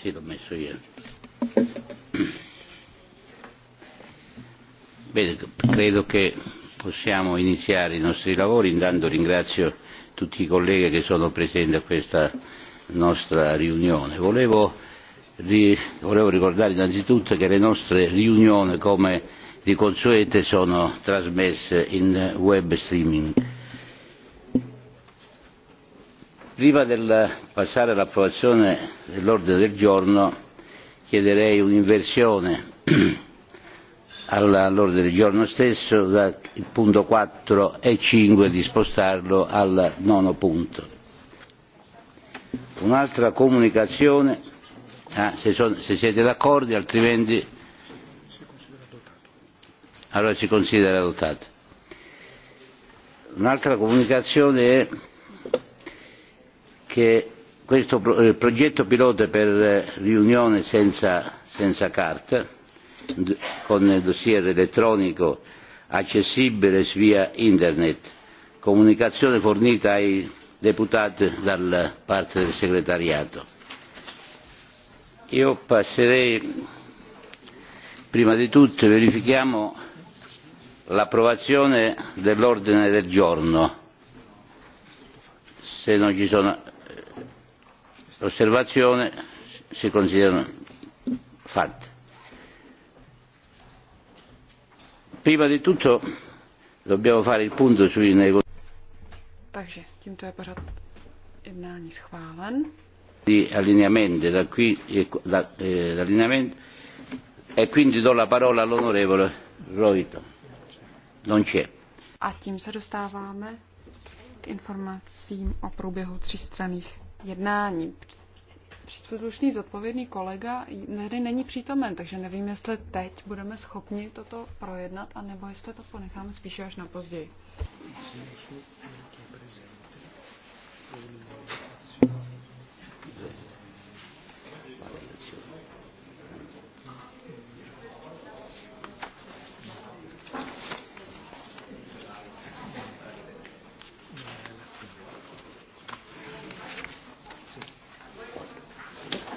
sido Messuia. Bene, credo che possiamo iniziare i nostri lavori. Intanto ringrazio tutti i colleghi che sono presenti a questa nostra riunione. Volevo, ri, volevo ricordare innanzitutto che le nostre riunioni, come di consueto, sono trasmesse in web streaming prima del passare all'approvazione dell'ordine del giorno chiederei un'inversione all'ordine del giorno stesso dal punto quattro e cinque di spostarlo al nono punto. Un'altra comunicazione, ah, se, sono, se siete d'accordo, altrimenti allora si considera adottato. Un'altra comunicazione è che questo eh, progetto pilota per eh, riunione senza, senza carta, con dossier elettronico accessibile via internet, comunicazione fornita ai deputati da parte del segretariato. Io passerei, prima di tutto verifichiamo l'approvazione dell'ordine del giorno. Se non ci sono osservazione si considerano fatte. Prima di tutto dobbiamo fare il punto sui negoziati. Di allineamento da qui e da, eh, allineamento e quindi do la parola all'onorevole Roito. Non c'è. A tím se dostáváme k informacím o průběhu třístranných jednání. Příslušný zodpovědný kolega tady není přítomen, takže nevím, jestli teď budeme schopni toto projednat, anebo jestli to ponecháme spíše až na později.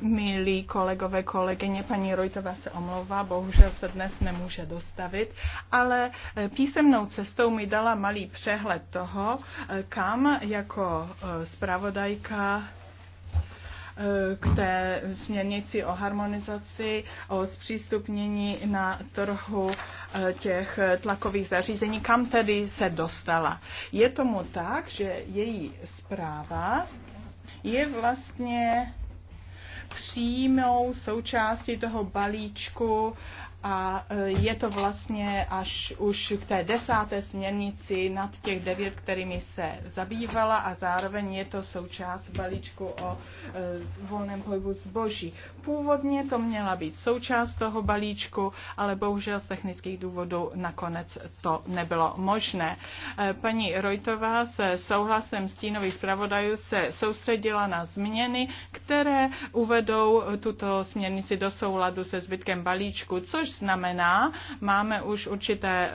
Milí kolegové, kolegyně, paní Rojtová se omlouvá, bohužel se dnes nemůže dostavit, ale eh, písemnou cestou mi dala malý přehled toho, eh, kam jako eh, zpravodajka k té směrnici o harmonizaci, o zpřístupnění na trhu těch tlakových zařízení, kam tedy se dostala. Je tomu tak, že její zpráva je vlastně přímou součástí toho balíčku a e, je to vlastně až už k té desáté směrnici nad těch devět, kterými se zabývala a zároveň je to součást balíčku o e, volném pohybu zboží. Původně to měla být součást toho balíčku, ale bohužel z technických důvodů nakonec to nebylo možné. E, paní Rojtová se souhlasem stínových zpravodajů se soustředila na změny, které uvedou tuto směrnici do souladu se zbytkem balíčku, což znamená, máme už určité eh,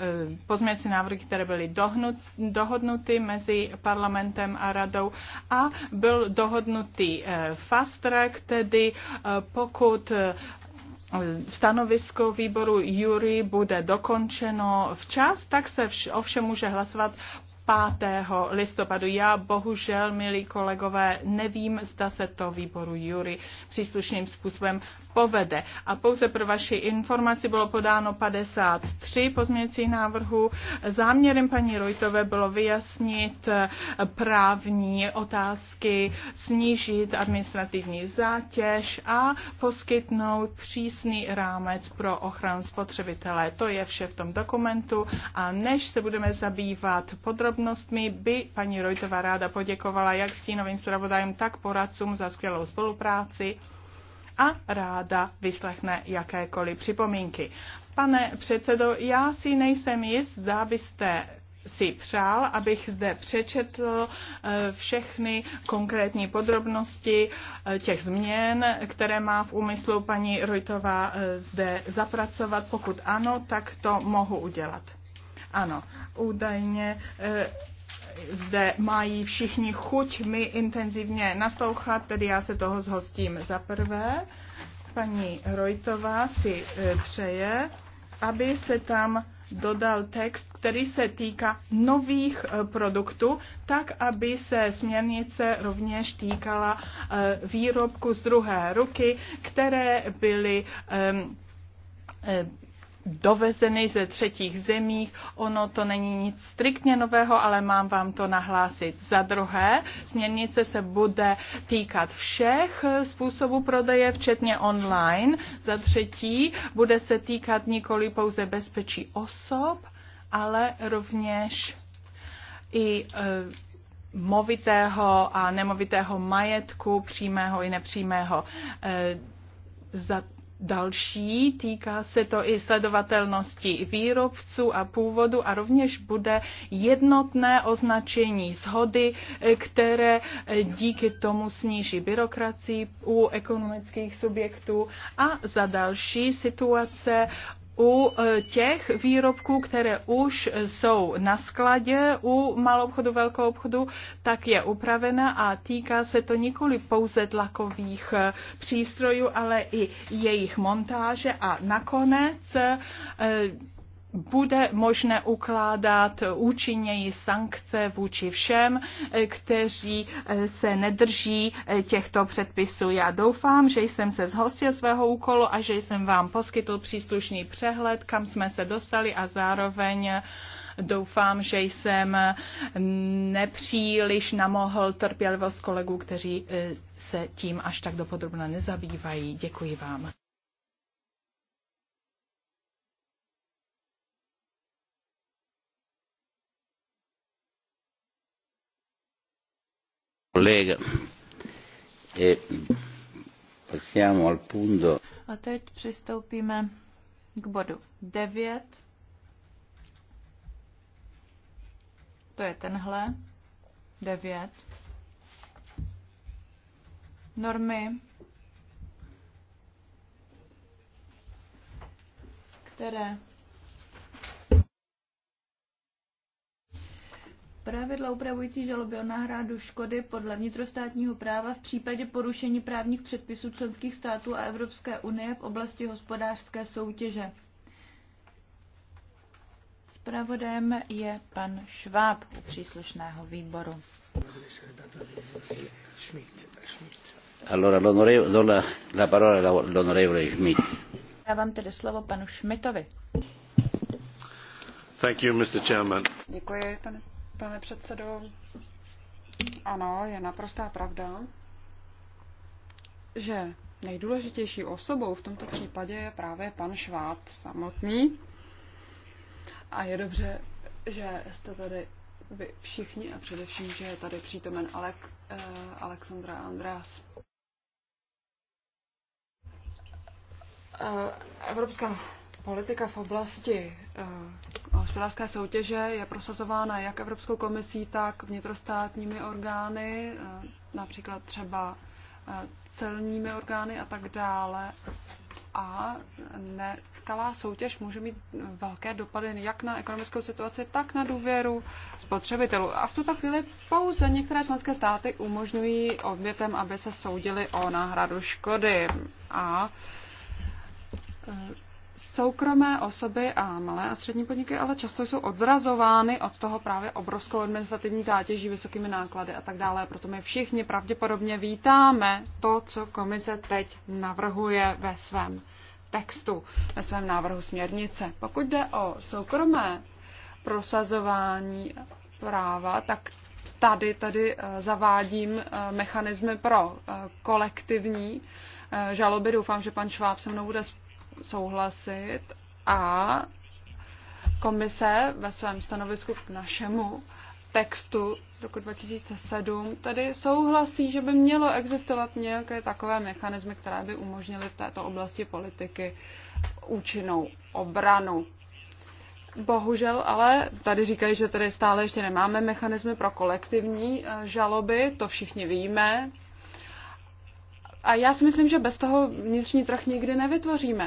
pozměci návrhy, které byly dohnut, dohodnuty mezi parlamentem a radou a byl dohodnutý eh, fast track, tedy eh, pokud stanovisko výboru Jury bude dokončeno včas, tak se vš- ovšem může hlasovat 5. listopadu. Já bohužel, milí kolegové, nevím, zda se to výboru Jury příslušným způsobem povede. A pouze pro vaši informaci bylo podáno 53 pozměňovacích návrhů. Záměrem paní Rojtové bylo vyjasnit právní otázky, snížit administrativní zátěž a poskytnout přísný rámec pro ochranu spotřebitele. To je vše v tom dokumentu a než se budeme zabývat podrobnostmi, by paní Rojtová ráda poděkovala jak stínovým zpravodajům, tak poradcům za skvělou spolupráci a ráda vyslechne jakékoliv připomínky. Pane předsedo, já si nejsem jist, zda byste si přál, abych zde přečetl eh, všechny konkrétní podrobnosti eh, těch změn, které má v úmyslu paní Rojtová eh, zde zapracovat. Pokud ano, tak to mohu udělat. Ano, údajně zde mají všichni chuť mi intenzivně naslouchat, tedy já se toho zhostím za prvé. Paní Rojtová si e, přeje, aby se tam dodal text, který se týká nových e, produktů, tak aby se směrnice rovněž týkala e, výrobku z druhé ruky, které byly dovezeny ze třetích zemích. Ono to není nic striktně nového, ale mám vám to nahlásit. Za druhé, směrnice se bude týkat všech způsobů prodeje, včetně online. Za třetí, bude se týkat nikoli pouze bezpečí osob, ale rovněž i e, movitého a nemovitého majetku, přímého i nepřímého. E, za další, týká se to i sledovatelnosti výrobců a původu a rovněž bude jednotné označení shody, které eh, díky tomu sníží byrokracii u ekonomických subjektů a za další situace u e, těch výrobků, které už jsou na skladě u obchodu, velkou obchodu, tak je upravena a týká se to nikoli pouze tlakových e, přístrojů, ale i jejich montáže a nakonec e, bude možné ukládat účinněji sankce vůči všem, eh, kteří eh, se nedrží eh, těchto předpisů. Já doufám, že jsem se zhostil svého úkolu a že jsem vám poskytl příslušný přehled, kam jsme se dostali a zároveň doufám, že jsem nepříliš namohl trpělivost kolegů, kteří se tím až tak dopodrobna nezabývají. Děkuji vám. E, A teď přistoupíme k bodu 9. To je tenhle. 9. Normy, které Pravidla upravující žaloby o náhradu škody podle vnitrostátního práva v případě porušení právních předpisů členských států a Evropské unie v oblasti hospodářské soutěže. Zpravodajem je pan Šváb u příslušného výboru. Allora, do la parola Schmidt. Já vám tedy slovo panu Schmidtovi. Thank you, Mr. Chairman. Děkuji, pane Pane předsedo, ano, je naprostá pravda, že nejdůležitější osobou v tomto případě je právě pan Šváb samotný. A je dobře, že jste tady vy všichni a především, že je tady přítomen Alek, eh, Alexandra Andreas. Eh, Evropská politika v oblasti eh, hospodářské soutěže je prosazována jak Evropskou komisí, tak vnitrostátními orgány, eh, například třeba eh, celními orgány a tak dále. A nekalá soutěž může mít velké dopady jak na ekonomickou situaci, tak na důvěru spotřebitelů. A v tuto chvíli pouze některé členské státy umožňují obětem, aby se soudili o náhradu škody. A soukromé osoby a malé a střední podniky ale často jsou odrazovány od toho právě obrovskou administrativní zátěží, vysokými náklady a tak dále. Proto my všichni pravděpodobně vítáme to, co komise teď navrhuje ve svém textu, ve svém návrhu směrnice. Pokud jde o soukromé prosazování práva, tak tady, tady eh, zavádím eh, mechanismy pro eh, kolektivní žaloby. Doufám, že pan Šváb se mnou bude souhlasit a komise ve svém stanovisku k našemu textu roku 2007 tedy souhlasí, že by mělo existovat nějaké takové mechanizmy, které by umožnily v této oblasti politiky účinnou obranu. Bohužel, ale tady říkají, že tady stále ještě nemáme mechanismy pro kolektivní eh, žaloby, to všichni víme. A já si myslím, že bez toho vnitřní trh nikdy nevytvoříme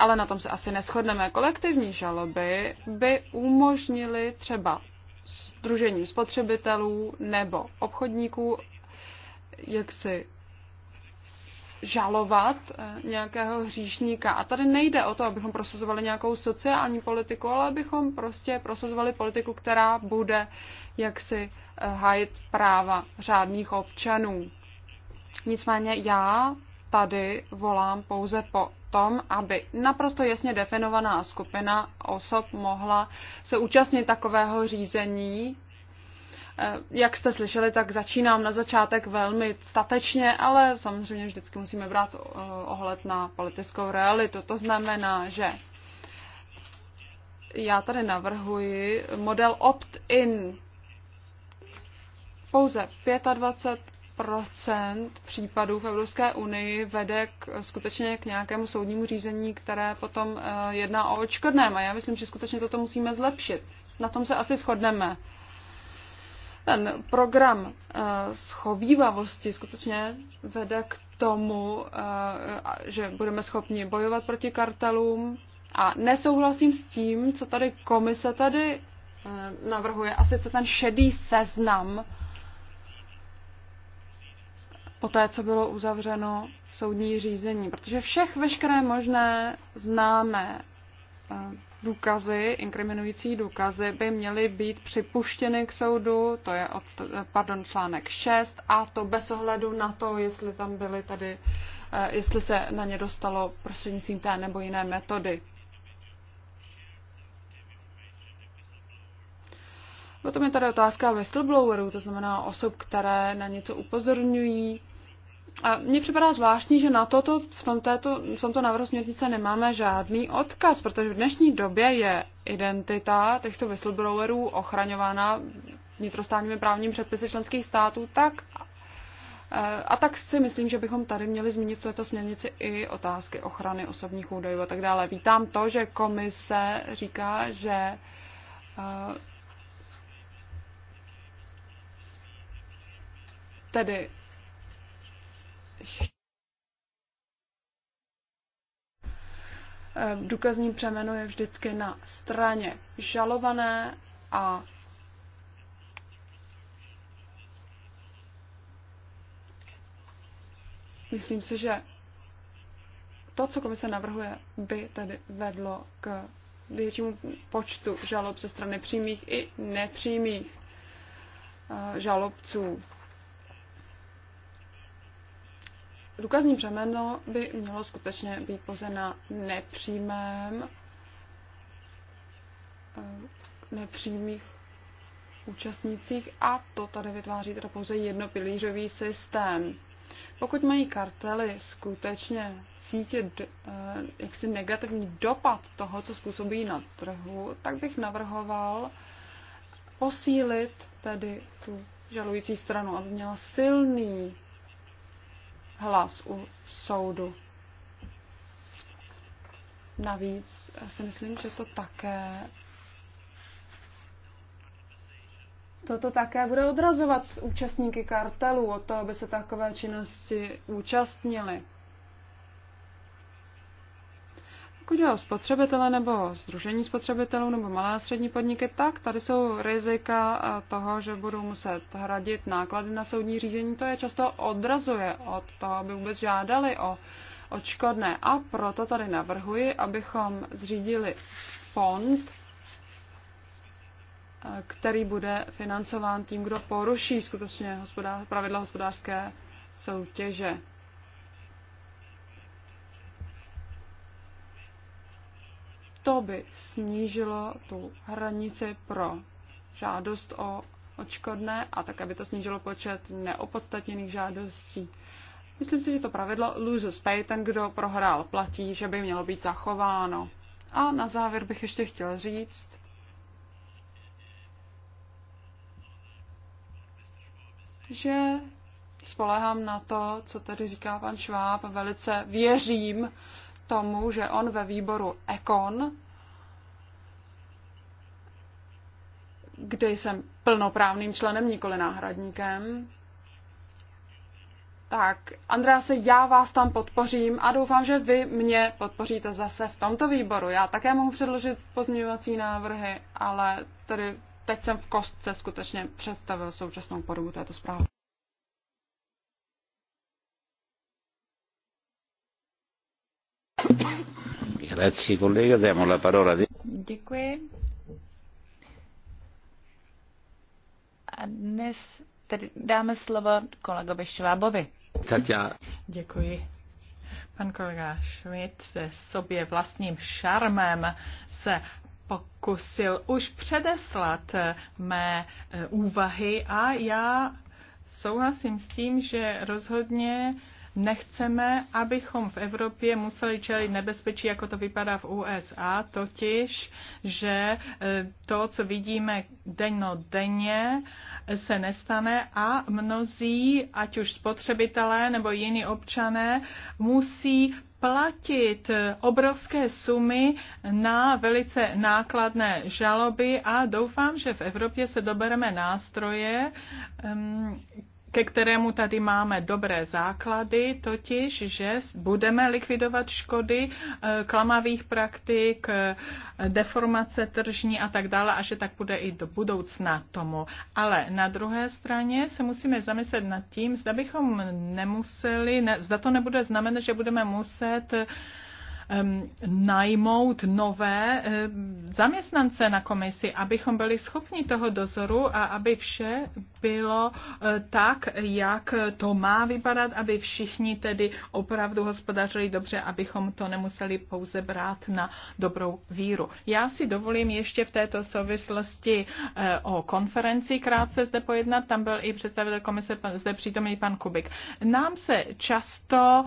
ale na tom se asi neschodneme. Kolektivní žaloby by umožnily třeba združením spotřebitelů nebo obchodníků jak si žalovat eh, nějakého hříšníka. A tady nejde o to, abychom prosazovali nějakou sociální politiku, ale abychom prostě prosazovali politiku, která bude jaksi eh, hájit práva řádných občanů. Nicméně já tady volám pouze po tom, aby naprosto jasně definovaná skupina osob mohla se účastnit takového řízení. Eh, jak jste slyšeli, tak začínám na začátek velmi statečně, ale samozřejmě vždycky musíme brát eh, ohled na politickou realitu. To znamená, že já tady navrhuji model opt-in. Pouze 25 případů v Evropské unii vede k, skutečně k nějakému soudnímu řízení, které potom eh, jedná o očkodném. A já myslím, že skutečně toto musíme zlepšit. Na tom se asi shodneme. Ten program eh, schovývavosti skutečně vede k tomu, eh, že budeme schopni bojovat proti kartelům. A nesouhlasím s tím, co tady komise tady navrhuje, a sice ten šedý seznam poté, co bylo uzavřeno soudní řízení. Protože všech veškeré možné známé eh, důkazy, inkriminující důkazy by měly být připuštěny k soudu, to je od, eh, pardon, článek 6, a to bez ohledu na to, jestli tam byly tady, eh, jestli se na ně dostalo prostřednictvím té nebo jiné metody. Potom je tady otázka whistleblowerů, to znamená osob, které na něco upozorňují, a mně připadá zvláštní, že na toto v, tom této, v tomto návrhu směrnice nemáme žádný odkaz, protože v dnešní době je identita těchto whistleblowerů ochraňována vnitrostátními právními předpisy členských států tak, eh, a tak si myslím, že bychom tady měli zmínit v této směrnici i otázky ochrany osobních údajů a tak dále. Vítám to, že komise říká, že eh, tedy Eh, důkazní přeměnu je vždycky na straně žalované a myslím si, že to, co komise navrhuje, by tedy vedlo k většímu počtu žalob ze strany přímých i nepřímých eh, žalobců. důkazní břemeno by mělo skutečně být pouze na nepřímém, eh, nepřímých účastnících a to tady vytváří teda pouze jednopilířový systém. Pokud mají kartely skutečně cítit eh, jaksi negativní dopad toho, co způsobí na trhu, tak bych navrhoval posílit tedy tu žalující stranu, aby měla silný hlas u soudu. Navíc si myslím, že to také Toto také bude odrazovat účastníky kartelů o to, aby se takové činnosti účastnili. Pokud jde o spotřebitele nebo združení spotřebitelů nebo malé a střední podniky, tak tady jsou rizika eh, toho, že budou muset hradit náklady na soudní řízení. To je často odrazuje od toho, aby vůbec žádali o odškodné. A proto tady navrhuji, abychom zřídili fond, eh, který bude financován tím, kdo poruší skutečně hospodář, pravidla hospodářské soutěže. To by snížilo tu hranici pro žádost o odškodné a také by to snížilo počet neopodstatněných žádostí. Myslím si, že to pravidlo lose pay, ten, kdo prohrál, platí, že by mělo být zachováno. A na závěr bych ještě chtěl říct, že spolehám na to, co tady říká pan Šváb, velice věřím tomu, že on ve výboru Econ, kde jsem plnoprávným členem, nikoli náhradníkem, tak, Andrease, já vás tam podpořím a doufám, že vy mě podpoříte zase v tomto výboru. Já také mohu předložit pozměňovací návrhy, ale tedy teď jsem v kostce skutečně představil současnou podobu této zprávy. Děkuji. A dnes tedy dáme slovo kolegovi Švábovi. Tatia. Děkuji. Pan kolega Schmidt se sobě vlastním šarmem se pokusil už předeslat mé eh, úvahy a já souhlasím s tím, že rozhodně uh, Nechceme, abychom v Evropě museli čelit nebezpečí, jako to vypadá v USA, totiž, že eh, to, co vidíme denno denně, se nestane a mnozí, ať už spotřebitelé nebo jiní občané, musí platit eh, obrovské sumy na velice nákladné žaloby a doufám, že v Evropě se dobereme nástroje, ehm, ke kterému tady máme dobré základy, totiž, že budeme likvidovat škody eh, klamavých praktik, eh, deformace tržní a tak dále a že tak bude i do budoucna tomu. Ale na druhé straně se musíme zamyslet nad tím, zda bychom nemuseli, ne, zda to nebude znamenat, že budeme muset eh, Um, najmout nové eh, zaměstnance na komisi, abychom byli schopni toho dozoru a aby vše bylo eh, tak, jak to má vypadat, aby všichni tedy opravdu hospodařili dobře, abychom to nemuseli pouze brát na dobrou víru. Já si dovolím ještě v této souvislosti eh, o konferenci krátce zde pojednat. Tam byl i představitel komise zde přítomný pan Kubik. Nám se často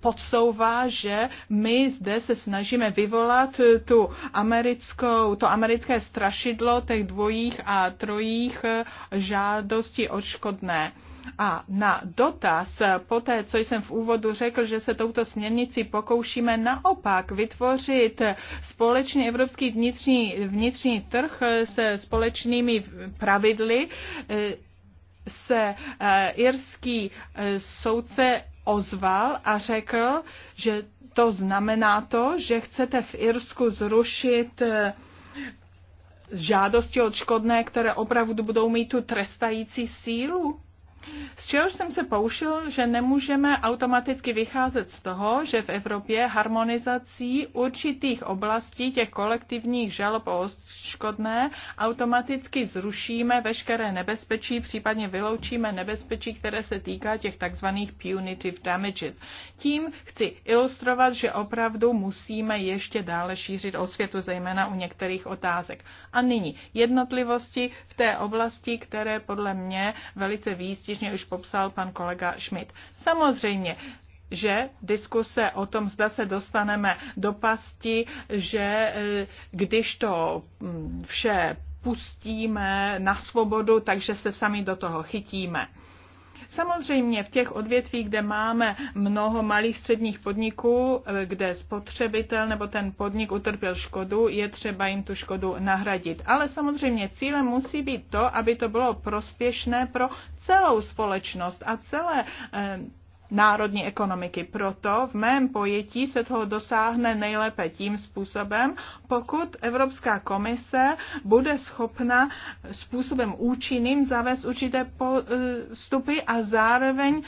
podsouvá, že my zde se snažíme vyvolat tu americkou, to americké strašidlo těch dvojích a trojích žádostí odškodné. A na dotaz po té, co jsem v úvodu řekl, že se touto směrnici pokoušíme naopak vytvořit společný evropský vnitřní, vnitřní trh se společnými pravidly, se eh, irský eh, soudce ozval a řekl, že to znamená to, že chcete v Irsku zrušit eh, žádosti odškodné, které opravdu budou mít tu trestající sílu? Z čehož jsem se poušil, že nemůžeme automaticky vycházet z toho, že v Evropě harmonizací určitých oblastí těch kolektivních žalob o škodné automaticky zrušíme veškeré nebezpečí, případně vyloučíme nebezpečí, které se týká těch takzvaných punitive damages. Tím chci ilustrovat, že opravdu musíme ještě dále šířit osvětu, zejména u některých otázek. A nyní jednotlivosti v té oblasti, které podle mě velice výstí obtížně už popsal pan kolega Schmidt. Samozřejmě, že diskuse o tom, zda se dostaneme do pasti, že eh, když to mm, vše pustíme na svobodu, takže se sami do toho chytíme. Samozřejmě v těch odvětvích, kde máme mnoho malých středních podniků, eh, kde spotřebitel nebo ten podnik utrpěl škodu, je třeba jim tu škodu nahradit. Ale samozřejmě cílem musí být to, aby to bylo prospěšné pro celou společnost a celé eh, národní ekonomiky. Proto v mém pojetí se toho dosáhne nejlépe tím způsobem, pokud Evropská komise bude schopna způsobem účinným zavést určité postupy a zároveň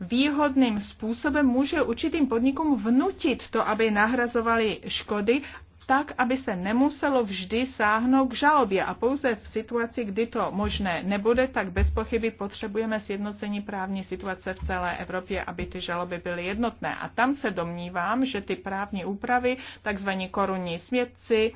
výhodným způsobem může určitým podnikům vnutit to, aby nahrazovali škody tak, aby se nemuselo vždy sáhnout k žalobě a pouze v situaci, kdy to možné nebude, tak bez pochyby potřebujeme sjednocení právní situace v celé Evropě, aby ty žaloby byly jednotné. A tam se domnívám, že ty právní úpravy, takzvaní korunní smědci,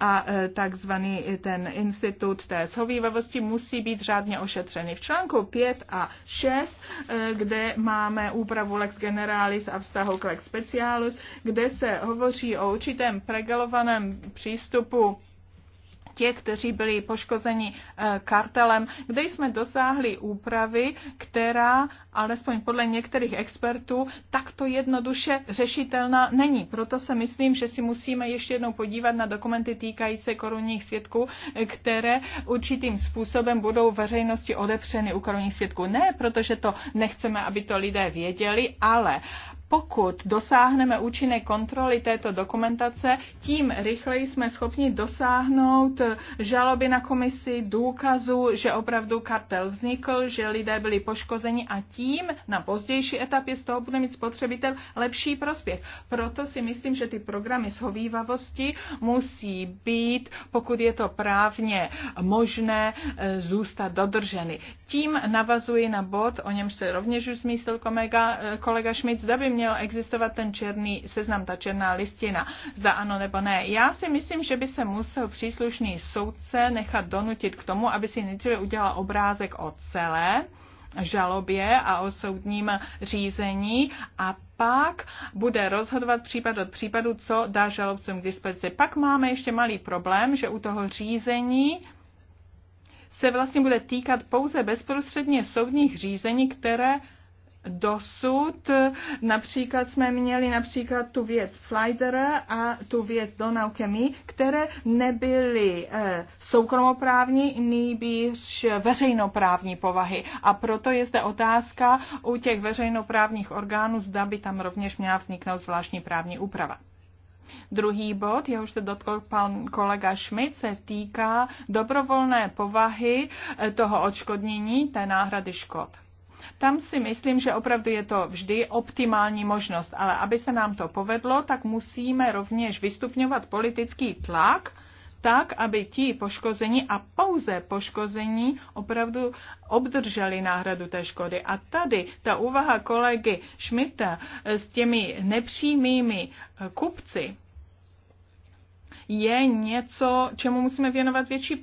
a e, takzvaný ten institut té shovívavosti musí být řádně ošetřeny. V článku 5 a 6, e, kde máme úpravu lex generalis a vztahu k lex specialis, kde se hovoří o určitém pregelovaném přístupu těch, kteří byli poškozeni eh, kartelem, kde jsme dosáhli úpravy, která, alespoň podle některých expertů, takto jednoduše řešitelná není. Proto se myslím, že si musíme ještě jednou podívat na dokumenty týkající korunních svědků, které určitým způsobem budou veřejnosti odepřeny u korunních svědků. Ne, protože to nechceme, aby to lidé věděli, ale pokud dosáhneme účinné kontroly této dokumentace, tím rychleji jsme schopni dosáhnout eh, žaloby na komisi, důkazu, že opravdu kartel vznikl, že lidé byli poškozeni a tím na pozdější etapě z toho bude mít spotřebitel lepší prospěch. Proto si myslím, že ty programy shovívavosti musí být, pokud je to právně možné, eh, zůstat dodrženy. Tím navazuji na bod, o němž se rovněž už zmístil kolega, eh, kolega zda by mě měl existovat ten černý seznam, ta černá listina, zda ano nebo ne. Já si myslím, že by se musel příslušný soudce nechat donutit k tomu, aby si nejdříve udělal obrázek o celé žalobě a o soudním řízení a pak bude rozhodovat případ od případu, co dá žalobcům k dispozici. Pak máme ještě malý problém, že u toho řízení se vlastně bude týkat pouze bezprostředně soudních řízení, které dosud. Například jsme měli například tu věc Flydera a tu věc Donaukemi, které nebyly eh, soukromoprávní, nýbíž veřejnoprávní povahy. A proto je zde otázka u těch veřejnoprávních orgánů, zda by tam rovněž měla vzniknout zvláštní právní úprava. Druhý bod, jehož se dotkl pan kolega Schmidt, se týká dobrovolné povahy eh, toho odškodnění, té náhrady škod tam si myslím, že opravdu je to vždy optimální možnost, ale aby se nám to povedlo, tak musíme rovněž vystupňovat politický tlak, tak, aby ti poškození a pouze poškození opravdu obdrželi náhradu té škody. A tady ta úvaha kolegy Šmita s těmi nepřímými eh, kupci, je něco, čemu musíme věnovat větší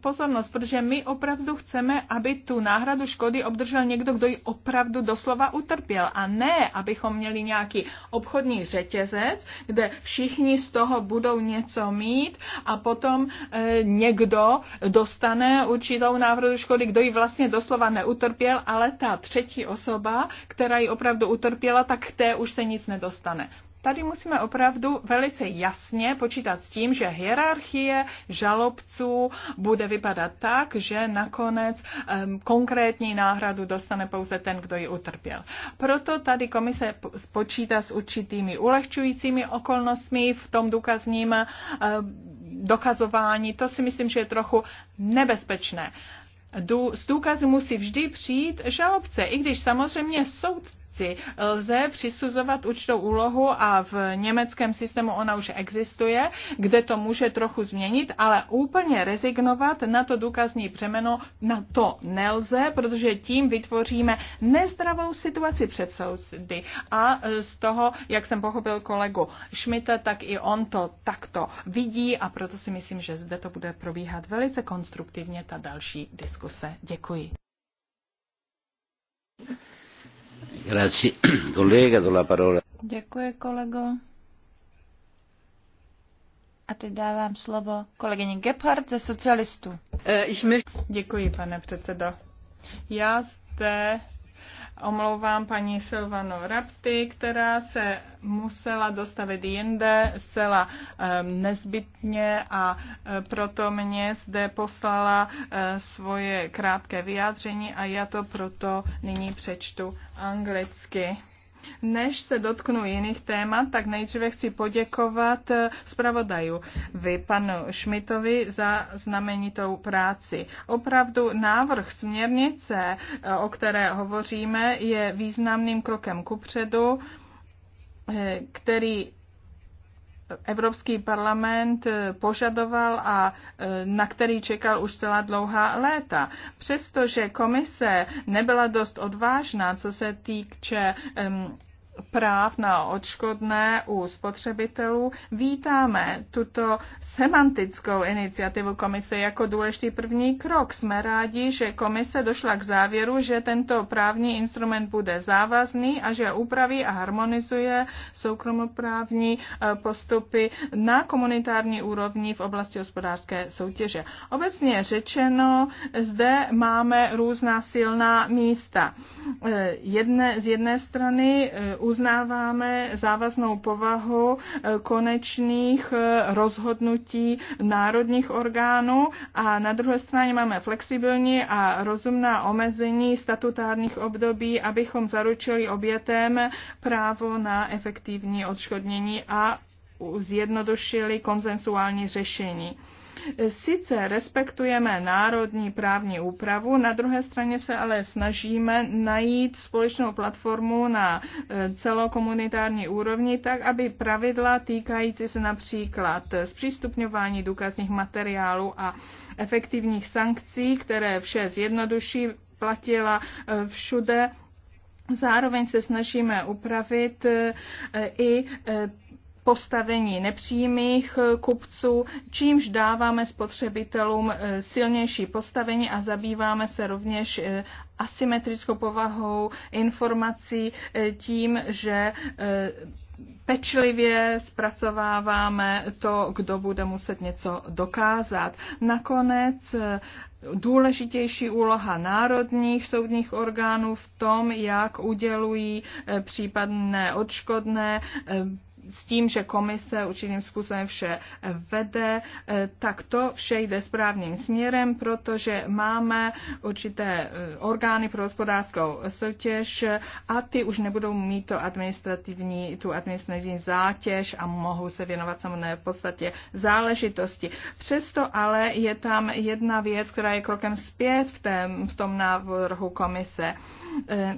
pozornost, protože my opravdu chceme, aby tu náhradu škody obdržel někdo, kdo ji opravdu doslova utrpěl a ne, abychom měli nějaký obchodní řetězec, kde všichni z toho budou něco mít a potom e, někdo dostane určitou náhradu škody, kdo ji vlastně doslova neutrpěl, ale ta třetí osoba, která ji opravdu utrpěla, tak té už se nic nedostane. Tady musíme opravdu velice jasně počítat s tím, že hierarchie žalobců bude vypadat tak, že nakonec um, konkrétní náhradu dostane pouze ten, kdo ji utrpěl. Proto tady komise spočítá s určitými ulehčujícími okolnostmi v tom důkazním um, dokazování. To si myslím, že je trochu nebezpečné. Z důkazu musí vždy přijít žalobce, i když samozřejmě soud korupci. Lze přisuzovat určitou úlohu a v německém systému ona už existuje, kde to může trochu změnit, ale úplně rezignovat na to důkazní břemeno na to nelze, protože tím vytvoříme nezdravou situaci před soudy. A z toho, jak jsem pochopil kolegu Šmita, tak i on to takto vidí a proto si myslím, že zde to bude probíhat velice konstruktivně ta další diskuse. Děkuji. Děkuji, kolego. A teď dávám slovo kolegyni Gebhardt ze socialistů. Eh, Děkuji, pane předsedo. Já zde omlouvám paní Silvano Rapty, která se musela dostavit jinde zcela nezbytně a e, proto mě zde poslala e, svoje krátké vyjádření a já to proto nyní přečtu anglicky. Než se dotknu jiných témat, tak nejdříve chci poděkovat eh, zpravodaju vy, panu Šmitovi, za znamenitou práci. Opravdu návrh směrnice, eh, o které hovoříme, je významným krokem kupředu, eh, který Evropský parlament eh, požadoval a eh, na který čekal už celá dlouhá léta. Přestože komise nebyla dost odvážná, co se týče práv na odškodné u spotřebitelů. Vítáme tuto semantickou iniciativu komise jako důležitý první krok. Jsme rádi, že komise došla k závěru, že tento právní instrument bude závazný a že upraví a harmonizuje soukromoprávní eh, postupy na komunitární úrovni v oblasti hospodářské soutěže. Obecně řečeno, zde máme různá silná místa. Eh, jedne, z jedné strany eh, uznáváme závaznou povahu eh, konečných eh, rozhodnutí národních orgánů a na druhé straně máme flexibilní a rozumná omezení statutárních období, abychom zaručili obětem právo na efektivní odškodnění a zjednodušili konzensuální řešení. Sice respektujeme národní právní úpravu, na druhé straně se ale snažíme najít společnou platformu na e, celokomunitární úrovni, tak aby pravidla týkající se například zpřístupňování důkazních materiálů a efektivních sankcí, které vše zjednoduší, platila e, všude Zároveň se snažíme upravit e, i postavení nepřímých kupců, čímž dáváme spotřebitelům eh, silnější postavení a zabýváme se rovněž eh, asymetrickou povahou informací eh, tím, že pečlivě zpracováváme to, kdo bude muset něco dokázat. Nakonec důležitější úloha národních soudních orgánů v tom, jak udělují případné odškodné s tím, že komise určitým způsobem vše vede, eh, tak to vše jde správným směrem, protože máme určité eh, orgány pro hospodářskou soutěž a ty už nebudou mít to administrativní, tu administrativní zátěž a mohou se věnovat samotné v podstatě záležitosti. Přesto ale je tam jedna věc, která je krokem zpět v, tém, v tom návrhu komise eh,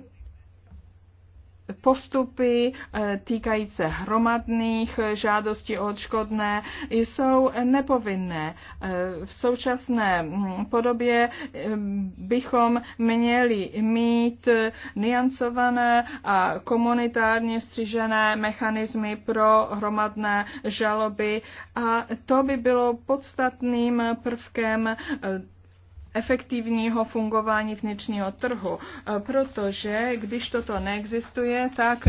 postupy eh, týkající se hromadných eh, žádostí o odškodné jsou nepovinné. Eh, v současné mm, podobě bychom měli mít niancované a komunitárně střižené mechanismy pro hromadné žaloby a to by bylo podstatným prvkem efektivního fungování vnitřního trhu, e, protože když toto neexistuje, tak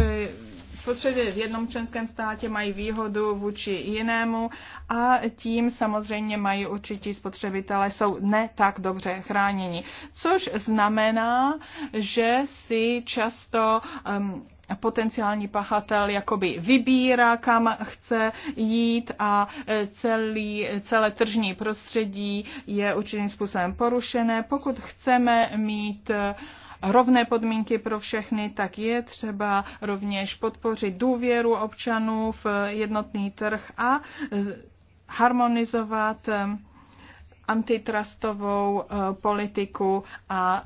spotřeby e, v jednom členském státě mají výhodu vůči jinému a tím samozřejmě mají určití spotřebitelé jsou ne tak dobře chráněni. Což znamená, že si často um, potenciální pachatel jakoby vybírá, kam chce jít a e, celý, e, celé tržní prostředí je určitým způsobem porušené. Pokud chceme mít e, rovné podmínky pro všechny, tak je třeba rovněž podpořit důvěru občanů v jednotný trh a harmonizovat antitrustovou politiku a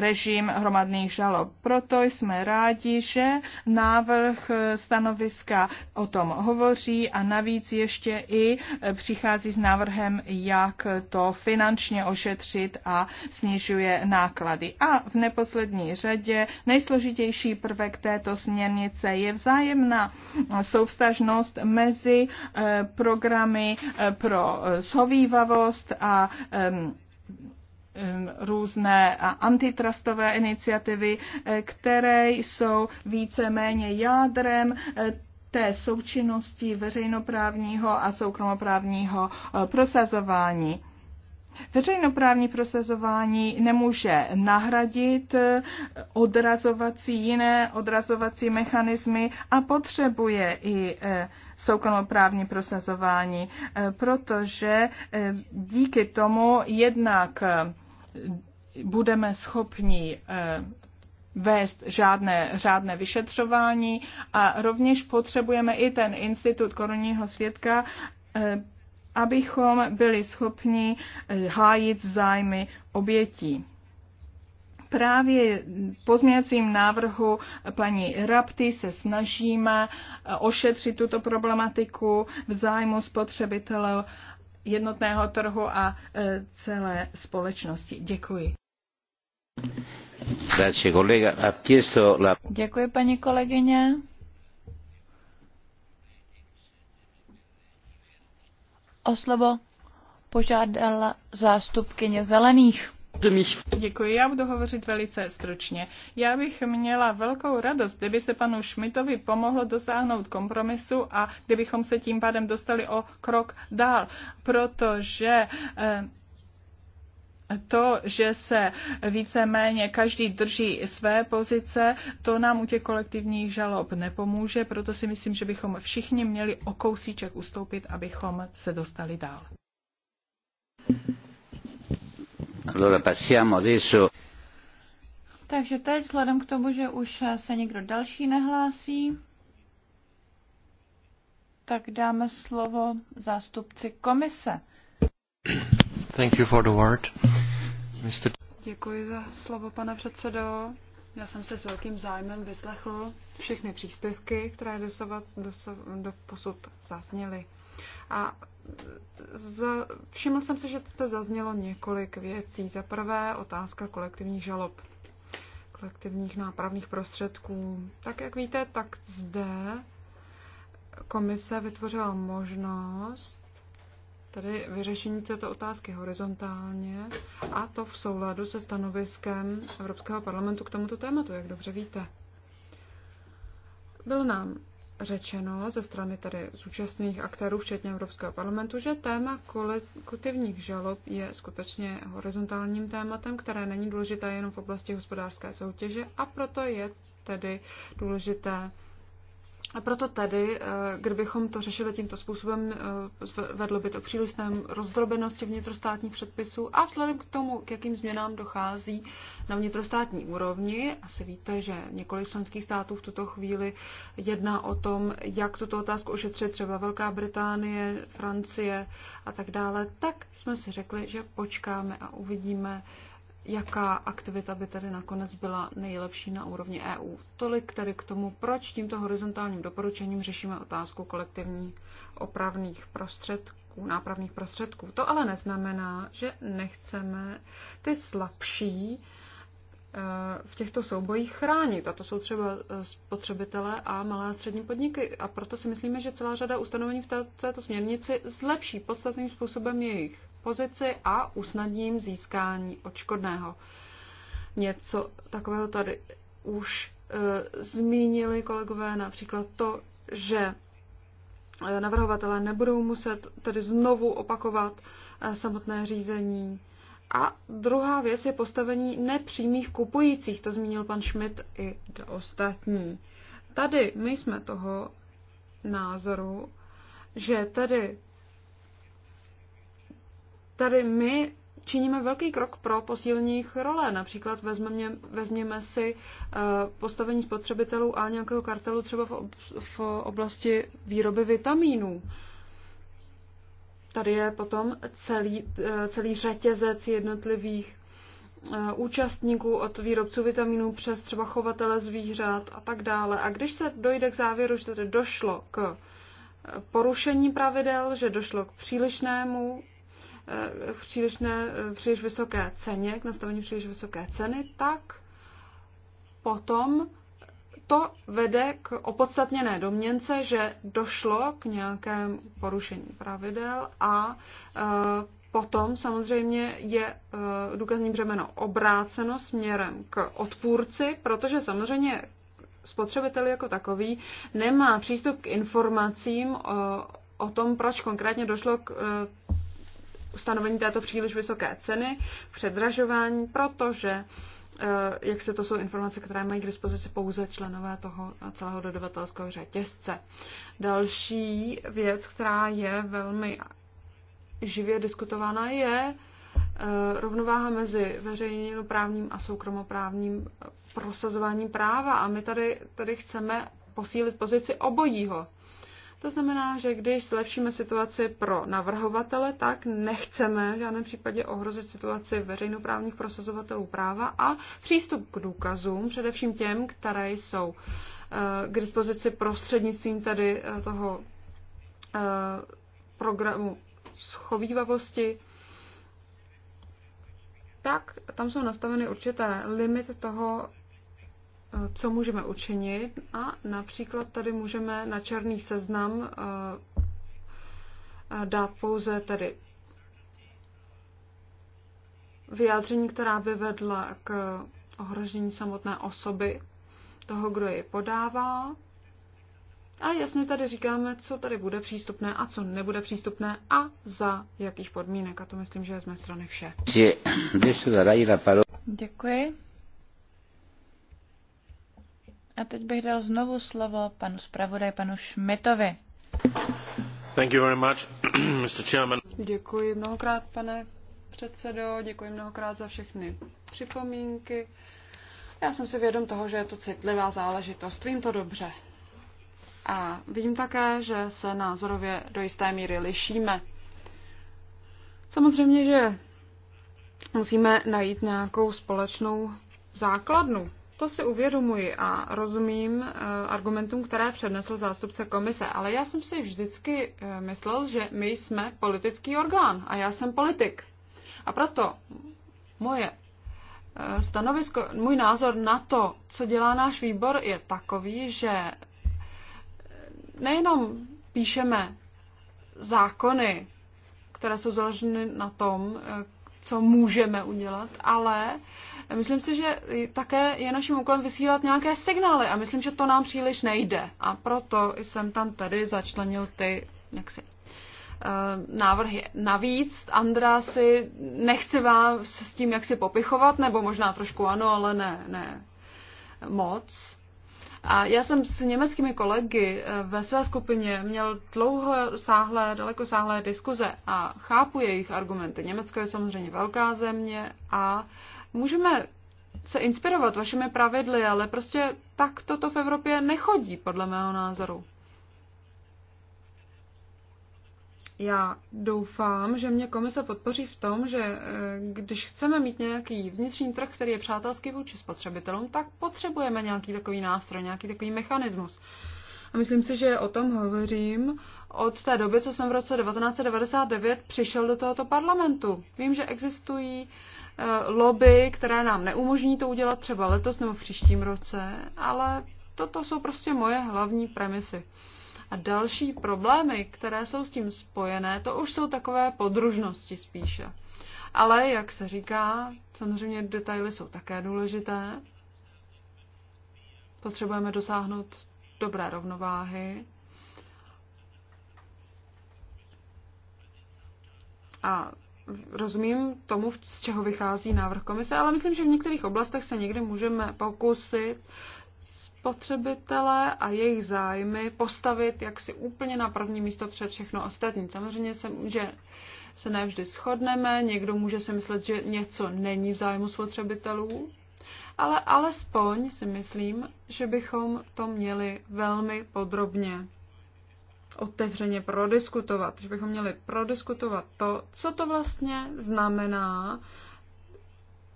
režim hromadných žalob. Proto jsme rádi, že návrh stanoviska o tom hovoří a navíc ještě i přichází s návrhem, jak to finančně ošetřit a snižuje náklady. A v neposlední řadě nejsložitější prvek této směrnice je vzájemná soustažnost mezi eh, programy eh, pro eh, shovívavost a různé antitrustové iniciativy, eh, které jsou víceméně jádrem eh, té součinnosti veřejnoprávního a soukromoprávního eh, prosazování. Veřejnoprávní prosazování nemůže nahradit odrazovací jiné odrazovací mechanismy a potřebuje i soukromoprávní prosazování, protože díky tomu jednak budeme schopni eh, vést žádné řádné vyšetřování a rovněž potřebujeme i ten institut korunního svědka, eh, abychom byli schopni eh, hájit zájmy obětí právě pozměňovacím návrhu paní Rapty se snažíme ošetřit tuto problematiku v zájmu spotřebitelů jednotného trhu a e, celé společnosti. Děkuji. Děkuji, paní kolegyně. O slovo požádala zástupkyně zelených. Děkuji, já budu hovořit velice stručně. Já bych měla velkou radost, kdyby se panu Šmitovi pomohlo dosáhnout kompromisu a kdybychom se tím pádem dostali o krok dál, protože eh, to, že se víceméně každý drží své pozice, to nám u těch kolektivních žalob nepomůže, proto si myslím, že bychom všichni měli o kousíček ustoupit, abychom se dostali dál. Takže teď, vzhledem k tomu, že už se někdo další nehlásí, tak dáme slovo zástupci komise. Thank you for the word. Mr. Děkuji za slovo, pane předsedo. Já jsem se s velkým zájmem vyslechl všechny příspěvky, které do, dosovat, do posud zazněly. A za, všiml jsem se, že jste zaznělo několik věcí. Za prvé otázka kolektivních žalob, kolektivních nápravných prostředků. Tak jak víte, tak zde komise vytvořila možnost tedy vyřešení této otázky horizontálně a to v souladu se stanoviskem Evropského parlamentu k tomuto tématu, jak dobře víte. Byl nám řečeno ze strany tady zúčastněných aktérů, včetně Evropského parlamentu, že téma kolektivních žalob je skutečně horizontálním tématem, které není důležité jenom v oblasti hospodářské soutěže a proto je tedy důležité a proto tady, eh, kdybychom to řešili tímto způsobem, eh, vedlo by to k přílišné rozdrobenosti vnitrostátních předpisů a vzhledem k tomu, k jakým změnám dochází na vnitrostátní úrovni, asi víte, že několik členských států v tuto chvíli jedná o tom, jak tuto otázku ošetřit třeba Velká Británie, Francie a tak dále, tak jsme si řekli, že počkáme a uvidíme, jaká aktivita by tedy nakonec byla nejlepší na úrovni EU. Tolik tedy k tomu, proč tímto horizontálním doporučením řešíme otázku kolektivních opravných prostředků, nápravných prostředků. To ale neznamená, že nechceme ty slabší eh, v těchto soubojích chránit. A to jsou třeba eh, spotřebitelé a malé a střední podniky. A proto si myslíme, že celá řada ustanovení v této směrnici zlepší podstatným způsobem jejich pozici a usnadním získání očkodného. Něco takového tady už e, zmínili kolegové, například to, že e, navrhovatelé nebudou muset tedy znovu opakovat e, samotné řízení. A druhá věc je postavení nepřímých kupujících, to zmínil pan Schmidt i ostatní. Tady my jsme toho názoru, že tedy tady my činíme velký krok pro posílení role. Například vezmeme, vezměme si eh, postavení spotřebitelů a nějakého kartelu třeba v, v oblasti výroby vitamínů. Tady je potom celý, eh, celý řetězec jednotlivých eh, účastníků od výrobců vitaminů přes třeba chovatele zvířat a tak dále. A když se dojde k závěru, že tedy došlo k porušení pravidel, že došlo k přílišnému Eh, příliš, ne, eh, příliš vysoké ceně, k nastavení příliš vysoké ceny, tak potom to vede k opodstatněné domněnce, že došlo k nějakém porušení pravidel a eh, potom samozřejmě je důkazní břemeno obráceno směrem k odpůrci, protože samozřejmě spotřebitel jako takový nemá přístup k informacím o, o tom, proč konkrétně došlo k stanovení této příliš vysoké ceny, předražování, protože eh, jak se to jsou informace, které mají k dispozici pouze členové toho celého dodavatelského řetězce. Další věc, která je velmi živě diskutována, je eh, rovnováha mezi veřejným právním a soukromoprávním eh, prosazováním práva. A my tady, tady chceme posílit pozici obojího. To znamená, že když zlepšíme situaci pro navrhovatele, tak nechceme v žádném případě ohrozit situaci veřejnoprávních prosazovatelů práva a přístup k důkazům, především těm, které jsou eh, k dispozici prostřednictvím tady eh, toho eh, programu schovývavosti, tak tam jsou nastaveny určité limity toho, co můžeme učinit a například tady můžeme na černý seznam eh, eh, dát pouze tedy vyjádření, která by vedla k ohrožení samotné osoby toho, kdo ji podává. A jasně tady říkáme, co tady bude přístupné a co nebude přístupné a za jakých podmínek. A to myslím, že je z mé strany vše. Děkuji. A teď bych dal znovu slovo panu zpravodaj, panu Šmitovi. Thank you very much, Mr. Chairman. Děkuji mnohokrát, pane předsedo, děkuji mnohokrát za všechny připomínky. Já jsem si vědom toho, že je to citlivá záležitost. Vím to dobře. A vím také, že se názorově do jisté míry lišíme. Samozřejmě, že musíme najít nějakou společnou základnu to si uvědomuji a rozumím eh, argumentům, které přednesl zástupce komise, ale já jsem si vždycky eh, myslel, že my jsme politický orgán a já jsem politik. A proto moje eh, stanovisko, můj názor na to, co dělá náš výbor, je takový, že nejenom píšeme zákony, které jsou založeny na tom, co můžeme udělat, ale uh, Myslím si, že také je naším úkolem vysílat nějaké signály a myslím, že to nám příliš nejde. A proto jsem tam tedy začlenil ty jaksi, eh, návrhy. Navíc, Andrasi, nechci vám s tím jak si popichovat, nebo možná trošku ano, ale ne, ne moc. A já jsem s německými kolegy eh, ve své skupině měl dlouho sáhlé, daleko sáhlé diskuze a chápu jejich argumenty. Německo je samozřejmě velká země a uh, Můžeme se inspirovat vašimi pravidly, ale prostě tak toto v Evropě nechodí, podle mého názoru. Já doufám, že mě komise podpoří v tom, že eh, když chceme mít nějaký vnitřní trh, který je přátelský vůči spotřebitelům, tak potřebujeme nějaký takový nástroj, nějaký takový mechanismus. A myslím si, že o tom hovořím od té doby, co jsem v roce 1999 přišel do tohoto parlamentu. Vím, že existují uh, Eh, lobby, které nám neumožní to udělat třeba letos nebo v příštím roce, ale toto jsou prostě moje hlavní premisy. A další problémy, které jsou s tím spojené, to už jsou takové podružnosti spíše. Ale, jak se říká, samozřejmě detaily jsou také důležité. Potřebujeme dosáhnout dobré rovnováhy. A rozumím tomu, z čeho vychází návrh komise, ale myslím, že v některých oblastech se někdy můžeme pokusit spotřebitele a jejich zájmy postavit jaksi úplně na první místo před všechno ostatní. Samozřejmě se, že se nevždy shodneme, někdo může si myslet, že něco není v zájmu spotřebitelů, ale alespoň si myslím, že bychom to měli velmi podrobně otevřeně prodiskutovat, že bychom měli prodiskutovat to, co to vlastně znamená,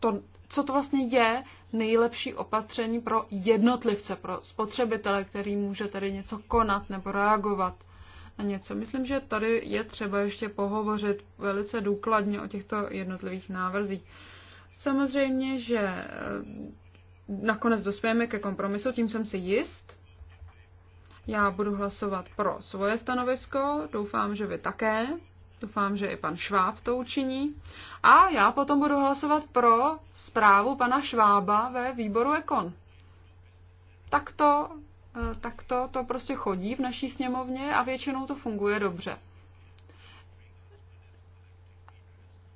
to, co to vlastně je nejlepší opatření pro jednotlivce, pro spotřebitele, který může tady něco konat nebo reagovat na něco. Myslím, že tady je třeba ještě pohovořit velice důkladně o těchto jednotlivých návrzích. Samozřejmě, že eh, nakonec dospějeme ke kompromisu, tím jsem si jist, já budu hlasovat pro svoje stanovisko, doufám, že vy také, doufám, že i pan Šváb to učiní. A já potom budu hlasovat pro zprávu pana Švába ve výboru Ekon. Tak to, eh, tak to, to prostě chodí v naší sněmovně a většinou to funguje dobře.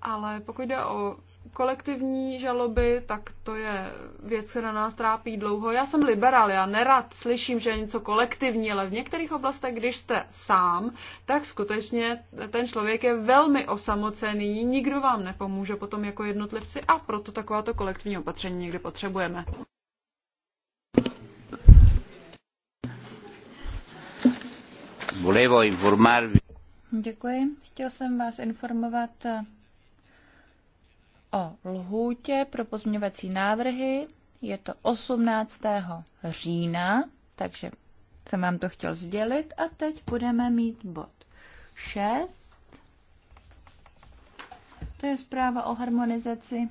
Ale pokud jde o kolektivní žaloby, tak to je věc, která nás trápí dlouho. Já jsem liberál, já nerad slyším, že je něco kolektivní, ale v některých oblastech, když jste sám, tak skutečně ten člověk je velmi osamocený, nikdo vám nepomůže potom jako jednotlivci a proto takováto kolektivní opatření někdy potřebujeme. Děkuji. Chtěl jsem vás informovat o lhůtě pro pozměňovací návrhy. Je to 18. října, takže jsem vám to chtěl sdělit. A teď budeme mít bod 6. To je zpráva o harmonizaci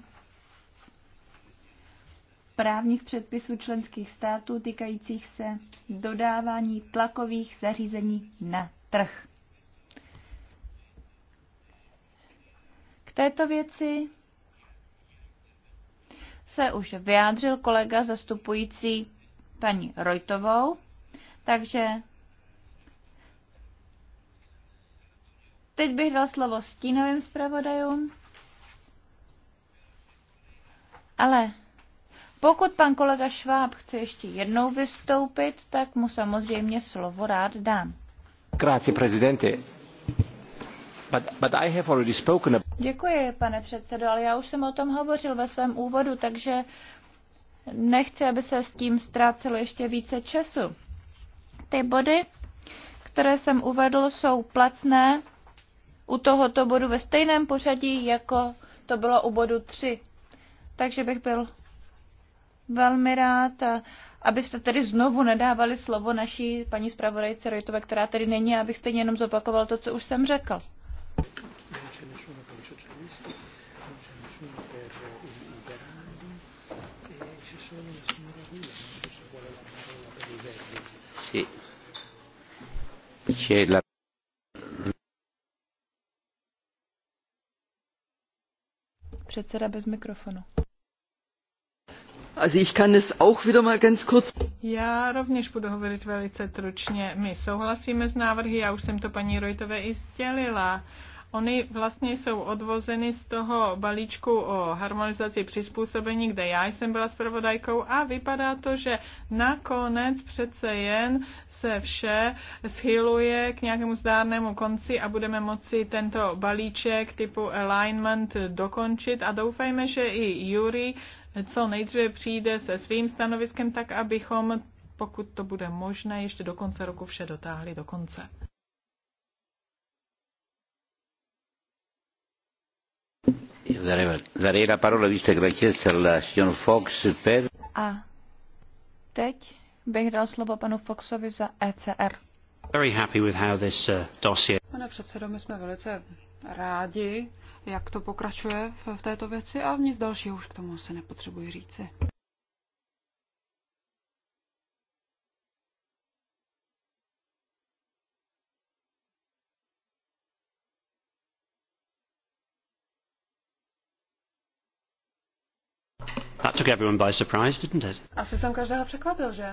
právních předpisů členských států týkajících se dodávání tlakových zařízení na trh. K této věci se už vyjádřil kolega zastupující paní Rojtovou, takže teď bych dal slovo stínovým zpravodajům. Ale pokud pan kolega Šváb chce ještě jednou vystoupit, tak mu samozřejmě slovo rád dám. Krátce, prezidente. But, but I have already spoken about... Děkuji, pane předsedo, ale já už jsem o tom hovořil ve svém úvodu, takže nechci, aby se s tím ztrácelo ještě více času. Ty body, které jsem uvedl, jsou platné u tohoto bodu ve stejném pořadí, jako to bylo u bodu 3. Takže bych byl velmi rád, abyste tedy znovu nedávali slovo naší paní zpravodajce Rojtové, která tedy není, abych stejně jenom zopakoval to, co už jsem řekl c'è nessuno per i socialisti, non c'è nessuno per i liberali e c'è solo la signora Rula, non so se vuole la parola per i verdi. Sì. C'è la Předseda bez mikrofonu. Also ich kann es auch wieder mal ganz kurz. Já rovněž budu hovořit velice tručně. My souhlasíme s návrhy, já už jsem to paní Rojtové i sdělila. Ony vlastně jsou odvozeny z toho balíčku o harmonizaci přizpůsobení, kde já jsem byla zpravodajkou a vypadá to, že nakonec přece jen se vše schyluje k nějakému zdárnému konci a budeme moci tento balíček typu alignment dokončit a doufejme, že i Jury co nejdříve přijde se svým stanoviskem, tak abychom pokud to bude možné, ještě do konce roku vše dotáhli do konce. Daré la parola, viste que la chiesa, eh, la signor Fox per... A teď bych dal slovo panu Foxovi za ECR. Very happy with how this, uh, dossier... Pane předsedo, my jsme velice rádi, jak to pokračuje v této věci a nic dalšího už k tomu se nepotřebuji říci. Took everyone by surprise, didn't it? Asi jsem každého překvapil, že?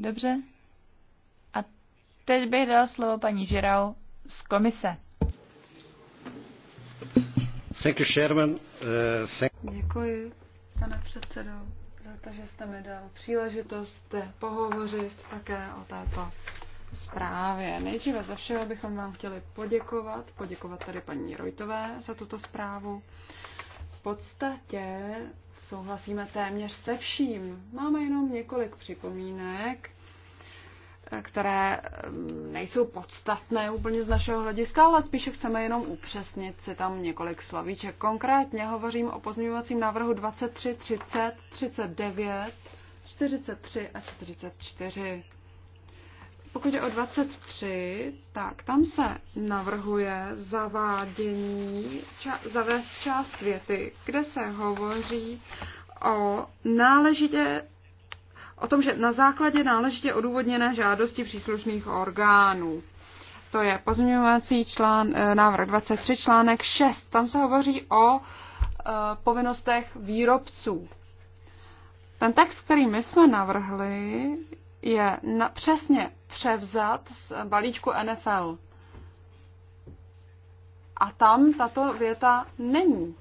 Dobře. A teď bych dal slovo paní Žirau z komise. Thank you, Sherman. Uh, thank... Děkuji, pane předsedo, za to, že jste mi dal příležitost pohovořit také o této zprávě. Nejdříve ze všeho bychom vám chtěli poděkovat, poděkovat tady paní Rojtové za tuto zprávu. V podstatě souhlasíme téměř se vším. Máme jenom několik připomínek, které mm, nejsou podstatné úplně z našeho hlediska, ale spíše chceme jenom upřesnit si tam několik slovíček. Konkrétně hovořím o pozměňovacím návrhu 23, 30, 39, 43 a 44. Pokud je o 23, tak tam se navrhuje zavádění, ča, zavést část věty, kde se hovoří o náležitě o tom, že na základě náležitě odůvodněné žádosti příslušných orgánů. To je pozměňovací člán, eh, návrh 23, článek 6. Tam se hovoří o e, povinnostech výrobců. Ten text, který my jsme navrhli, je na, přesně převzat z balíčku NFL. A tam tato věta není.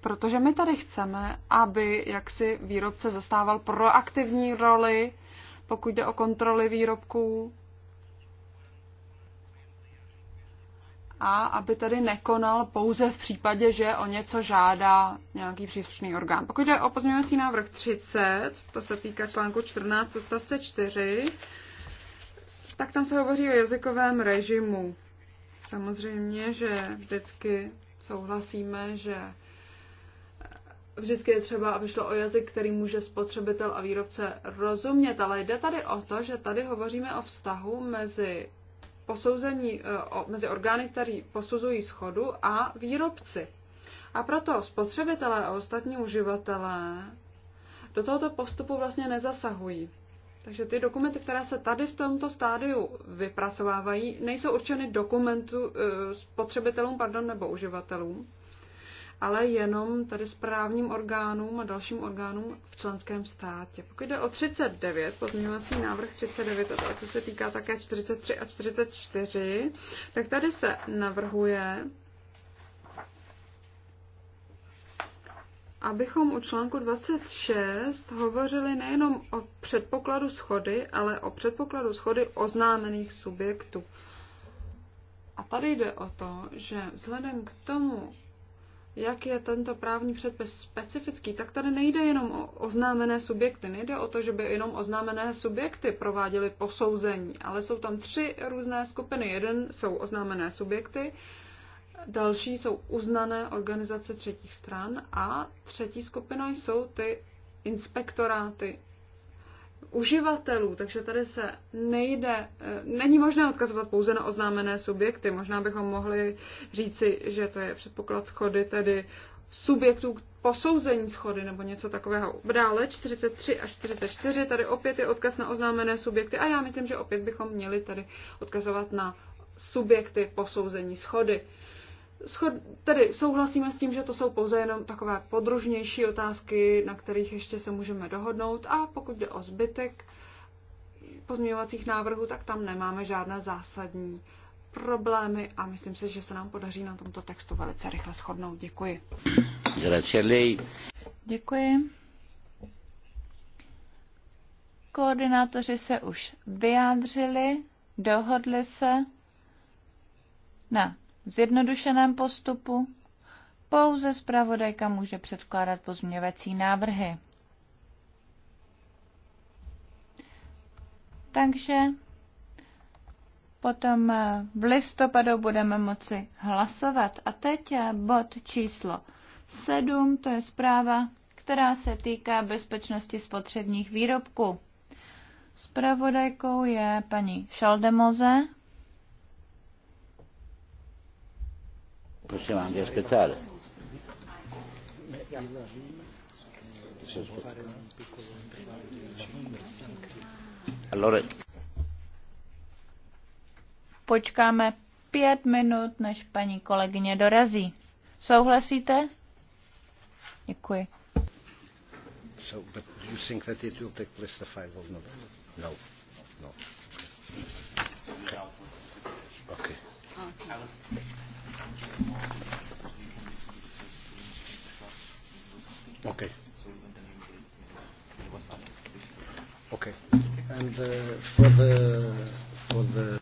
Protože my tady chceme, aby jaksi výrobce zastával proaktivní roli, pokud jde o kontroly výrobků, a aby tedy nekonal pouze v případě, že o něco žádá nějaký příslušný orgán. Pokud jde o pozměňovací návrh 30, to se týká článku 14 odstavce 4, tak tam se hovoří o jazykovém režimu. Samozřejmě, že vždycky souhlasíme, že vždycky je třeba, aby šlo o jazyk, který může spotřebitel a výrobce rozumět, ale jde tady o to, že tady hovoříme o vztahu mezi posouzení, e, mezi orgány, které posuzují schodu a výrobci. A proto spotřebitelé a ostatní uživatelé do tohoto postupu vlastně nezasahují. Takže ty dokumenty, které se tady v tomto stádiu vypracovávají, nejsou určeny dokumentu eh, spotřebitelům pardon, nebo uživatelům, ale jenom tady správním orgánům a dalším orgánům v členském státě. Pokud jde o 39, pozměňovací návrh 39, a to se týká také 43 a 44, tak tady se navrhuje abychom u článku 26 hovořili nejenom o předpokladu schody, ale o předpokladu schody oznámených subjektů. A tady jde o to, že vzhledem k tomu, jak je tento právní předpis specifický, tak tady nejde jenom o oznámené subjekty. Nejde o to, že by jenom oznámené subjekty prováděly posouzení, ale jsou tam tři různé skupiny. Jeden jsou oznámené subjekty, Další jsou uznané organizace třetích stran a třetí skupina jsou ty inspektoráty uživatelů, takže tady se nejde, eh, není možné odkazovat pouze na oznámené subjekty. Možná bychom mohli říci, že to je předpoklad schody, tedy subjektů k posouzení schody nebo něco takového. Dále 43 a 44, tady opět je odkaz na oznámené subjekty a já myslím, že opět bychom měli tady odkazovat na subjekty posouzení schody. Tedy souhlasíme s tím, že to jsou pouze jenom takové podružnější otázky, na kterých ještě se můžeme dohodnout a pokud jde o zbytek pozměňovacích návrhů, tak tam nemáme žádné zásadní problémy a myslím si, že se nám podaří na tomto textu velice rychle shodnout. Děkuji. Děkuji. Koordinátoři se už vyjádřili, dohodli se na zjednodušeném postupu. Pouze zpravodajka může předkládat pozměňovací návrhy. Takže potom v listopadu budeme moci hlasovat. A teď je bod číslo 7, to je zpráva, která se týká bezpečnosti spotřebních výrobků. Spravodajkou je paní Šaldemoze. possiamo anche aspettare. Allora... Počkáme pět minut, než paní kolegyně dorazí. Souhlasíte? Děkuji. So, but do you think that it will take place the 5 of November? No. No. Okay. okay. Okay. Okay. And uh, for the for the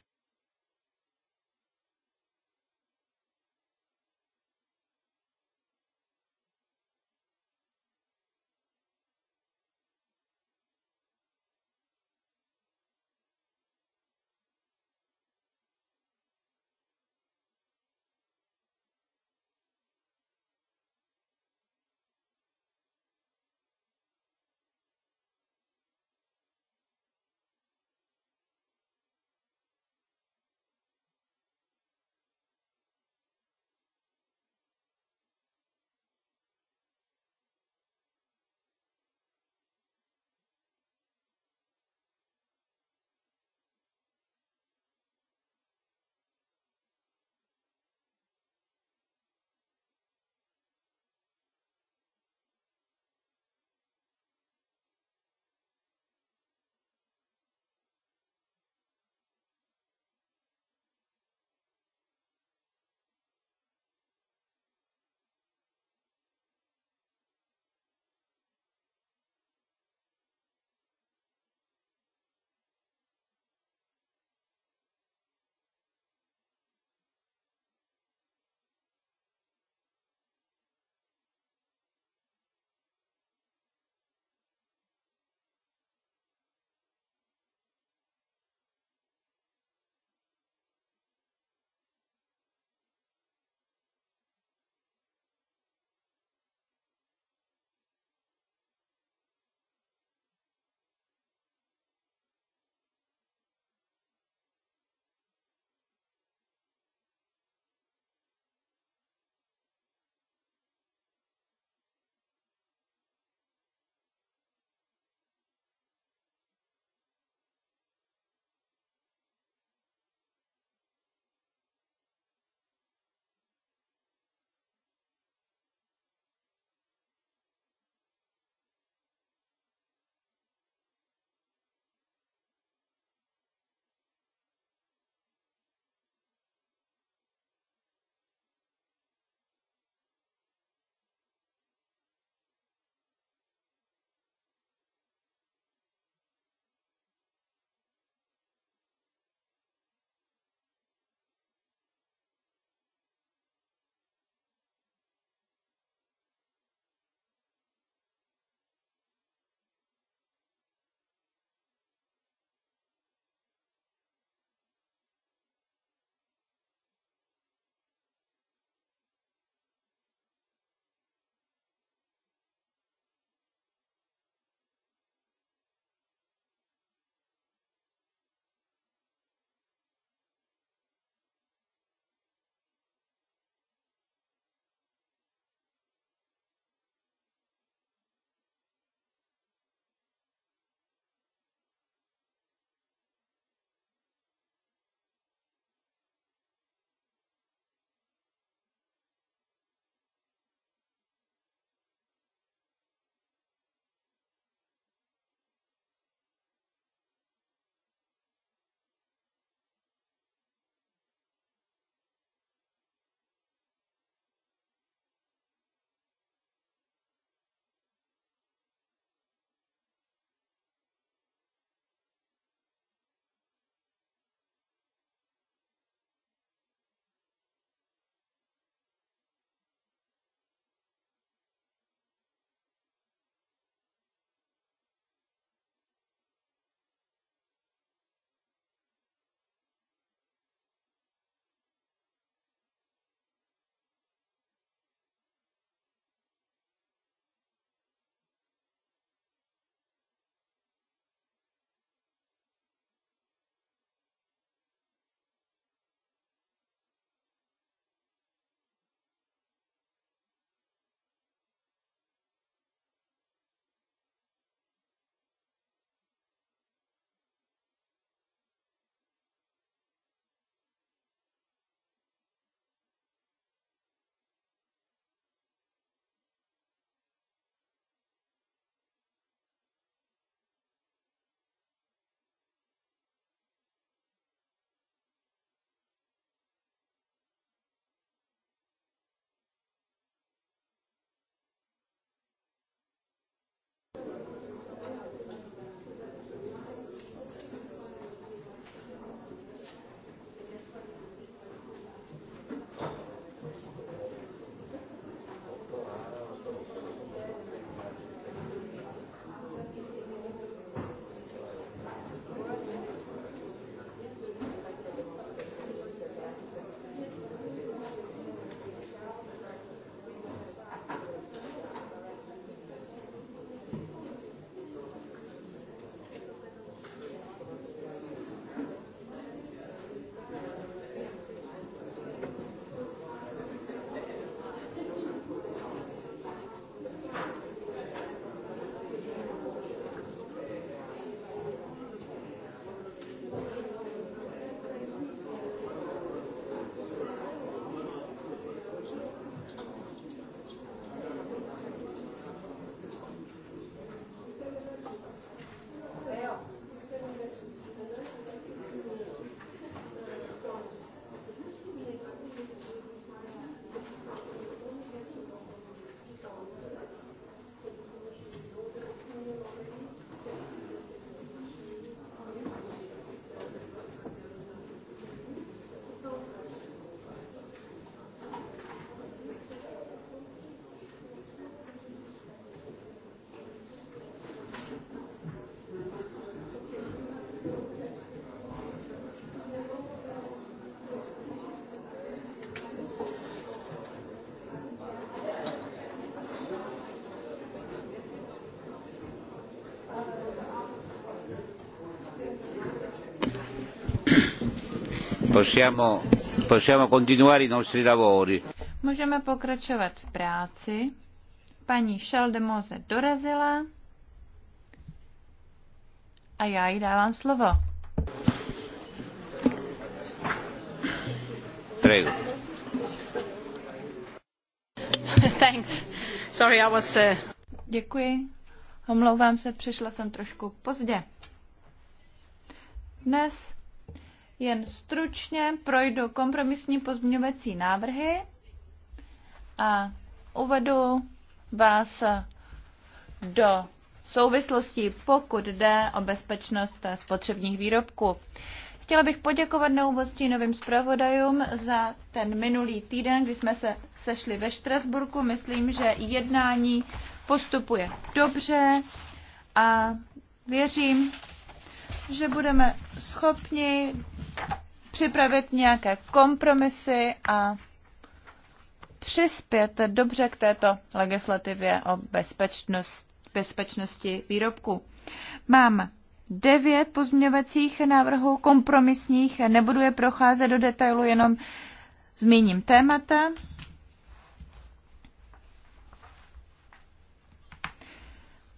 Possiamo, possiamo continuare i nostri lavori. Můžeme pokračovat v práci. Paní Šeldemoze dorazila a já jí dávám slovo. Prego. Thanks. Sorry, I was... Uh... Děkuji. Omlouvám se, přišla jsem trošku pozdě. Dnes jen stručně projdu kompromisní pozměňovací návrhy a uvedu vás do souvislostí, pokud jde o bezpečnost spotřebních výrobků. Chtěla bych poděkovat na úvodství novým zpravodajům za ten minulý týden, kdy jsme se sešli ve Štrasburku. Myslím, že jednání postupuje dobře a věřím, že budeme schopni připravit nějaké kompromisy a přispět dobře k této legislativě o bezpečnost, bezpečnosti výrobků. Mám devět pozměňovacích návrhů kompromisních, nebudu je procházet do detailu, jenom zmíním témata.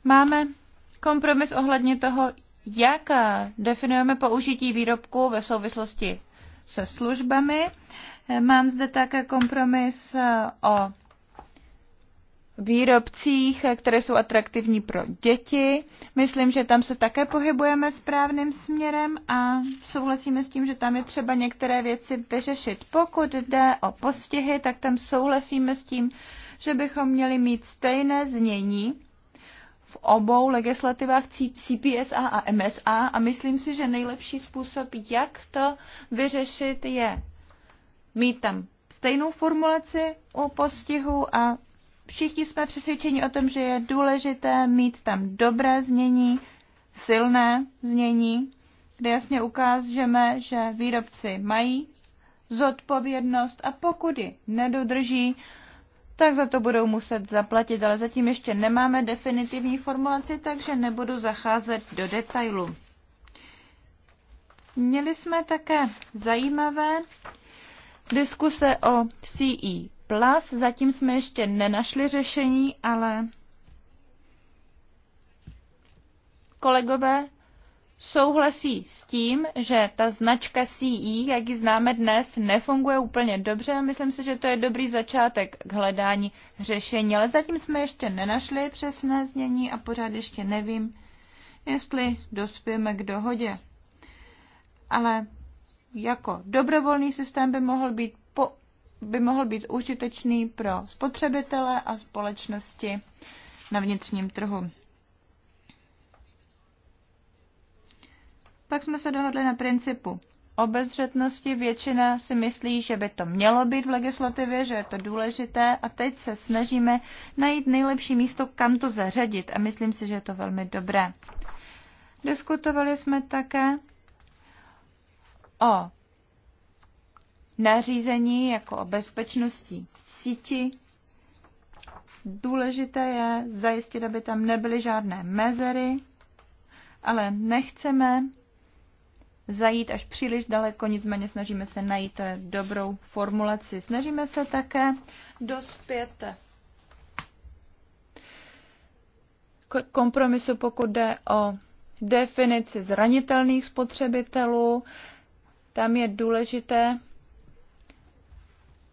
Máme kompromis ohledně toho, jak eh, definujeme použití výrobku ve souvislosti se službami. Eh, mám zde také kompromis eh, o výrobcích, které jsou atraktivní pro děti. Myslím, že tam se také pohybujeme správným směrem a souhlasíme s tím, že tam je třeba některé věci vyřešit. Pokud jde o postihy, tak tam souhlasíme s tím, že bychom měli mít stejné znění v obou legislativách CPSA a MSA a myslím si, že nejlepší způsob, jak to vyřešit, je mít tam stejnou formulaci u postihu a všichni jsme přesvědčeni o tom, že je důležité mít tam dobré znění, silné znění, kde jasně ukážeme, že výrobci mají zodpovědnost a pokud ji nedodrží, tak za to budou muset zaplatit, ale zatím ještě nemáme definitivní formulaci, takže nebudu zacházet do detailu. Měli jsme také zajímavé diskuse o CE+. Zatím jsme ještě nenašli řešení, ale kolegové souhlasí s tím, že ta značka CE, jak ji známe dnes, nefunguje úplně dobře myslím si, že to je dobrý začátek k hledání řešení. Ale zatím jsme ještě nenašli přesné znění a pořád ještě nevím, jestli dospějeme k dohodě. Ale jako dobrovolný systém by mohl být, po, by mohl být užitečný pro spotřebitele a společnosti na vnitřním trhu. Pak jsme se dohodli na principu obezřetnosti. Většina si myslí, že by to mělo být v legislativě, že je to důležité a teď se snažíme najít nejlepší místo, kam to zařadit a myslím si, že je to velmi dobré. Diskutovali jsme také o nařízení jako o bezpečnosti síti. Důležité je zajistit, aby tam nebyly žádné mezery, ale nechceme zajít až příliš daleko, nicméně snažíme se najít dobrou formulaci. Snažíme se také dospět k kompromisu, pokud jde o definici zranitelných spotřebitelů. Tam je důležité,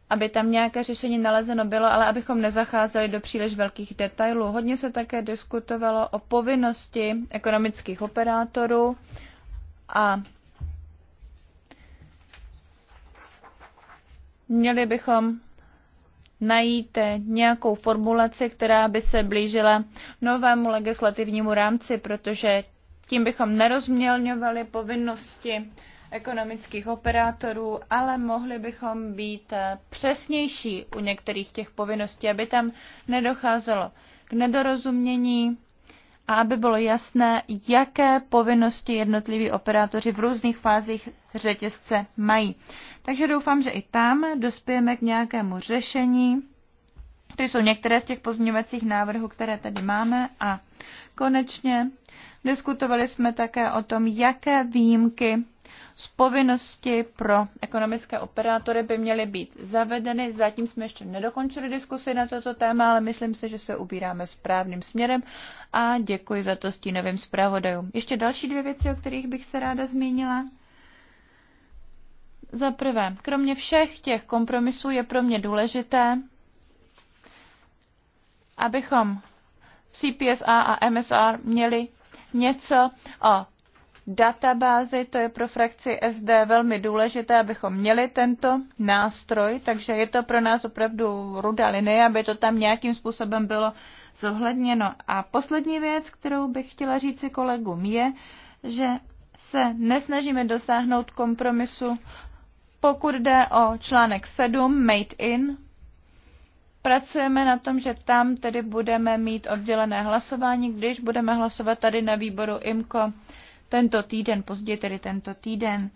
aby tam nějaké řešení nalezeno bylo, ale abychom nezacházeli do příliš velkých detailů. Hodně se také diskutovalo o povinnosti ekonomických operátorů a Měli bychom najít nějakou formulaci, která by se blížila novému legislativnímu rámci, protože tím bychom nerozmělňovali povinnosti ekonomických operátorů, ale mohli bychom být přesnější u některých těch povinností, aby tam nedocházelo k nedorozumění a aby bylo jasné, jaké povinnosti jednotliví operátoři v různých fázích řetězce mají. Takže doufám, že i tam dospějeme k nějakému řešení. To jsou některé z těch pozměňovacích návrhů, které tady máme. A konečně diskutovali jsme také o tom, jaké výjimky z povinnosti pro ekonomické operátory by měly být zavedeny. Zatím jsme ještě nedokončili diskusi na toto téma, ale myslím si, že se ubíráme správným směrem a děkuji za to stínovým zpravodajům. Ještě další dvě věci, o kterých bych se ráda zmínila. Za prvé, kromě všech těch kompromisů je pro mě důležité, abychom v CPSA a MSR měli něco o databázi, to je pro frakci SD velmi důležité, abychom měli tento nástroj, takže je to pro nás opravdu ruda linie, aby to tam nějakým způsobem bylo zohledněno. A poslední věc, kterou bych chtěla říci kolegům, je, že se nesnažíme dosáhnout kompromisu pokud jde o článek 7, Made in, pracujeme na tom, že tam tedy budeme mít oddělené hlasování, když budeme hlasovat tady na výboru IMCO tento týden, později tedy tento týden.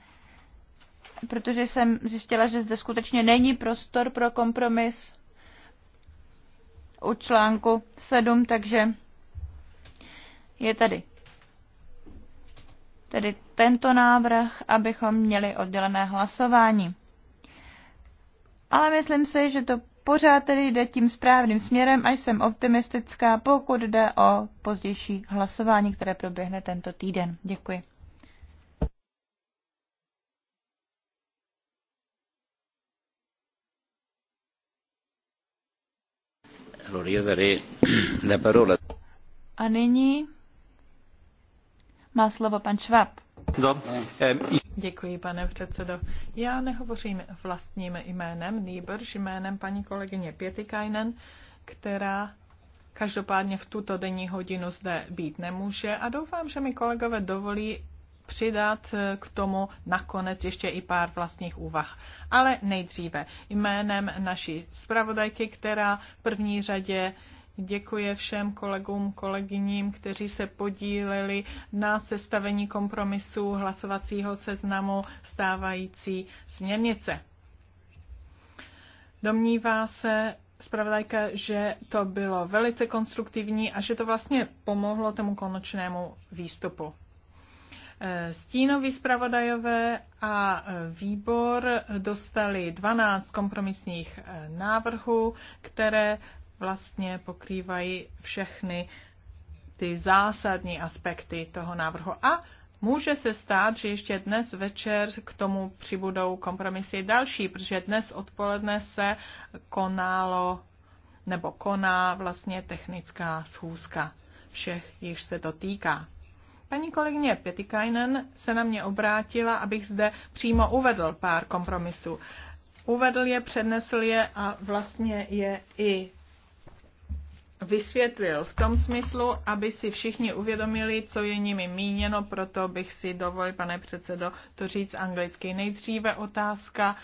Protože jsem zjistila, že zde skutečně není prostor pro kompromis u článku 7, takže je tady tedy tento návrh, abychom měli oddělené hlasování. Ale myslím si, že to pořád tedy jde tím správným směrem a jsem optimistická, pokud jde o pozdější hlasování, které proběhne tento týden. Děkuji. A nyní má slovo pan Švab. No, Děkuji, pane předsedo. Já nehovořím vlastním jménem, nýbrž jménem paní kolegyně Pětikajnen, která každopádně v tuto denní hodinu zde být nemůže a doufám, že mi kolegové dovolí přidat eh, k tomu nakonec ještě i pár vlastních úvah. Ale nejdříve jménem naší zpravodajky, která v první řadě Děkuji všem kolegům, kolegyním, kteří se podíleli na sestavení kompromisu hlasovacího seznamu stávající směrnice. Domnívá se zpravodajka, že to bylo velice konstruktivní a že to vlastně pomohlo tomu konečnému výstupu. Stínoví zpravodajové a výbor dostali 12 kompromisních návrhů, které vlastně pokrývají všechny ty zásadní aspekty toho návrhu. A může se stát, že ještě dnes večer k tomu přibudou kompromisy další, protože dnes odpoledne se konalo nebo koná vlastně technická schůzka všech, již se to týká. Paní kolegyně Petikainen se na mě obrátila, abych zde přímo uvedl pár kompromisů. Uvedl je, přednesl je a vlastně je i vysvětlil v tom smyslu, aby si všichni uvědomili, co je nimi míněno, proto bych si dovolil, pane předsedo, to říct anglicky. Nejdříve otázka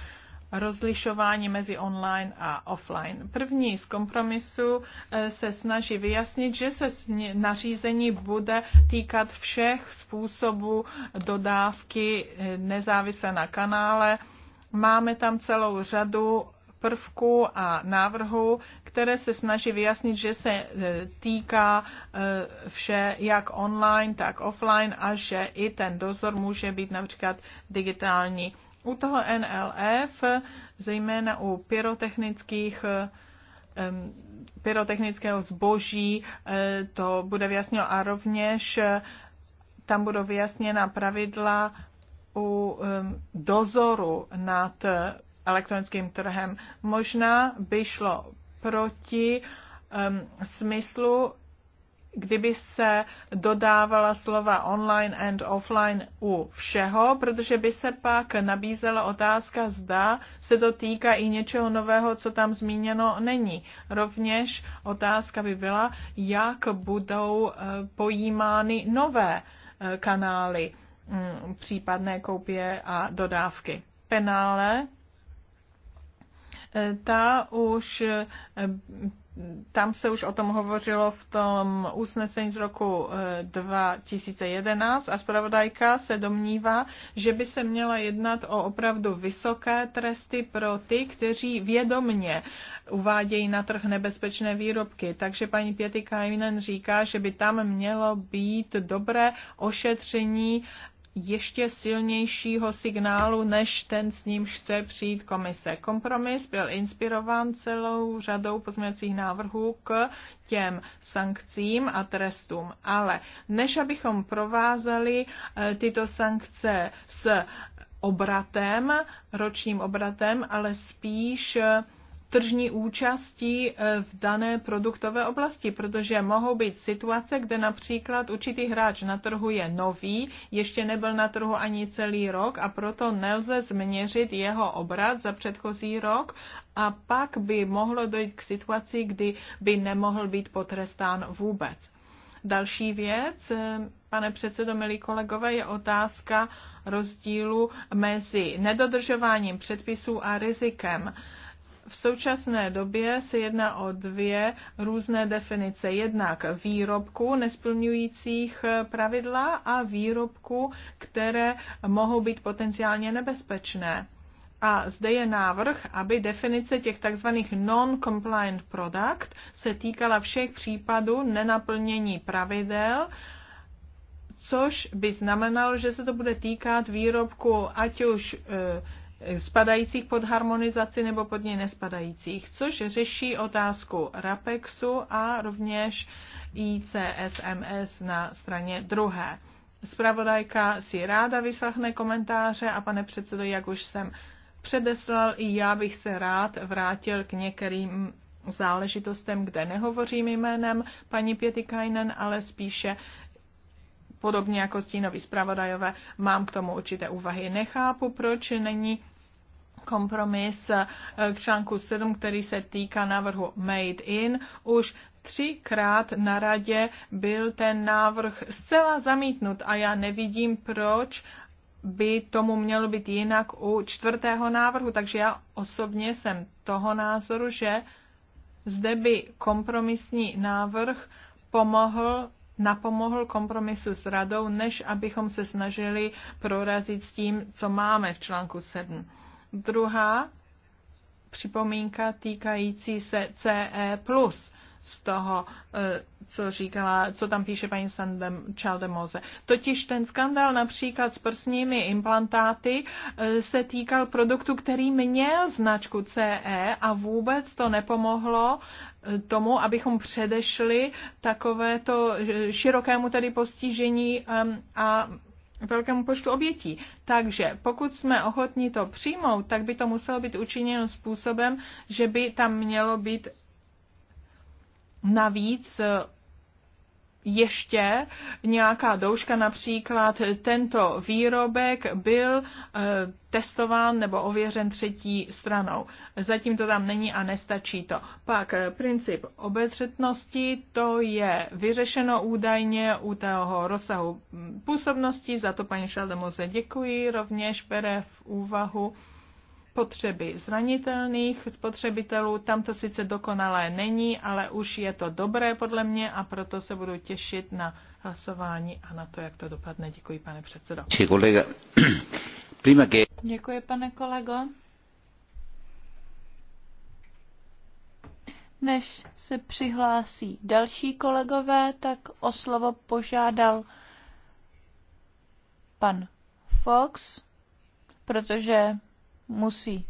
rozlišování mezi online a offline. První z kompromisu eh, se snaží vyjasnit, že se nařízení bude týkat všech způsobů dodávky eh, nezávisle na kanále. Máme tam celou řadu prvků a návrhů, které se snaží vyjasnit, že se e, týká e, vše jak online, tak offline a že i ten dozor může být například digitální. U toho NLF, zejména u pyrotechnických e, pyrotechnického zboží, to bude vyjasněno a rovněž tam budou vyjasněna pravidla u dozoru nad elektronickým trhem. Možná by šlo proti um, smyslu, kdyby se dodávala slova online and offline u všeho, protože by se pak nabízela otázka, zda se to týká i něčeho nového, co tam zmíněno není. Rovněž otázka by byla, jak budou eh, pojímány nové eh, kanály mm, případné koupě a dodávky. Penále ta už tam se už o tom hovořilo v tom usnesení z roku 2011 eh, a zpravodajka se domnívá, že by se měla jednat o opravdu vysoké tresty pro ty, kteří vědomně uvádějí na trh nebezpečné výrobky. Takže paní Pěty Kajinen říká, že by tam mělo být dobré ošetření ještě silnějšího signálu, než ten s ním chce přijít komise. Kompromis byl inspirován celou řadou pozměňovacích návrhů k těm sankcím a trestům. Ale než abychom provázali eh, tyto sankce s obratem, ročním obratem, ale spíš eh, tržní účastí eh, v dané produktové oblasti, protože mohou být situace, kde například určitý hráč na trhu je nový, ještě nebyl na trhu ani celý rok a proto nelze změřit jeho obrat za předchozí rok a pak by mohlo dojít k situaci, kdy by nemohl být potrestán vůbec. Další věc, eh, pane předsedo, milí kolegové, je otázka rozdílu mezi nedodržováním předpisů a rizikem. V současné době se jedná o dvě různé definice. Jednak výrobku nesplňujících eh, pravidla a výrobku, které mohou být potenciálně nebezpečné. A zde je návrh, aby definice těch tzv. non-compliant product se týkala všech případů nenaplnění pravidel, což by znamenalo, že se to bude týkat výrobku ať už eh, spadajících pod harmonizaci nebo pod něj nespadajících, což řeší otázku RAPEXu a rovněž ICSMS na straně druhé. Spravodajka si ráda vyslechne komentáře a pane předsedo, jak už jsem předeslal, i já bych se rád vrátil k některým záležitostem, kde nehovořím jménem paní Pětikajnen, ale spíše podobně jako stínoví zpravodajové, mám k tomu určité úvahy. Nechápu, proč není kompromis eh, k článku 7, který se týká návrhu Made in. Už třikrát na radě byl ten návrh zcela zamítnut a já nevidím, proč by tomu mělo být jinak u čtvrtého návrhu. Takže já osobně jsem toho názoru, že zde by kompromisní návrh pomohl napomohl kompromisu s radou, než abychom se snažili prorazit s tím, co máme v článku 7. Druhá připomínka týkající se CE+ z toho, eh, co říkala, co tam píše paní Sandem Čaldemose. Totiž ten skandal například s prsními implantáty eh, se týkal produktu, který měl značku CE a vůbec to nepomohlo eh, tomu, abychom předešli takovéto širokému tedy postižení a velkému počtu obětí. Takže pokud jsme ochotní to přijmout, tak by to muselo být učiněno způsobem, že by tam mělo být navíc eh, ještě nějaká douška, například tento výrobek byl eh, testován nebo ověřen třetí stranou. Zatím to tam není a nestačí to. Pak eh, princip obezřetnosti, to je vyřešeno údajně u toho rozsahu mm, působnosti, za to paní Šaldemoze děkuji, rovněž bere v úvahu potřeby zranitelných spotřebitelů. Tam to sice dokonalé není, ale už je to dobré podle mě a proto se budu těšit na hlasování a na to, jak to dopadne. Děkuji, pane předsedo. Děkuji, pane kolego. Než se přihlásí další kolegové, tak o slovo požádal pan Fox, protože musí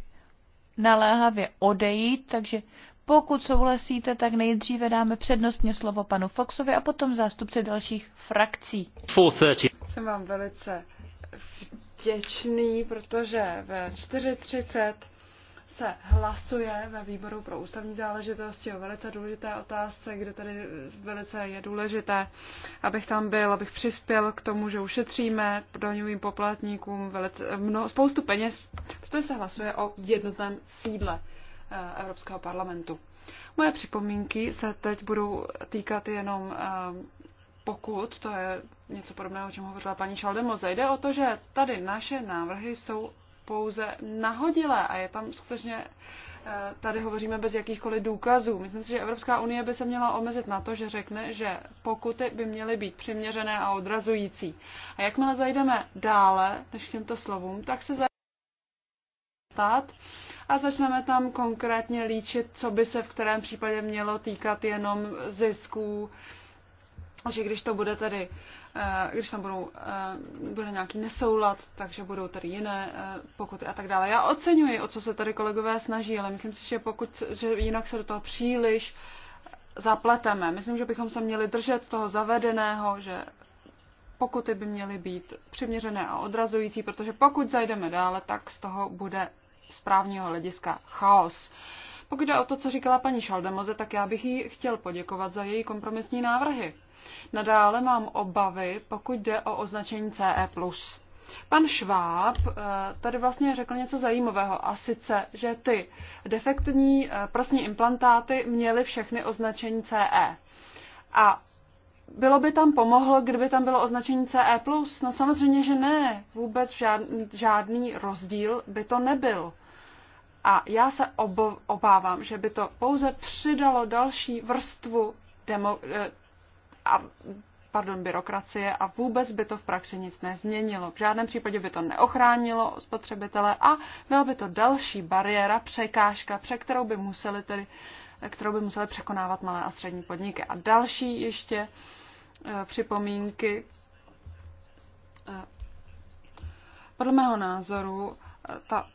naléhavě odejít, takže pokud souhlasíte, tak nejdříve dáme přednostně slovo panu Foxovi a potom zástupci dalších frakcí. Jsem vám velice vděčný, protože ve 4.30 se hlasuje ve výboru pro ústavní záležitosti o velice důležité otázce, kde tady velice je důležité, abych tam byl, abych přispěl k tomu, že ušetříme daňovým poplatníkům velice, mno, spoustu peněz, protože se hlasuje o jednotném sídle eh, Evropského parlamentu. Moje připomínky se teď budou týkat jenom eh, pokud, to je něco podobného, o čem hovořila paní Šaldemoze, jde o to, že tady naše návrhy jsou pouze nahodilé a je tam skutečně eh, tady hovoříme bez jakýchkoliv důkazů. Myslím si, že Evropská unie by se měla omezit na to, že řekne, že pokuty by měly být přiměřené a odrazující. A jakmile zajdeme dále než k těmto slovům, tak se stát a začneme tam konkrétně líčit, co by se v kterém případě mělo týkat jenom zisků, že když to bude tedy Eh, když tam budou, eh, bude nějaký nesoulad, takže budou tady jiné eh, pokuty a tak dále. Já oceňuji, o co se tady kolegové snaží, ale myslím si, že pokud že jinak se do toho příliš zapleteme. Myslím, že bychom se měli držet toho zavedeného, že pokuty by měly být přiměřené a odrazující, protože pokud zajdeme dále, tak z toho bude správního hlediska chaos. Uh, pokud jde o to, co říkala paní Šaldemoze, tak já bych jí chtěl poděkovat za její kompromisní návrhy. Nadále mám obavy, pokud jde o označení CE+. Pan Šváb eh, tady vlastně řekl něco zajímavého, a sice, že ty defektní eh, prsní implantáty měly všechny označení CE. A bylo by tam pomohlo, kdyby tam bylo označení CE+. No samozřejmě, že ne. Vůbec žádný, žádný rozdíl by to nebyl. A já se obávám, že by to pouze přidalo další vrstvu demo, eh, a, pardon, byrokracie a vůbec by to v praxi nic nezměnilo. V žádném případě by to neochránilo spotřebitele a byla by to další bariéra, překážka, pře kterou by museli tedy kterou by museli překonávat malé a střední podniky. A další ještě eh, připomínky. Eh, podle mého názoru ta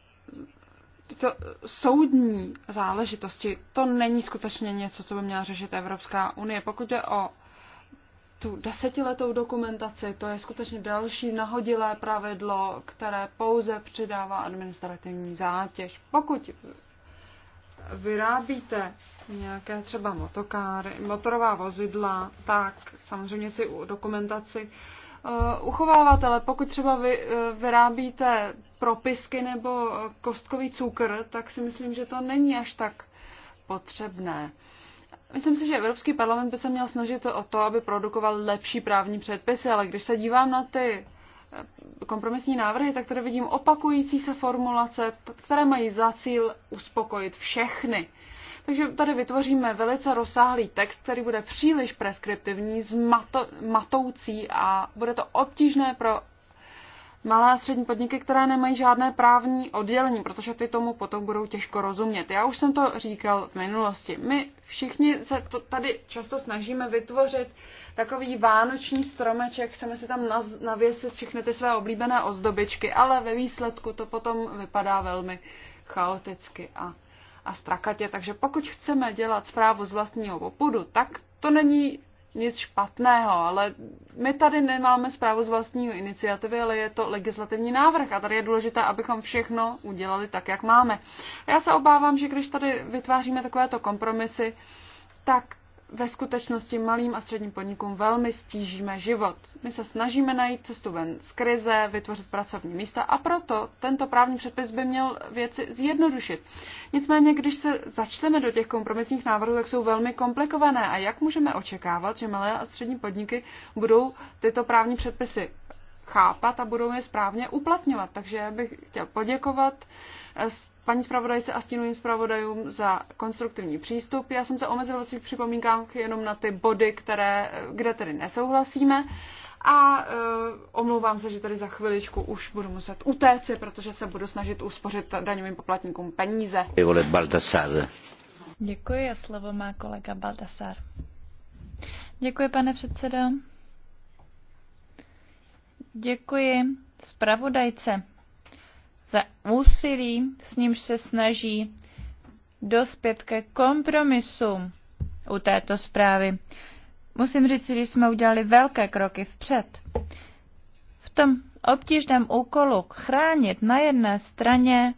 tyto soudní záležitosti, to není skutečně něco, co by měla řešit Evropská unie. Pokud je o tu desetiletou dokumentaci, to je skutečně další nahodilé pravidlo, které pouze přidává administrativní zátěž. Pokud vyrábíte nějaké třeba motokáry, motorová vozidla, tak samozřejmě si dokumentaci Eh, uchovávatele, ale pokud třeba vy, eh, vyrábíte propisky nebo eh, kostkový cukr, tak si myslím, že to není až tak potřebné. Myslím si, že Evropský parlament by se měl snažit o to, aby produkoval lepší právní předpisy, ale když se dívám na ty kompromisní návrhy, tak tady vidím opakující se formulace, které mají za cíl uspokojit všechny. Takže tady vytvoříme velice rozsáhlý text, který bude příliš preskriptivní, zmato, matoucí a bude to obtížné pro malé a střední podniky, které nemají žádné právní oddělení, protože ty tomu potom budou těžko rozumět. Já už jsem to říkal v minulosti. My všichni se tady často snažíme vytvořit takový vánoční stromeček, chceme si tam navěsit všechny ty své oblíbené ozdobičky, ale ve výsledku to potom vypadá velmi chaoticky a a strakatě. Takže pokud chceme dělat zprávu z vlastního popudu, tak to není nic špatného, ale my tady nemáme zprávu z vlastního iniciativy, ale je to legislativní návrh a tady je důležité, abychom všechno udělali tak, jak máme. já se obávám, že když tady vytváříme takovéto kompromisy, tak ve skutečnosti malým a středním podnikům velmi stížíme život. My se snažíme najít cestu ven z krize, vytvořit pracovní místa a proto tento právní předpis by měl věci zjednodušit. Nicméně, když se začteme do těch kompromisních návrhů, tak jsou velmi komplikované a jak můžeme očekávat, že malé a střední podniky budou tyto právní předpisy chápat a budou je správně uplatňovat. Takže bych chtěl poděkovat eh, paní zpravodajce a stínovým zpravodajům za konstruktivní přístup. Já jsem se omezila ve svých připomínkách jenom na ty body, které, eh, kde tedy nesouhlasíme. A e, omlouvám se, že tady za chviličku už budu muset utéct, protože se budu snažit uspořit daňovým poplatníkům peníze. Děkuji a slovo má kolega Baldassar. Děkuji, pane předsedo. Děkuji zpravodajce za úsilí, s nímž se snaží dospět ke kompromisu u této zprávy. Musím říct, že jsme udělali velké kroky vpřed. V tom obtížném úkolu chránit na jedné straně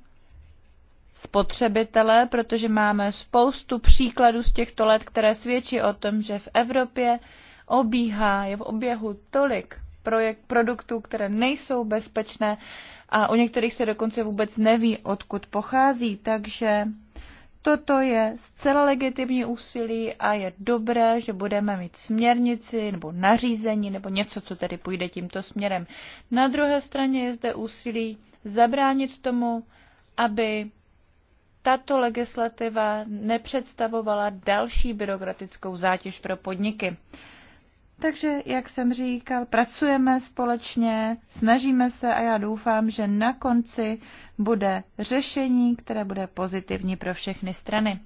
spotřebitele, protože máme spoustu příkladů z těchto let, které svědčí o tom, že v Evropě obíhá, je v oběhu tolik projekt, produktů, které nejsou bezpečné a u některých se dokonce vůbec neví, odkud pochází. Takže toto je zcela legitimní úsilí a je dobré, že budeme mít směrnici nebo nařízení nebo něco, co tedy půjde tímto směrem. Na druhé straně je zde úsilí zabránit tomu, aby tato legislativa nepředstavovala další byrokratickou zátěž pro podniky. Takže, jak jsem říkal, pracujeme společně, snažíme se a já doufám, že na konci bude řešení, které bude pozitivní pro všechny strany.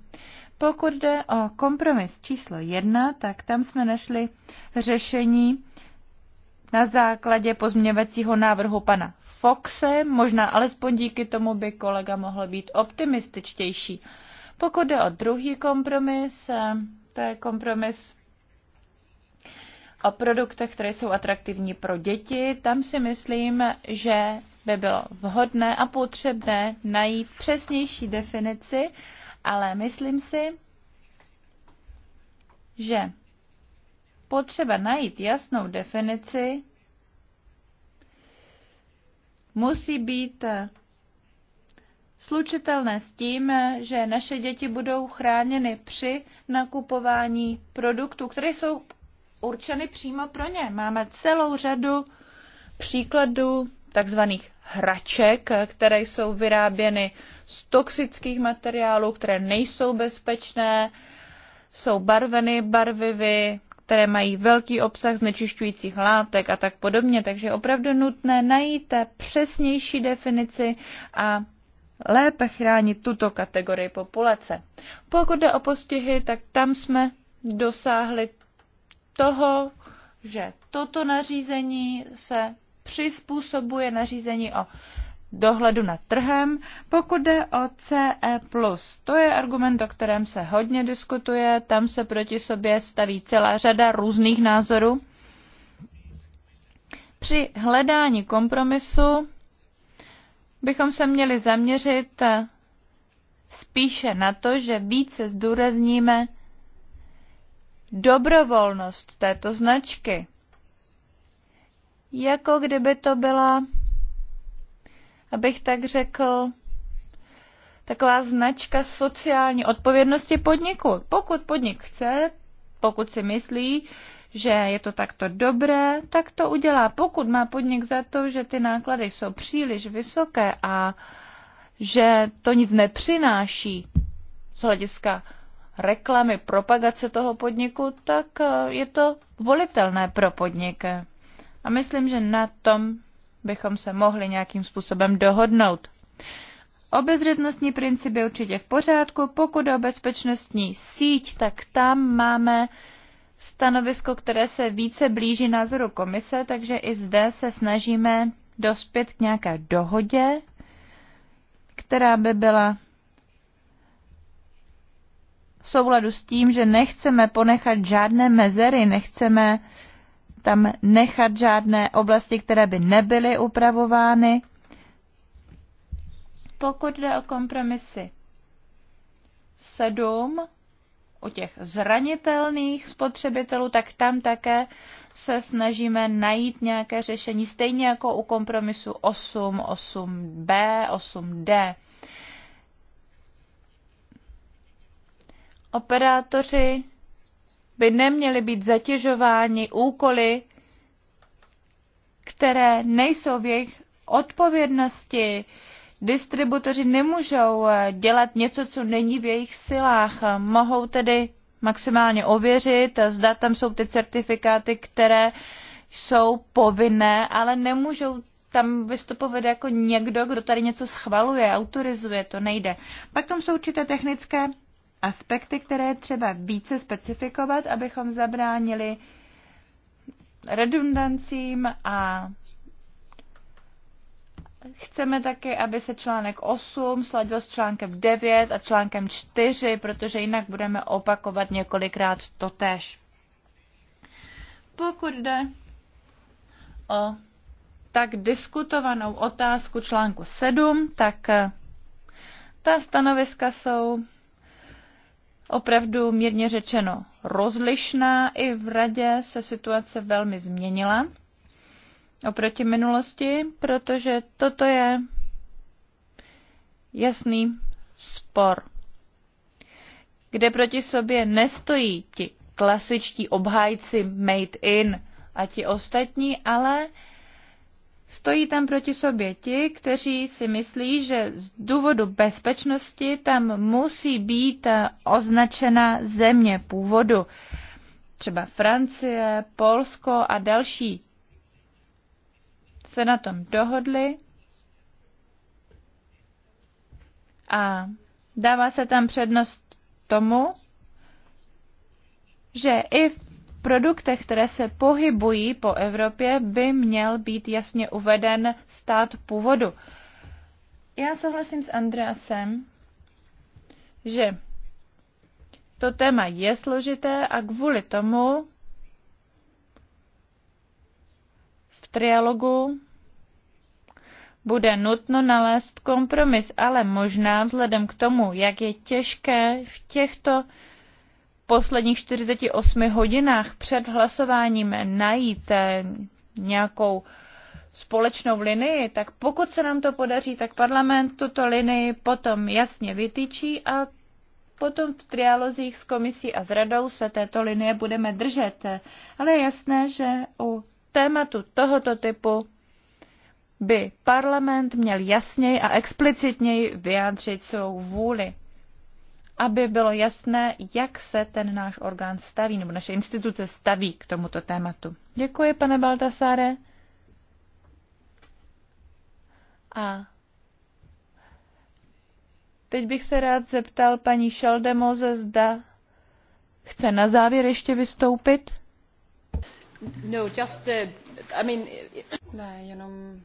Pokud jde o kompromis číslo jedna, tak tam jsme našli řešení na základě pozměňovacího návrhu pana Foxe, možná alespoň díky tomu by kolega mohl být optimističtější. Pokud jde o druhý kompromis, eh, to je kompromis o produktech, které jsou atraktivní pro děti, tam si myslím, že by bylo vhodné a potřebné najít přesnější definici, ale myslím si, že potřeba najít jasnou definici musí být slučitelné s tím, že naše děti budou chráněny při nakupování produktů, které jsou určeny přímo pro ně. Máme celou řadu příkladů takzvaných hraček, které jsou vyráběny z toxických materiálů, které nejsou bezpečné, jsou barveny barvivy, které mají velký obsah znečišťujících látek a tak podobně. Takže je opravdu nutné najít přesnější definici a lépe chránit tuto kategorii populace. Pokud jde o postihy, tak tam jsme dosáhli toho, že toto nařízení se přizpůsobuje nařízení o dohledu nad trhem, pokud jde o CE+. To je argument, o kterém se hodně diskutuje, tam se proti sobě staví celá řada různých názorů. Při hledání kompromisu bychom se měli zaměřit spíše na to, že více zdůrazníme dobrovolnost této značky. Jako kdyby to byla, abych tak řekl, taková značka sociální odpovědnosti podniku. Pokud podnik chce, pokud si myslí, že je to takto dobré, tak to udělá. Pokud má podnik za to, že ty náklady jsou příliš vysoké a že to nic nepřináší z hlediska reklamy, propagace toho podniku, tak eh, je to volitelné pro podnik. A myslím, že na tom bychom se mohli nějakým způsobem dohodnout. Obezřetnostní princip je určitě v pořádku. Pokud o bezpečnostní síť, tak tam máme stanovisko, které se více blíží názoru komise, takže i zde se snažíme dospět k nějaké dohodě, která by byla souladu s tím, že nechceme ponechat žádné mezery, nechceme tam nechat žádné oblasti, které by nebyly upravovány. Pokud jde o kompromisy sedm, u těch zranitelných spotřebitelů, tak tam také se snažíme najít nějaké řešení, stejně jako u kompromisu 8, 8b, 8d. operátoři by neměli být zatěžováni úkoly, které nejsou v jejich odpovědnosti. Distributoři nemůžou eh, dělat něco, co není v jejich silách. Mohou tedy maximálně ověřit, zda tam jsou ty certifikáty, které jsou povinné, ale nemůžou tam vystupovat jako někdo, kdo tady něco schvaluje, autorizuje, to nejde. Pak tam jsou určité technické aspekty, které třeba více specifikovat, abychom zabránili redundancím a chceme taky, aby se článek 8 sladil s článkem 9 a článkem 4, protože jinak budeme opakovat několikrát totéž. Pokud jde o tak diskutovanou otázku článku 7, tak ta stanoviska jsou opravdu mírně řečeno rozlišná. I v radě se situace velmi změnila oproti minulosti, protože toto je jasný spor, kde proti sobě nestojí ti klasičtí obhájci made in a ti ostatní, ale Stojí tam proti sobě ti, kteří si myslí, že z důvodu bezpečnosti tam musí být eh, označena země původu. Třeba Francie, Polsko a další se na tom dohodli a dává se tam přednost tomu, že i v produktech, které se pohybují po Evropě, by měl být jasně uveden stát původu. Já souhlasím s Andreasem, že to téma je složité a kvůli tomu v trialogu bude nutno nalézt kompromis, ale možná vzhledem k tomu, jak je těžké v těchto posledních 48 hodinách před hlasováním najít eh, nějakou společnou linii, tak pokud se nám to podaří, tak parlament tuto linii potom jasně vytýčí a potom v trialozích s komisí a s radou se této linie budeme držet. Ale je jasné, že u tématu tohoto typu by parlament měl jasněji a explicitněji vyjádřit svou vůli aby bylo jasné, jak se ten náš orgán staví, nebo naše instituce staví k tomuto tématu. Děkuji, pane Baltasáre. A teď bych se rád zeptal paní Šaldemoze, zda chce na závěr ještě vystoupit. No, just, uh, I mean... Ne, jenom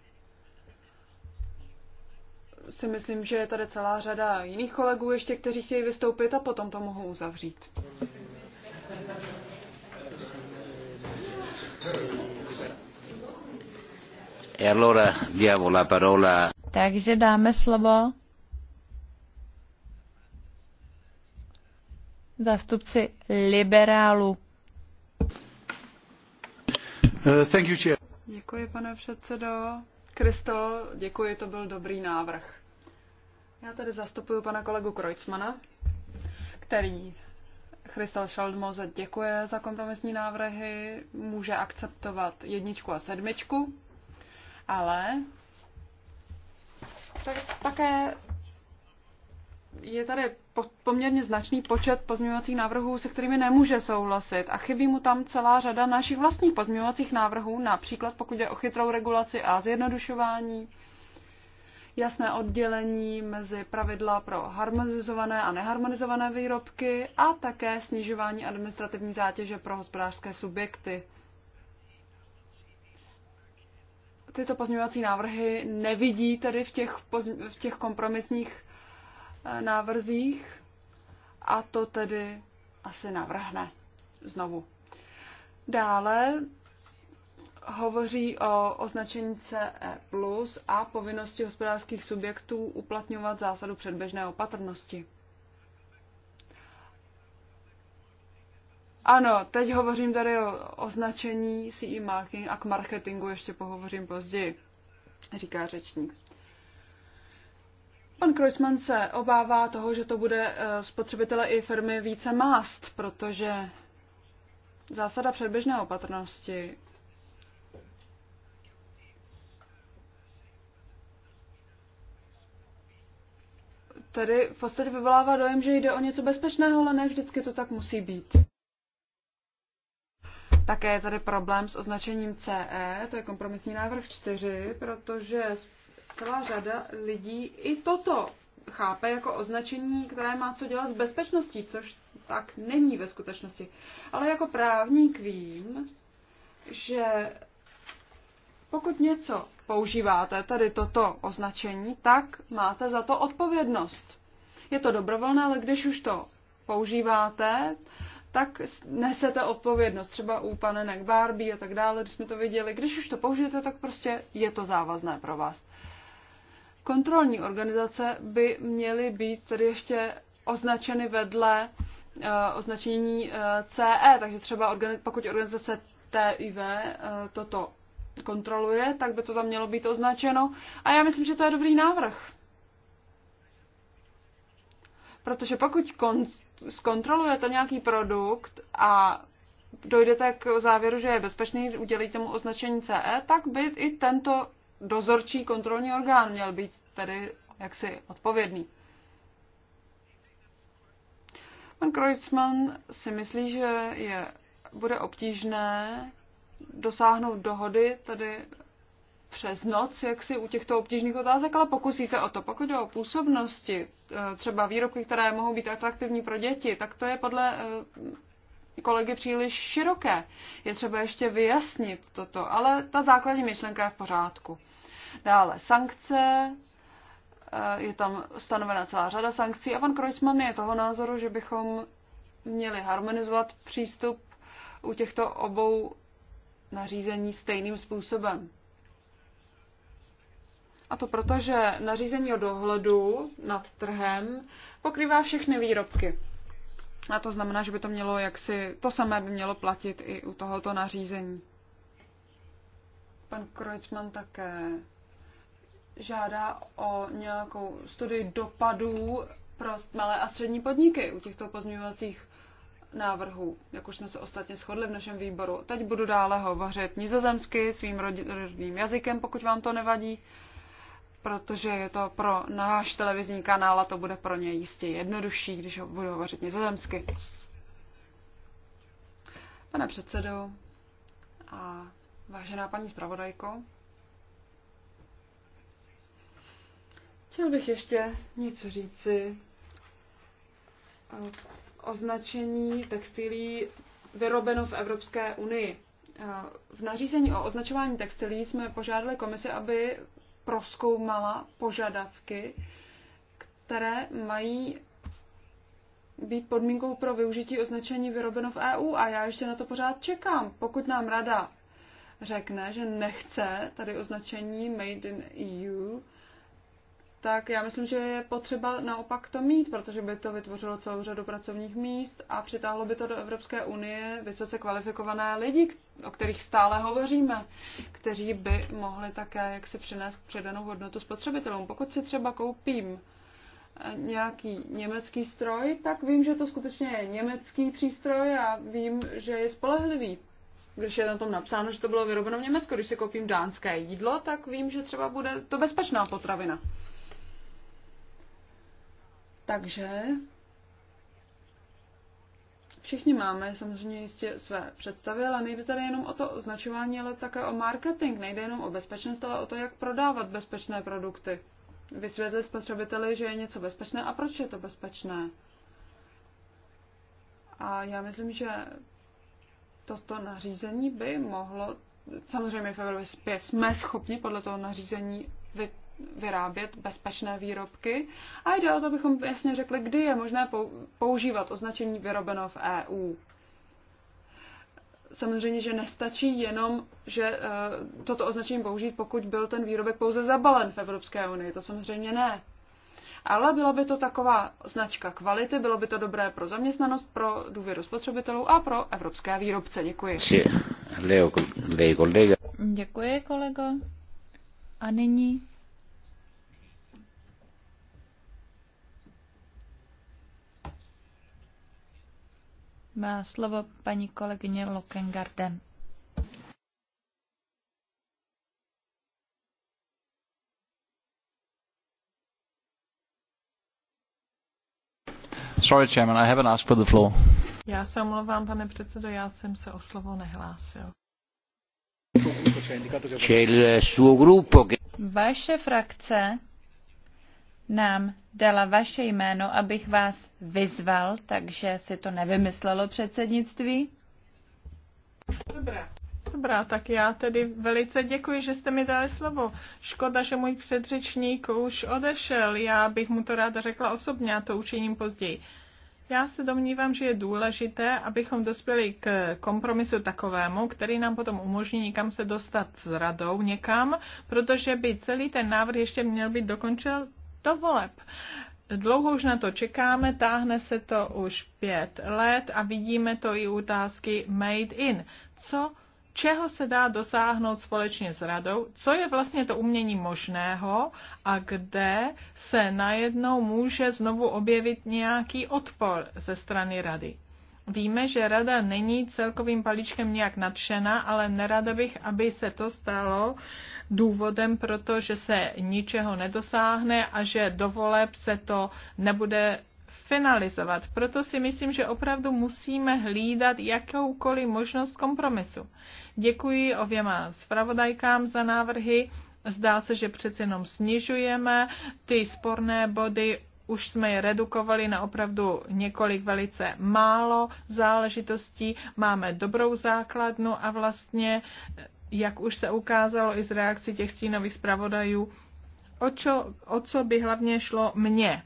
si myslím, že je tady celá řada jiných kolegů ještě, kteří chtějí vystoupit a potom to mohou uzavřít. E Takže dáme slovo zástupci liberálu. Uh, Děkuji, pane předsedo. Kristol, děkuji, to byl dobrý návrh. Já tady zastupuji pana kolegu Kreutzmana, který Christel Schaldmose děkuje za kompromisní návrhy, může akceptovat jedničku a sedmičku, ale tak, také je tady po, poměrně značný počet pozměňovacích návrhů, se kterými nemůže souhlasit a chybí mu tam celá řada našich vlastních pozměňovacích návrhů, například pokud je o chytrou regulaci a zjednodušování, jasné oddělení mezi pravidla pro harmonizované a neharmonizované výrobky a také snižování administrativní zátěže pro hospodářské subjekty. Tyto pozměňovací návrhy nevidí tedy v těch, v těch kompromisních Eh, návrzích a to tedy asi navrhne znovu. Dále hovoří o označení CE+, plus a povinnosti hospodářských subjektů uplatňovat zásadu předběžné opatrnosti. Ano, teď hovořím tady o označení CE marking a k marketingu ještě pohovořím později, říká řečník. Pan Kreuzmann se obává toho, že to bude eh, spotřebitele i firmy více mást, protože zásada předběžné opatrnosti tedy v podstatě vyvolává dojem, že jde o něco bezpečného, ale ne vždycky to tak musí být. Také je tady problém s označením CE, to je kompromisní návrh 4, protože celá řada lidí i toto chápe jako označení, které má co dělat s bezpečností, což tak není ve skutečnosti. Ale jako právník vím, že pokud něco používáte, tady toto označení, tak máte za to odpovědnost. Je to dobrovolné, ale když už to používáte, tak nesete odpovědnost. Třeba u panenek Barbie a tak dále, když jsme to viděli. Když už to použijete, tak prostě je to závazné pro vás. Kontrolní organizace by měly být tedy ještě označeny vedle eh, označení eh, CE, takže třeba pokud organizace TIV eh, toto kontroluje, tak by to tam mělo být označeno. A já myslím, že to je dobrý návrh. Protože pokud kon- zkontrolujete nějaký produkt a dojdete k závěru, že je bezpečný, udělíte mu označení CE, tak by i tento dozorčí kontrolní orgán měl být tedy jaksi odpovědný. Pan Kreutzmann si myslí, že je, bude obtížné dosáhnout dohody tedy přes noc, jak si u těchto obtížných otázek, ale pokusí se o to. Pokud jde o působnosti, eh, třeba výrobky, které mohou být atraktivní pro děti, tak to je podle eh, kolegy příliš široké. Je třeba ještě vyjasnit toto, ale ta základní myšlenka je v pořádku. Dále sankce, eh, je tam stanovena celá řada sankcí a pan Kreuzmann je toho názoru, že bychom měli harmonizovat přístup u těchto obou nařízení stejným způsobem. A to proto, že nařízení o dohledu nad trhem pokrývá všechny výrobky. A to znamená, že by to mělo jaksi, to samé by mělo platit i u tohoto nařízení. Pan Kreutzmann také žádá o nějakou studii dopadů pro malé a střední podniky u těchto pozměňovacích návrhů, jak už jsme se ostatně shodli v našem výboru. Teď budu dále hovořit nizozemsky svým rodinným jazykem, pokud vám to nevadí. Uh, protože je to pro náš televizní kanál a to bude pro ně jistě jednodušší, když ho budu hovořit nizozemsky. Pane předsedo a vážená paní zpravodajko, chtěl bych ještě něco říci označení textilí vyrobeno v Evropské unii. V nařízení o označování textilí jsme požádali komisi, aby proskoumala požadavky, které mají být podmínkou pro využití označení vyrobeno v EU a já ještě na to pořád čekám. Pokud nám rada řekne, že nechce tady označení Made in EU, tak já myslím, že je potřeba naopak to mít, protože by to vytvořilo celou řadu pracovních míst a přitáhlo by to do Evropské unie vysoce kvalifikované lidi, o kterých stále hovoříme, kteří by mohli také jak si přinést předanou hodnotu spotřebitelům. Pokud si třeba koupím eh, nějaký německý stroj, tak vím, že to skutečně je německý přístroj a vím, že je spolehlivý. Když je na tom napsáno, že to bylo vyrobeno v Německu, když si koupím dánské jídlo, tak vím, že třeba bude to bezpečná potravina. Takže všichni máme samozřejmě jistě své představy, ale nejde tady jenom o to označování, ale také o marketing. Nejde jenom o bezpečnost, ale o to, jak prodávat bezpečné produkty. Vysvětlit spotřebiteli, že je něco bezpečné a proč je to bezpečné. A já myslím, že toto nařízení by mohlo, samozřejmě v Evropě jsme schopni podle toho nařízení vyrábět bezpečné výrobky a jde o to, abychom jasně řekli, kdy je možné používat označení vyrobeno v EU. Samozřejmě, že nestačí jenom, že e, toto označení použít, pokud byl ten výrobek pouze zabalen v Evropské unii. To samozřejmě ne. Ale byla by to taková značka kvality, bylo by to dobré pro zaměstnanost, pro důvěru spotřebitelů a pro evropské výrobce. Děkuji. Děkuji, kolego. A nyní Má slovo paní kolegyně Lokengarden. Sorry, Chairman, I haven't asked for the floor. Já se omlouvám, pane předsedo, já jsem se o slovo nehlásil. Vaše frakce nám dala vaše jméno, abych vás vyzval, takže si to nevymyslelo předsednictví. Dobrá. Dobrá, tak já tedy velice děkuji, že jste mi dali slovo. Škoda, že můj předřečník už odešel. Já bych mu to ráda řekla osobně a to učiním později. Já se domnívám, že je důležité, abychom dospěli k kompromisu takovému, který nám potom umožní někam se dostat s radou někam, protože by celý ten návrh ještě měl být dokončen do voleb. Dlouho už na to čekáme, táhne se to už pět let a vidíme to i otázky Made in. Co, čeho se dá dosáhnout společně s radou, co je vlastně to umění možného a kde se najednou může znovu objevit nějaký odpor ze strany rady. Víme, že rada není celkovým balíčkem nějak nadšená, ale nerada bych, aby se to stalo důvodem, protože se ničeho nedosáhne a že dovoleb se to nebude finalizovat. Proto si myslím, že opravdu musíme hlídat jakoukoliv možnost kompromisu. Děkuji oběma zpravodajkám za návrhy. Zdá se, že přeci jenom snižujeme ty sporné body už jsme je redukovali na opravdu několik velice málo záležitostí. Máme dobrou základnu a vlastně, jak už se ukázalo i z reakcí těch stínových zpravodajů, o, čo, o co by hlavně šlo mně,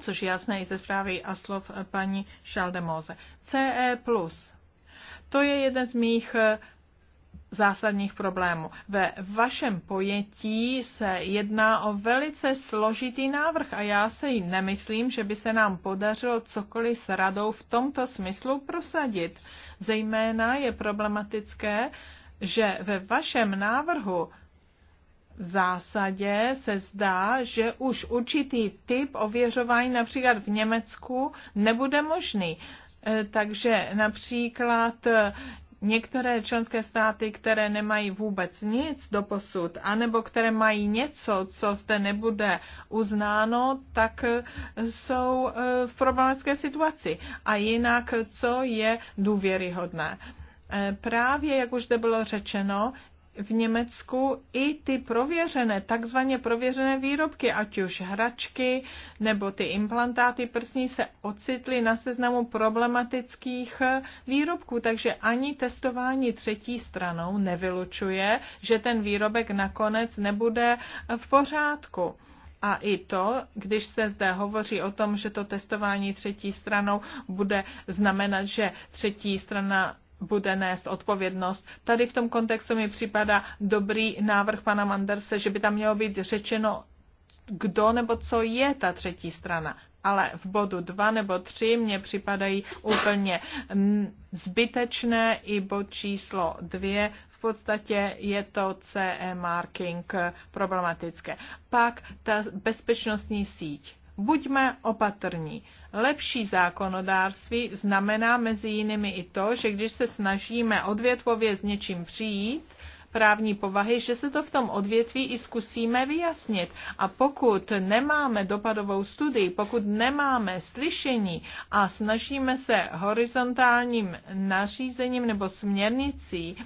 což je jasné i ze zprávy a slov paní Šaldemóze. CE+. To je jeden z mých zásadních problémů. Ve vašem pojetí se jedná o velice složitý návrh a já se nemyslím, že by se nám podařilo cokoliv s radou v tomto smyslu prosadit. Zejména je problematické, že ve vašem návrhu v zásadě se zdá, že už určitý typ ověřování například v Německu nebude možný. E, takže například některé členské státy, které nemají vůbec nic do posud, anebo které mají něco, co zde nebude uznáno, tak eh, jsou eh, v problematické situaci. A jinak, co je důvěryhodné? Eh, právě, jak už zde bylo řečeno, v Německu i ty prověřené, takzvaně prověřené výrobky, ať už hračky nebo ty implantáty prsní se ocitly na seznamu problematických výrobků, takže ani testování třetí stranou nevylučuje, že ten výrobek nakonec nebude v pořádku. A i to, když se zde hovoří o tom, že to testování třetí stranou bude znamenat, že třetí strana bude nést odpovědnost. Tady v tom kontextu mi připadá dobrý návrh pana Manderse, že by tam mělo být řečeno, kdo nebo co je ta třetí strana. Ale v bodu 2 nebo 3 mně připadají úplně zbytečné i bod číslo 2. V podstatě je to CE marking problematické. Pak ta bezpečnostní síť. Buďme opatrní Lepší zákonodárství znamená mezi jinými i to, že když se snažíme odvětvově s něčím přijít, právní povahy, že se to v tom odvětví i zkusíme vyjasnit. A pokud nemáme dopadovou studii, pokud nemáme slyšení a snažíme se horizontálním nařízením nebo směrnicí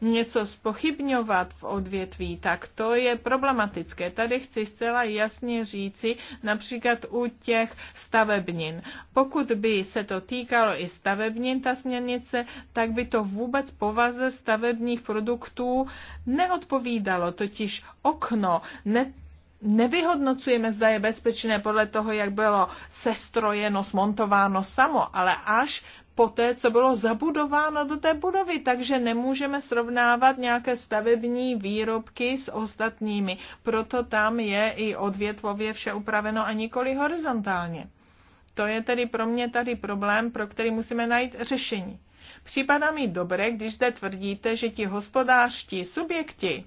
něco spochybňovat v odvětví, tak to je problematické. Tady chci zcela jasně říci, například u těch stavebnin. Pokud by se to týkalo i stavebnin, ta směrnice, tak by to vůbec povaze stavebních produktů neodpovídalo, totiž okno ne nevyhodnocujeme, zda je bezpečné podle toho, jak bylo sestrojeno, smontováno samo, ale až poté, co bylo zabudováno do té budovy, takže nemůžeme srovnávat nějaké stavební výrobky s ostatními. Proto tam je i odvětvově vše upraveno a nikoli horizontálně. To je tedy pro mě tady problém, pro který musíme najít řešení. Připadá mi dobré, když zde tvrdíte, že ti hospodářští subjekti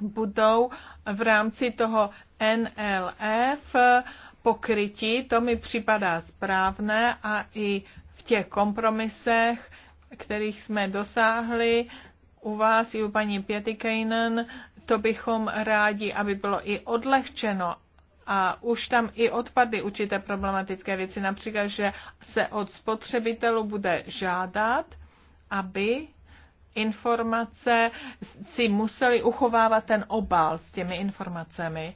budou v rámci toho NLF pokrytí, to mi připadá správné a i v těch kompromisech, kterých jsme dosáhli, u vás i u paní Pětikejnen, to bychom rádi, aby bylo i odlehčeno a už tam i odpadly určité problematické věci, například, že se od spotřebitelů bude žádat, aby informace si museli uchovávat ten obal s těmi informacemi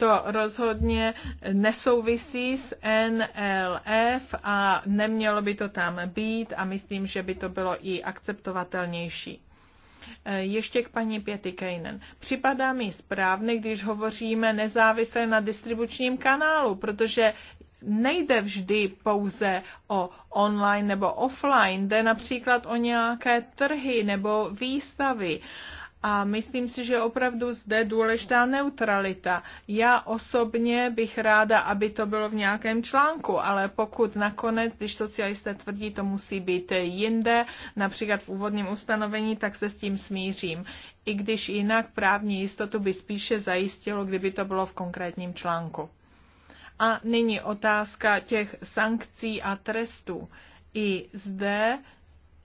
to rozhodně nesouvisí s NLF a nemělo by to tam být a myslím, že by to bylo i akceptovatelnější. Eh, ještě k paní Pěty Kejnen. Připadá mi správně, když hovoříme nezávisle na distribučním kanálu, protože nejde vždy pouze o online nebo offline, jde například o nějaké trhy nebo výstavy. Uh, a myslím si, že opravdu zde důležitá neutralita. Já osobně bych ráda, aby to bylo v nějakém článku, ale pokud nakonec, když socialisté tvrdí, to musí být jinde, například v úvodním ustanovení, tak se s tím smířím. I když jinak právní jistotu by spíše zajistilo, kdyby to bylo v konkrétním článku. A nyní otázka těch sankcí a trestů. I zde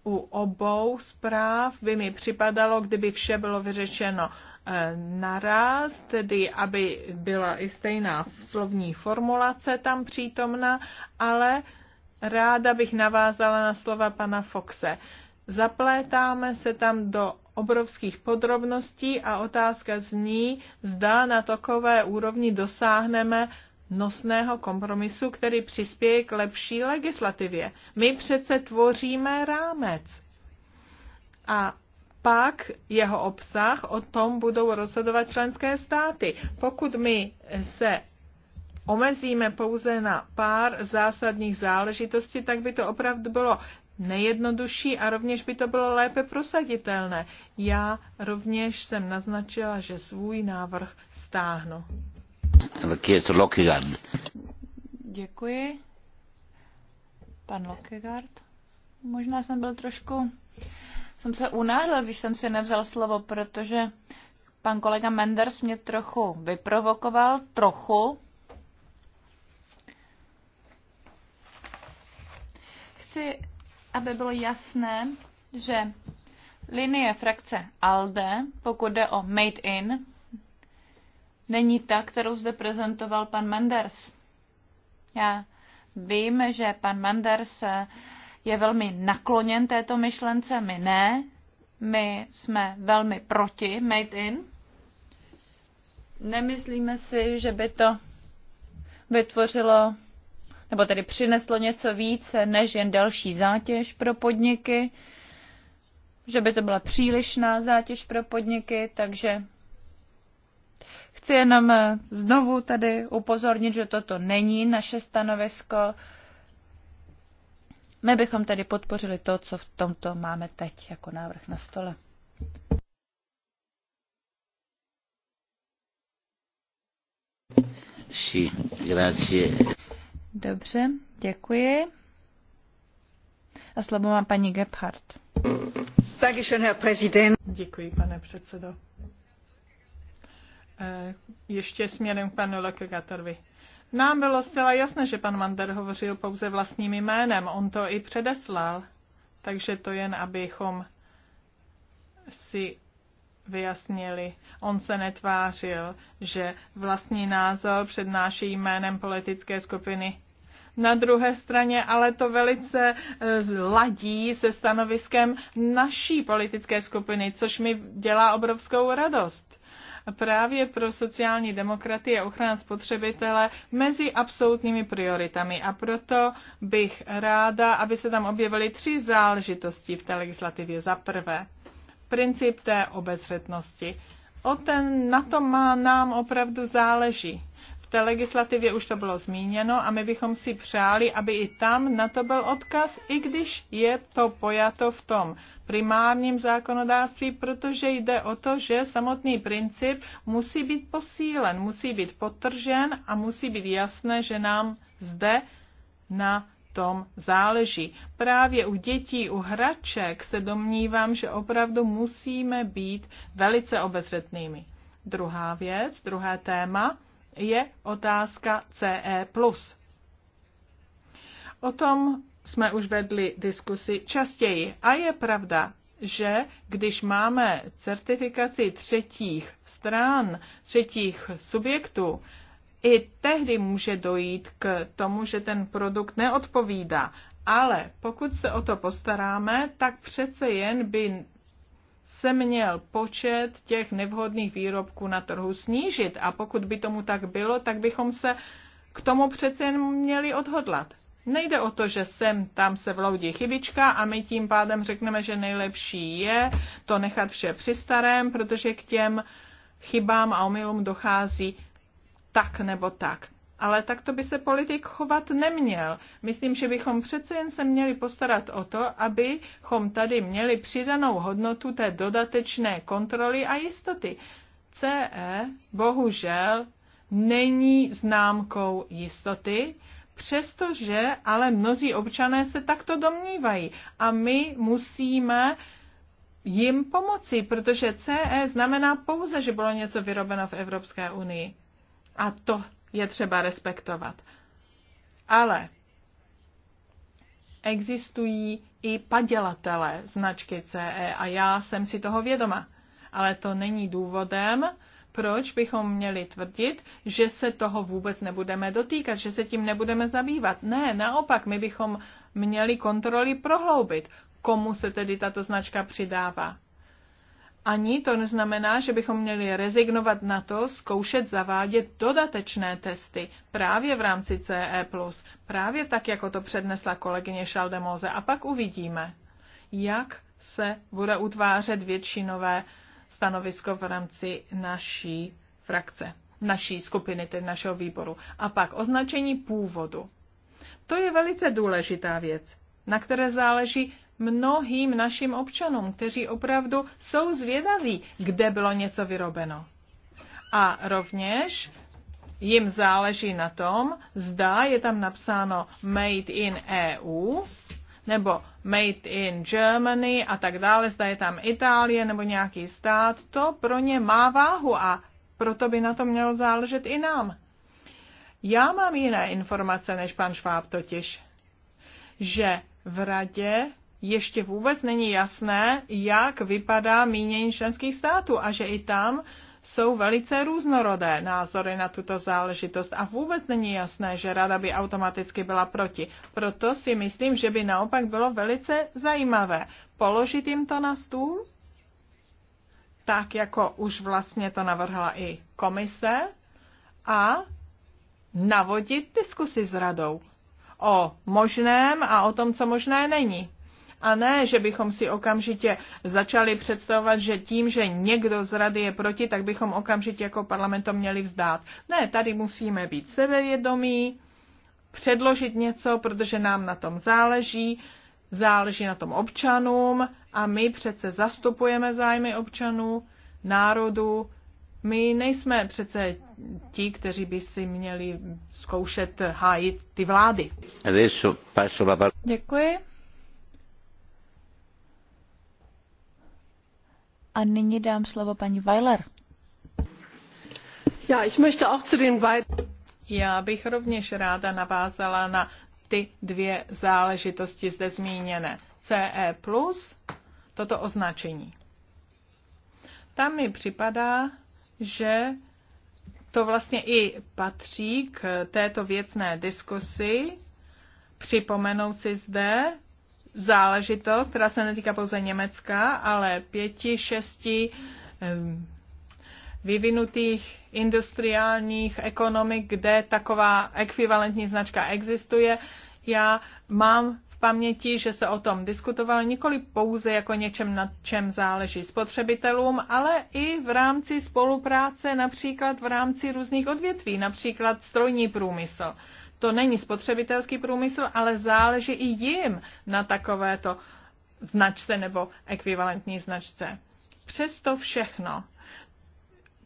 u obou zpráv by mi připadalo, kdyby vše bylo vyřečeno eh, naraz, tedy aby byla i stejná slovní formulace tam přítomna, ale ráda bych navázala na slova pana Foxe. Zaplétáme se tam do obrovských podrobností a otázka zní, zda na takové úrovni dosáhneme nosného kompromisu, který přispěje k lepší legislativě. My přece tvoříme rámec. A pak jeho obsah o tom budou rozhodovat členské státy. Pokud my se omezíme pouze na pár zásadních záležitostí, tak by to opravdu bylo nejjednodušší a rovněž by to bylo lépe prosaditelné. Já rovněž jsem naznačila, že svůj návrh stáhnu. Děkuji. Pan Lockegard. Možná jsem byl trošku... Jsem se unáhl, když jsem si nevzal slovo, protože pan kolega Menders mě trochu vyprovokoval, trochu. Chci, aby bylo jasné, že linie frakce ALDE, pokud jde o Made in, není ta, kterou zde prezentoval pan Manders. Já vím, že pan Manders je velmi nakloněn této myšlence, my ne. My jsme velmi proti Made in. Nemyslíme si, že by to vytvořilo nebo tedy přineslo něco více než jen další zátěž pro podniky, že by to byla přílišná zátěž pro podniky, takže chci jenom eh, znovu tady upozornit, že toto není naše stanovisko. My bychom tedy podpořili to, co v tomto máme teď jako návrh na stole. Dobře, děkuji. A slovo má paní Gebhardt. Děkuji, pane předsedo. Eh, ještě směrem k panu Lekegatovi. Nám bylo zcela jasné, že pan Mander hovořil pouze vlastním jménem. On to i předeslal. Takže to jen, abychom si vyjasnili. On se netvářil, že vlastní názor přednáší jménem politické skupiny. Na druhé straně ale to velice eh, ladí se stanoviskem naší politické skupiny, což mi dělá obrovskou radost právě pro sociální demokraty a ochrana spotřebitele mezi absolutními prioritami a proto bych ráda, aby se tam objevily tři záležitosti v té legislativě. Za prvé, princip té obezřetnosti. O ten, na tom má nám opravdu záleží v té legislativě už to bylo zmíněno a my bychom si přáli, aby i tam na to byl odkaz, i když je to pojato v tom primárním zákonodárství, protože jde o to, že samotný princip musí být posílen, musí být potržen a musí být jasné, že nám zde na tom záleží. Právě u dětí, u hraček se domnívám, že opravdu musíme být velice obezřetnými. Druhá věc, druhé téma, je otázka CE+. O tom jsme už vedli diskusi častěji. A je pravda, že když máme certifikaci třetích stran, třetích subjektů, i tehdy může dojít k tomu, že ten produkt neodpovídá. Ale pokud se o to postaráme, tak přece jen by se měl počet těch nevhodných výrobků na trhu snížit. A pokud by tomu tak bylo, tak bychom se k tomu přece jen měli odhodlat. Nejde o to, že sem tam se vloudí chybička a my tím pádem řekneme, že nejlepší je to nechat vše při starém, protože k těm chybám a omylům dochází tak nebo tak. Ale takto by se politik chovat neměl. Myslím, že bychom přece jen se měli postarat o to, abychom tady měli přidanou hodnotu té dodatečné kontroly a jistoty. CE bohužel není známkou jistoty, přestože ale mnozí občané se takto domnívají a my musíme jim pomoci, protože CE znamená pouze, že bylo něco vyrobeno v Evropské unii. A to je třeba respektovat. Ale existují i padělatelé značky CE a já jsem si toho vědoma. Ale to není důvodem, proč bychom měli tvrdit, že se toho vůbec nebudeme dotýkat, že se tím nebudeme zabývat. Ne, naopak, my bychom měli kontroly prohloubit, komu se tedy tato značka přidává ani to neznamená, že bychom měli rezignovat na to, zkoušet zavádět dodatečné testy právě v rámci CE+, právě tak, jako to přednesla kolegyně Šaldemóze. A pak uvidíme, jak se bude utvářet většinové stanovisko v rámci naší frakce, naší skupiny, tedy našeho výboru. A pak označení původu. To je velice důležitá věc, na které záleží mnohým našim občanům, kteří opravdu jsou zvědaví, kde bylo něco vyrobeno. A rovněž jim záleží na tom, zda je tam napsáno Made in EU nebo Made in Germany a tak dále, zda je tam Itálie nebo nějaký stát, to pro ně má váhu a proto by na to mělo záležet i nám. Já mám jiné informace než pan Šváb totiž, že v radě ještě vůbec není jasné, jak vypadá mínění členských států a že i tam jsou velice různorodé názory na tuto záležitost a vůbec není jasné, že rada by automaticky byla proti. Proto si myslím, že by naopak bylo velice zajímavé položit jim to na stůl, tak jako už vlastně to navrhla i komise, a navodit diskusi s radou o možném a o tom, co možné není. A ne, že bychom si okamžitě začali představovat, že tím, že někdo z rady je proti, tak bychom okamžitě jako parlament to měli vzdát. Ne, tady musíme být sebevědomí, předložit něco, protože nám na tom záleží, záleží na tom občanům a my přece zastupujeme zájmy občanů, národu. My nejsme přece ti, kteří by si měli zkoušet hájit ty vlády. Děkuji. A nyní dám slovo paní Weiler. Já, ich möchte auch zu den beiden... Já bych rovněž ráda navázala na ty dvě záležitosti zde zmíněné. CE+, toto označení. Tam mi připadá, že to vlastně i patří k této věcné diskusi, připomenout si zde záležitost, která se netýká pouze Německa, ale pěti, šesti vyvinutých industriálních ekonomik, kde taková ekvivalentní značka existuje. Já mám v paměti, že se o tom diskutovalo nikoli pouze jako něčem, na čem záleží spotřebitelům, ale i v rámci spolupráce, například v rámci různých odvětví, například strojní průmysl to není spotřebitelský průmysl, ale záleží i jim na takovéto značce nebo ekvivalentní značce. Přesto všechno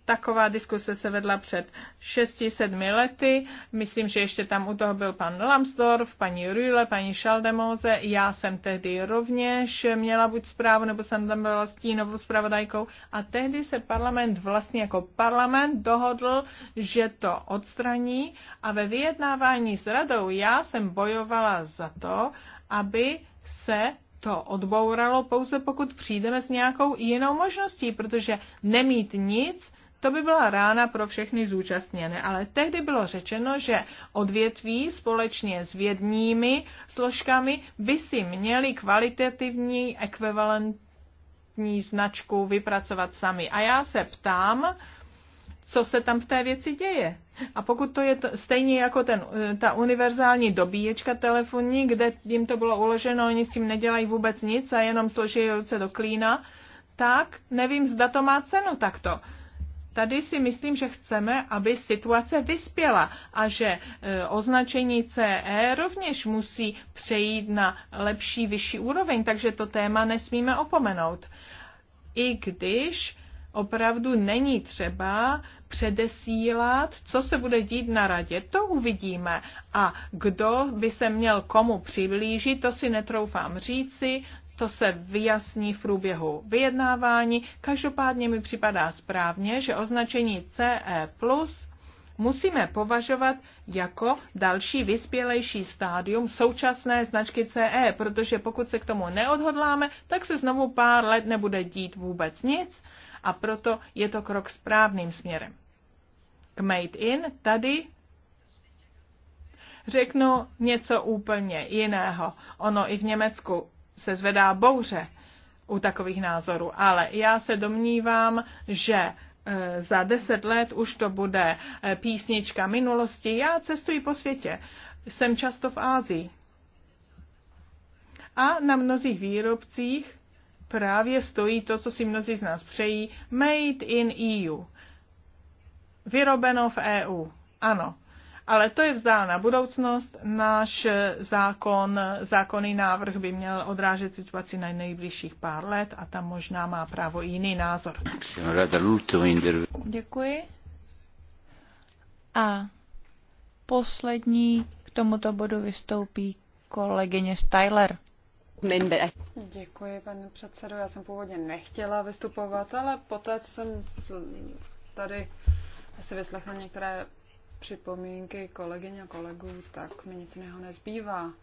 Taková diskuse se vedla před 6-7 lety. Myslím, že ještě tam u toho byl pan Lambsdorff, paní Rühle, paní Šaldemoze. Já jsem tehdy rovněž měla buď zprávu, nebo jsem tam byla stínovou zpravodajkou. A tehdy se parlament vlastně jako parlament dohodl, že to odstraní. A ve vyjednávání s radou já jsem bojovala za to, aby se to odbouralo pouze pokud přijdeme s nějakou jinou možností, protože nemít nic to by byla rána pro všechny zúčastněné, ale tehdy bylo řečeno, že odvětví společně s vědními složkami by si měli kvalitativní ekvivalentní značku vypracovat sami. A já se ptám, co se tam v té věci děje. A pokud to je to, stejně jako ten, eh, ta univerzální dobíječka telefonní, kde jim to bylo uloženo, oni s tím nedělají vůbec nic a jenom složí ruce do klína, tak nevím, zda to má cenu takto tady si myslím, že chceme, aby situace vyspěla a že e, označení CE rovněž musí přejít na lepší, vyšší úroveň, takže to téma nesmíme opomenout. I když opravdu není třeba předesílat, co se bude dít na radě. To uvidíme. A kdo by se měl komu přiblížit, to si netroufám říci. To se vyjasní v průběhu vyjednávání. Každopádně mi připadá správně, že označení CE musíme považovat jako další vyspělejší stádium současné značky CE, protože pokud se k tomu neodhodláme, tak se znovu pár let nebude dít vůbec nic a proto je to krok správným směrem. K Made in tady řeknu něco úplně jiného. Ono i v Německu se zvedá bouře u takových názorů, ale já se domnívám, že e, za deset let už to bude e, písnička minulosti. Já cestuji po světě, jsem často v Ázii. A na mnozích výrobcích právě stojí to, co si mnozí z nás přejí, made in EU. Vyrobeno v EU. Ano, ale to je vzdálená budoucnost. Náš zákon, zákonný návrh by měl odrážet situaci na nejbližších pár let a tam možná má právo jiný názor. Děkuji. A poslední k tomuto bodu vystoupí kolegyně Styler. Děkuji, pane předsedo. Já jsem původně nechtěla vystupovat, ale poté, co jsem tady asi vyslechla některé připomínky kolegyň a kolegů, tak mi nic jiného nezbývá.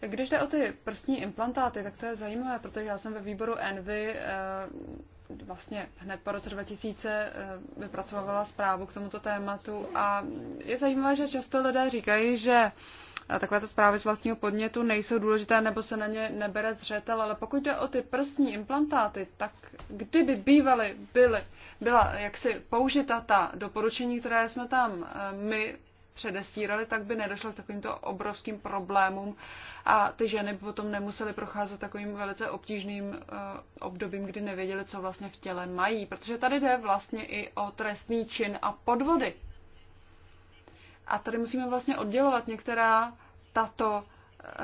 Když jde o ty prstní implantáty, tak to je zajímavé, protože já jsem ve výboru Envy eh, vlastně hned po roce 2000 eh, vypracovala zprávu k tomuto tématu a je zajímavé, že často lidé říkají, že eh, takovéto zprávy z vlastního podnětu nejsou důležité nebo se na ně nebere zřetel, ale pokud jde o ty prstní implantáty, tak kdyby bývaly, byly, byla jaksi použita ta doporučení, které jsme tam my předestírali, tak by nedošlo k takovýmto obrovským problémům a ty ženy by potom nemusely procházet takovým velice obtížným eh, obdobím, kdy nevěděly, co vlastně v těle mají, protože tady jde vlastně i o trestný čin a podvody. A tady musíme vlastně oddělovat některá tato eh,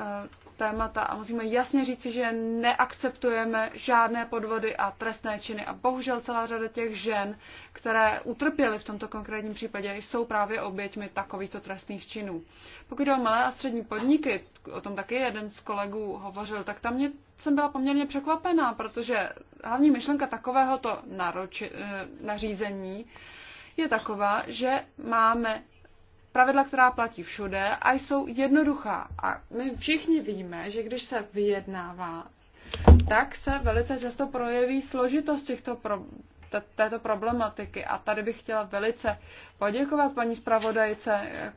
témata a musíme jasně říci, že neakceptujeme žádné podvody a trestné činy. A bohužel celá řada těch žen, které utrpěly v tomto konkrétním případě, jsou právě oběťmi takovýchto trestných činů. Pokud jde o malé a střední podniky, o tom taky jeden z kolegů hovořil, tak tam mě, jsem byla poměrně překvapená, protože hlavní myšlenka takovéhoto naroči, eh, nařízení je taková, že máme pravidla, která platí všude a jsou jednoduchá. A my všichni víme, že když se vyjednává, tak se velice často projeví složitost těchto pro, této problematiky. A tady bych chtěla velice poděkovat paní zpravodajce eh,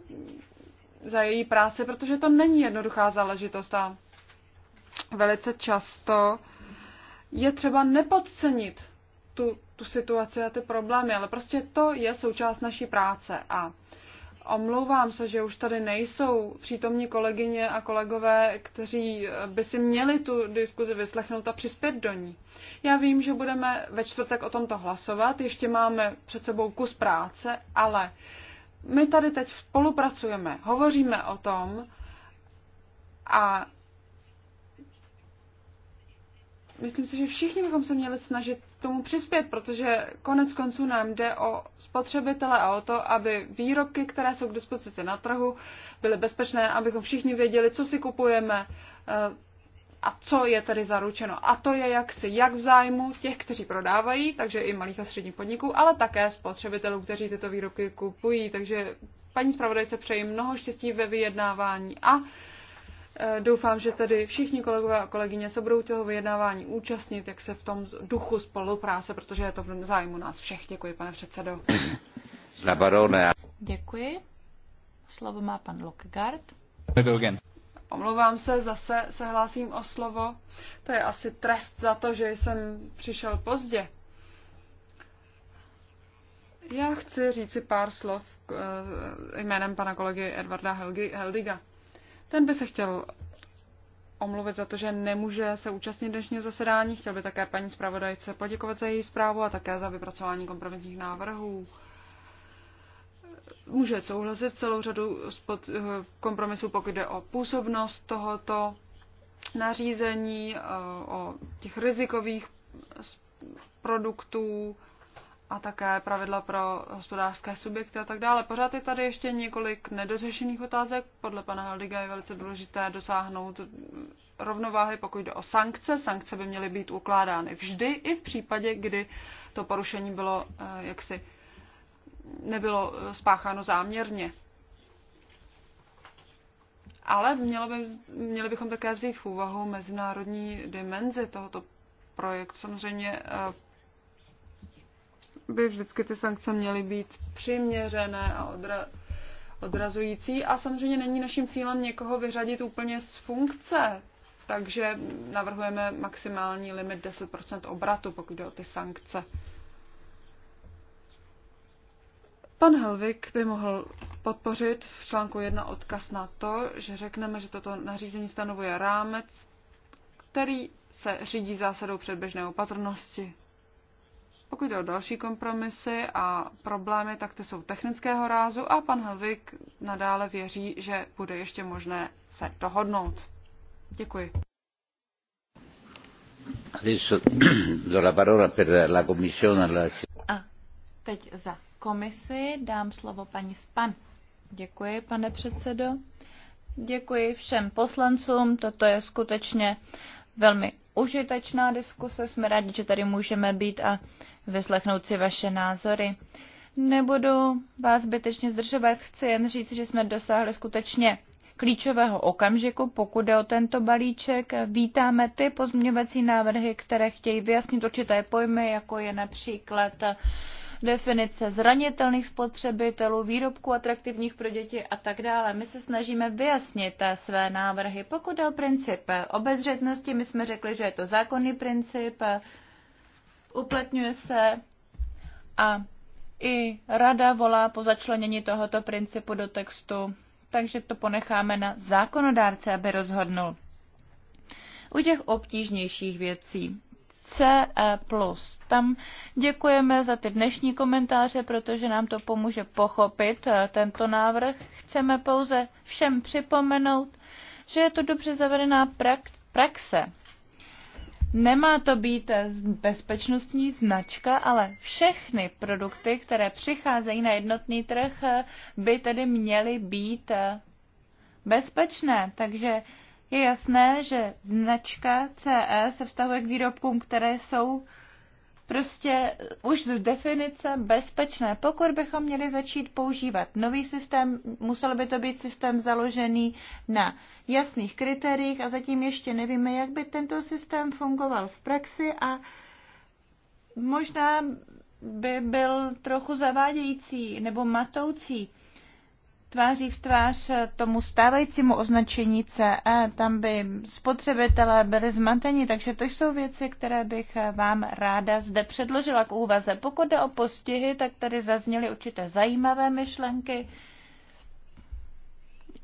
za její práci, protože to není jednoduchá záležitost a velice často je třeba nepodcenit tu, tu situaci a ty problémy, ale prostě to je součást naší práce a Omlouvám se, že už tady nejsou přítomní kolegyně a kolegové, kteří by si měli tu diskuzi vyslechnout a přispět do ní. Já vím, že budeme ve čtvrtek o tomto hlasovat, ještě máme před sebou kus práce, ale my tady teď spolupracujeme, hovoříme o tom a myslím si, že všichni bychom se měli snažit tomu přispět, protože konec konců nám jde o spotřebitele a o to, aby výrobky, které jsou k dispozici na trhu, byly bezpečné, abychom všichni věděli, co si kupujeme eh, a co je tedy zaručeno. A to je jaksi jak v zájmu těch, kteří prodávají, takže i malých a středních podniků, ale také spotřebitelů, kteří tyto výrobky kupují. Takže paní zpravodajce přeji mnoho štěstí ve vyjednávání a Eh, doufám, že tedy všichni kolegové a kolegyně se budou těho vyjednávání účastnit, jak se v tom duchu spolupráce, protože je to v zájmu nás všech. Děkuji, pane předsedo. Děkuji. Slovo má pan Lockgard. Omlouvám se, zase se hlásím o slovo. To je asi trest za to, že jsem přišel pozdě. Já chci říci pár slov eh, jménem pana kolegy Edvarda Heldiga. Ten by se chtěl omluvit za to, že nemůže se účastnit dnešního zasedání. Chtěl by také paní zpravodajce poděkovat za její zprávu a také za vypracování kompromisních návrhů. Může souhlasit celou řadu spod, eh, kompromisů, pokud jde o působnost tohoto nařízení, eh, o těch rizikových produktů, a také pravidla pro hospodářské subjekty a tak dále. Pořád je tady ještě několik nedořešených otázek. Podle pana Haldiga je velice důležité dosáhnout rovnováhy, pokud jde o sankce. Sankce by měly být ukládány vždy i v případě, kdy to porušení bylo eh, jaksi nebylo eh, spácháno záměrně. Ale mělo by, měli bychom také vzít v úvahu mezinárodní dimenzi tohoto projektu. Samozřejmě eh, by vždycky ty sankce měly být přiměřené a odra- odrazující. A samozřejmě není naším cílem někoho vyřadit úplně z funkce. Takže navrhujeme maximální limit 10% obratu, pokud jde o ty sankce. Pan Helvik by mohl podpořit v článku 1 odkaz na to, že řekneme, že toto nařízení stanovuje rámec, který se řídí zásadou předběžné opatrnosti. Pokud jde o další kompromisy a problémy, tak ty jsou technického rázu a pan Helvik nadále věří, že bude ještě možné se dohodnout. Děkuji. A teď za komisi dám slovo paní Span. Děkuji, pane předsedo. Děkuji všem poslancům. Toto je skutečně velmi užitečná diskuse. Jsme rádi, že tady můžeme být a vyslechnout si vaše názory. Nebudu vás zbytečně zdržovat, chci jen říct, že jsme dosáhli skutečně klíčového okamžiku, pokud jde o tento balíček. Vítáme ty pozměňovací návrhy, které chtějí vyjasnit určité pojmy, jako je například definice zranitelných spotřebitelů, výrobků atraktivních pro děti a tak dále. My se snažíme vyjasnit své návrhy. Pokud jde o princip obezřetnosti, my jsme řekli, že je to zákonný princip, uplatňuje se a i rada volá po začlenění tohoto principu do textu, takže to ponecháme na zákonodárce, aby rozhodnul. U těch obtížnějších věcí CE+. Tam děkujeme za ty dnešní komentáře, protože nám to pomůže pochopit e, tento návrh. Chceme pouze všem připomenout, že je to dobře zavedená praxe. Nemá to být e, bezpečnostní značka, ale všechny produkty, které přicházejí na jednotný trh, e, by tedy měly být bezpečné. Takže je jasné, že značka CE se vztahuje k výrobkům, které jsou prostě už z definice bezpečné. Pokud bychom měli začít používat nový systém, musel by to být systém založený na jasných kritériích a zatím ještě nevíme, jak by tento systém fungoval v praxi a možná by byl trochu zavádějící nebo matoucí tváří v tvář tomu stávajícímu označení CE. Tam by spotřebitelé byli zmateni, takže to jsou věci, které bych vám ráda zde předložila k úvaze. Pokud jde o postihy, tak tady zazněly určité zajímavé myšlenky.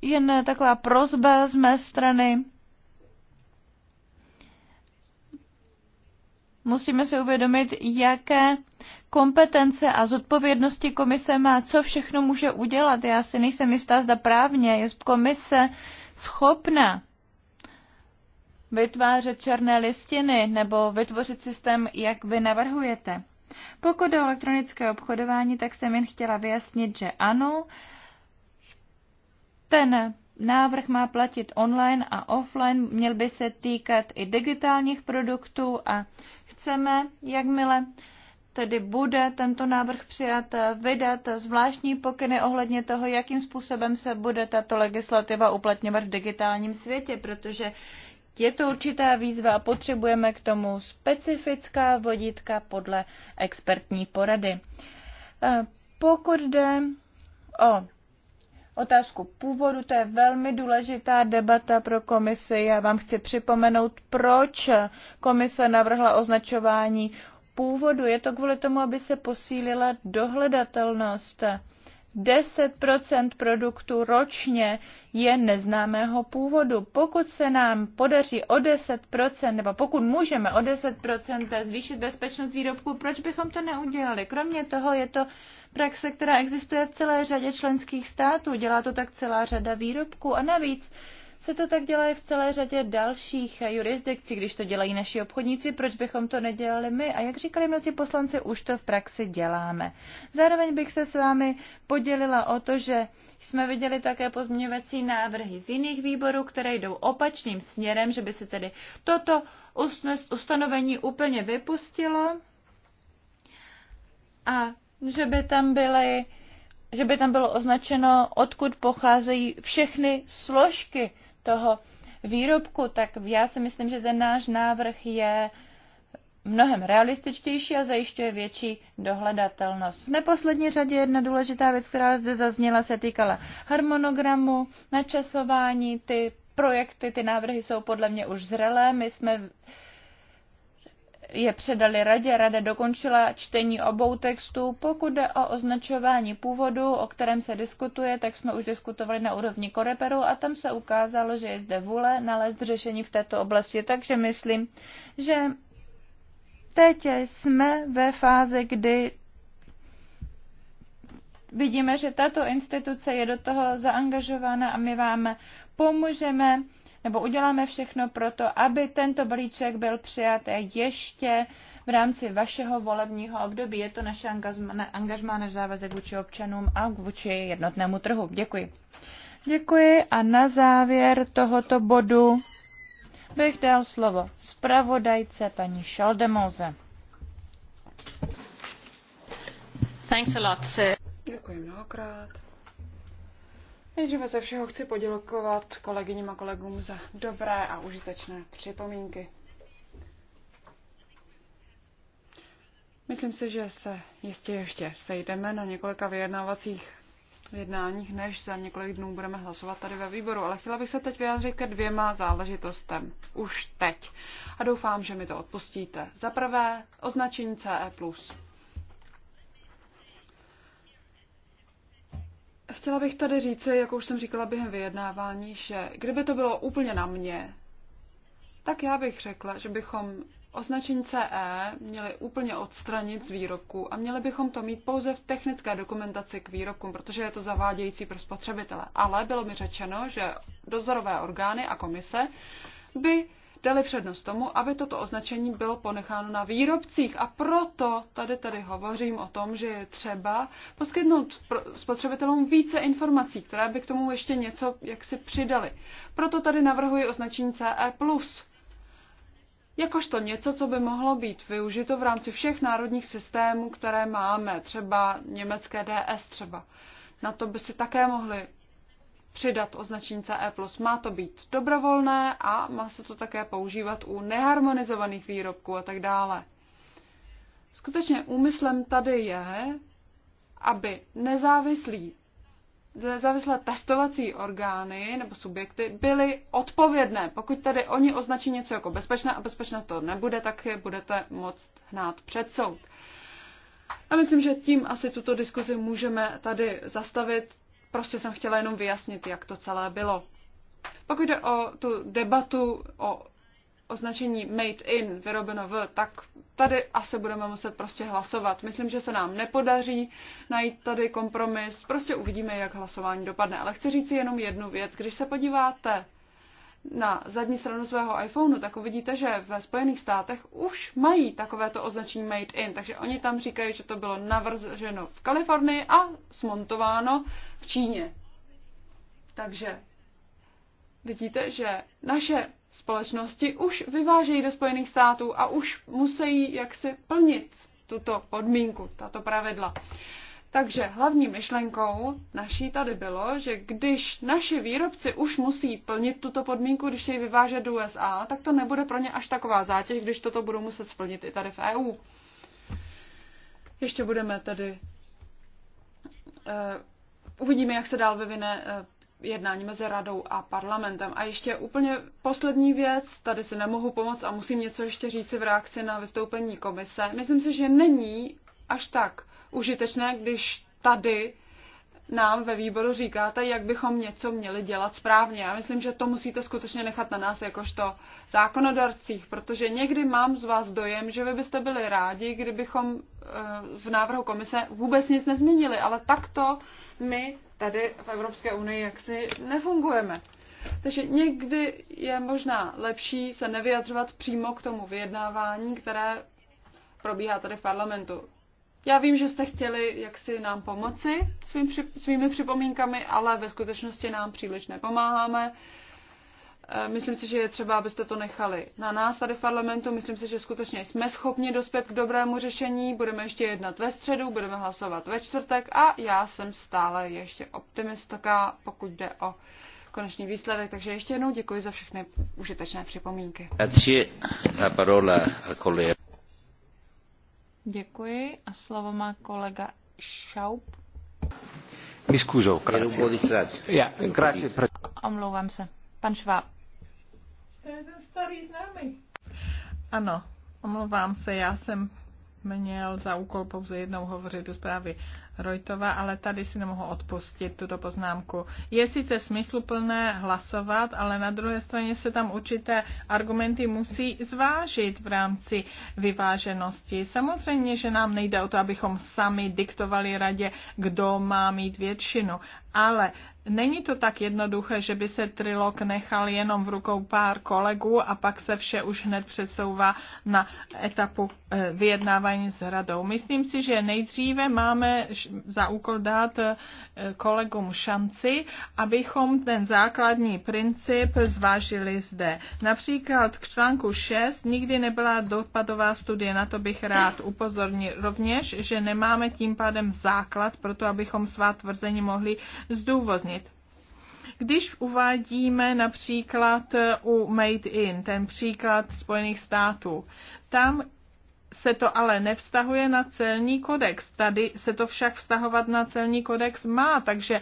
Jen taková prozba z mé strany. musíme si uvědomit, jaké kompetence a zodpovědnosti komise má, co všechno může udělat. Já si nejsem jistá, zda právně je komise schopna vytvářet černé listiny nebo vytvořit systém, jak vy navrhujete. Pokud o elektronické obchodování, tak jsem jen chtěla vyjasnit, že ano, ten návrh má platit online a offline, měl by se týkat i digitálních produktů a chceme, jakmile tedy bude tento návrh přijat, vydat zvláštní pokyny ohledně toho, jakým způsobem se bude tato legislativa uplatňovat v digitálním světě, protože je to určitá výzva a potřebujeme k tomu specifická vodítka podle expertní porady. Eh, pokud jde o otázku původu, to je velmi důležitá debata pro komisi. Já vám chci připomenout, proč komise navrhla označování původu. Je to kvůli tomu, aby se posílila dohledatelnost. 10 produktů ročně je neznámého původu. Pokud se nám podaří o 10 nebo pokud můžeme o 10 zvýšit bezpečnost výrobků, proč bychom to neudělali? Kromě toho je to praxe, která existuje v celé řadě členských států. Dělá to tak celá řada výrobků a navíc se to tak dělá i v celé řadě dalších jurisdikcí, když to dělají naši obchodníci, proč bychom to nedělali my? A jak říkali mnozí poslanci, už to v praxi děláme. Zároveň bych se s vámi podělila o to, že jsme viděli také pozměňovací návrhy z jiných výborů, které jdou opačným směrem, že by se tedy toto ustanovení úplně vypustilo. A že by tam byly že by tam bylo označeno, odkud pocházejí všechny složky toho výrobku, tak já si myslím, že ten náš návrh je mnohem realističtější a zajišťuje větší dohledatelnost. V neposlední řadě jedna důležitá věc, která zde zazněla, se týkala harmonogramu, načasování, ty projekty, ty návrhy jsou podle mě už zrelé. My jsme je předali radě. Rada dokončila čtení obou textů. Pokud jde o označování původu, o kterém se diskutuje, tak jsme už diskutovali na úrovni Koreperu a tam se ukázalo, že je zde vůle nalézt řešení v této oblasti. Takže myslím, že teď jsme ve fázi, kdy vidíme, že tato instituce je do toho zaangažována a my vám pomůžeme nebo uděláme všechno pro to, aby tento balíček byl přijat ještě v rámci vašeho volebního období. Je to naše angažmá, než závazek vůči občanům a vůči jednotnému trhu. Děkuji. Děkuji a na závěr tohoto bodu bych dal slovo zpravodajce paní Šaldemoze. Thanks a lot, sir. Děkuji mnohokrát. Nejdříve ze všeho chci poděkovat kolegyním a kolegům za dobré a užitečné připomínky. Myslím si, že se jistě ještě sejdeme na několika vyjednávacích jednáních, než za několik dnů budeme hlasovat tady ve výboru, ale chtěla bych se teď vyjádřit ke dvěma záležitostem. Už teď. A doufám, že mi to odpustíte. Za prvé, označení CE+. Chtěla bych tady říci, jak už jsem říkala během vyjednávání, že kdyby to bylo úplně na mě, tak já bych řekla, že bychom označení CE měli úplně odstranit z výroku a měli bychom to mít pouze v technické dokumentaci k výrokům, protože je to zavádějící pro spotřebitele. Ale bylo mi řečeno, že dozorové orgány a komise by dali přednost tomu, aby toto označení bylo ponecháno na výrobcích. A proto tady tady hovořím o tom, že je třeba poskytnout spotřebitelům více informací, které by k tomu ještě něco jaksi přidali. Proto tady navrhuji označení CE+. Jakožto něco, co by mohlo být využito v rámci všech národních systémů, které máme, třeba německé DS třeba. Na to by si také mohli přidat označení CE+. Má to být dobrovolné a má se to také používat u neharmonizovaných výrobků a tak dále. Skutečně úmyslem tady je, aby nezávislí nezávislé testovací orgány nebo subjekty byly odpovědné. Pokud tady oni označí něco jako bezpečné a bezpečné to nebude, tak je budete moct hnát před soud. A myslím, že tím asi tuto diskuzi můžeme tady zastavit prostě jsem chtěla jenom vyjasnit, jak to celé bylo. Pokud jde o tu debatu o označení made in, vyrobeno v, tak tady asi budeme muset prostě hlasovat. Myslím, že se nám nepodaří najít tady kompromis, prostě uvidíme, jak hlasování dopadne. Ale chci říct si jenom jednu věc. Když se podíváte na zadní stranu svého iPhoneu, tak uvidíte, že ve Spojených státech už mají takovéto označení Made in, takže oni tam říkají, že to bylo navrženo v Kalifornii a smontováno v Číně. Takže vidíte, že naše společnosti už vyvážejí do Spojených států a už musí jaksi plnit tuto podmínku, tato pravidla. Takže hlavní myšlenkou naší tady bylo, že když naši výrobci už musí plnit tuto podmínku, když jej vyvážet do USA, tak to nebude pro ně až taková zátěž, když toto budou muset splnit i tady v EU. Ještě budeme tedy. Uh, uvidíme, jak se dál vyvine uh, jednání mezi radou a parlamentem. A ještě úplně poslední věc, tady si nemohu pomoct a musím něco ještě říct v reakci na vystoupení komise. Myslím si, že není až tak užitečné, když tady nám ve výboru říkáte, jak bychom něco měli dělat správně. Já myslím, že to musíte skutečně nechat na nás jakožto zákonodarcích, protože někdy mám z vás dojem, že vy byste byli rádi, kdybychom eh, v návrhu komise vůbec nic nezměnili, ale takto my tady v Evropské unii jaksi nefungujeme. Takže někdy je možná lepší se nevyjadřovat přímo k tomu vyjednávání, které probíhá tady v parlamentu. Já vím, že jste chtěli jaksi nám pomoci svým, svými připomínkami, ale ve skutečnosti nám příliš nepomáháme. E, myslím si, že je třeba, abyste to nechali na nás tady v parlamentu. Myslím si, že skutečně jsme schopni dospět k dobrému řešení. Budeme ještě jednat ve středu, budeme hlasovat ve čtvrtek a já jsem stále ještě optimistka, pokud jde o konečný výsledek. Takže ještě jednou děkuji za všechny užitečné připomínky. Grazie. La parola Děkuji a slovo má kolega Šaup. Mi scuso, grazie. Yeah, grazie. Omlouvám se. Pan Šváb. To je ten starý známý. Ano, omlouvám se, já jsem měl za úkol pouze jednou hovořit do zprávy. Rojtová, ale tady si nemohu odpustit tuto poznámku. Je sice smysluplné hlasovat, ale na druhé straně se tam určité argumenty musí zvážit v rámci vyváženosti. Samozřejmě, že nám nejde o to, abychom sami diktovali radě, kdo má mít většinu, ale není to tak jednoduché, že by se trilog nechal jenom v rukou pár kolegů a pak se vše už hned přesouvá na etapu eh, vyjednávání s radou. Myslím si, že nejdříve máme za úkol dát eh, kolegům šanci, abychom ten základní princip zvážili zde. Například k článku 6 nikdy nebyla dopadová studie, na to bych rád upozornil rovněž, že nemáme tím pádem základ pro to, abychom svá tvrzení mohli zdůvodnit. Když uvádíme například u Made in, ten příklad Spojených států, tam se to ale nevztahuje na celní kodex. Tady se to však vztahovat na celní kodex má, takže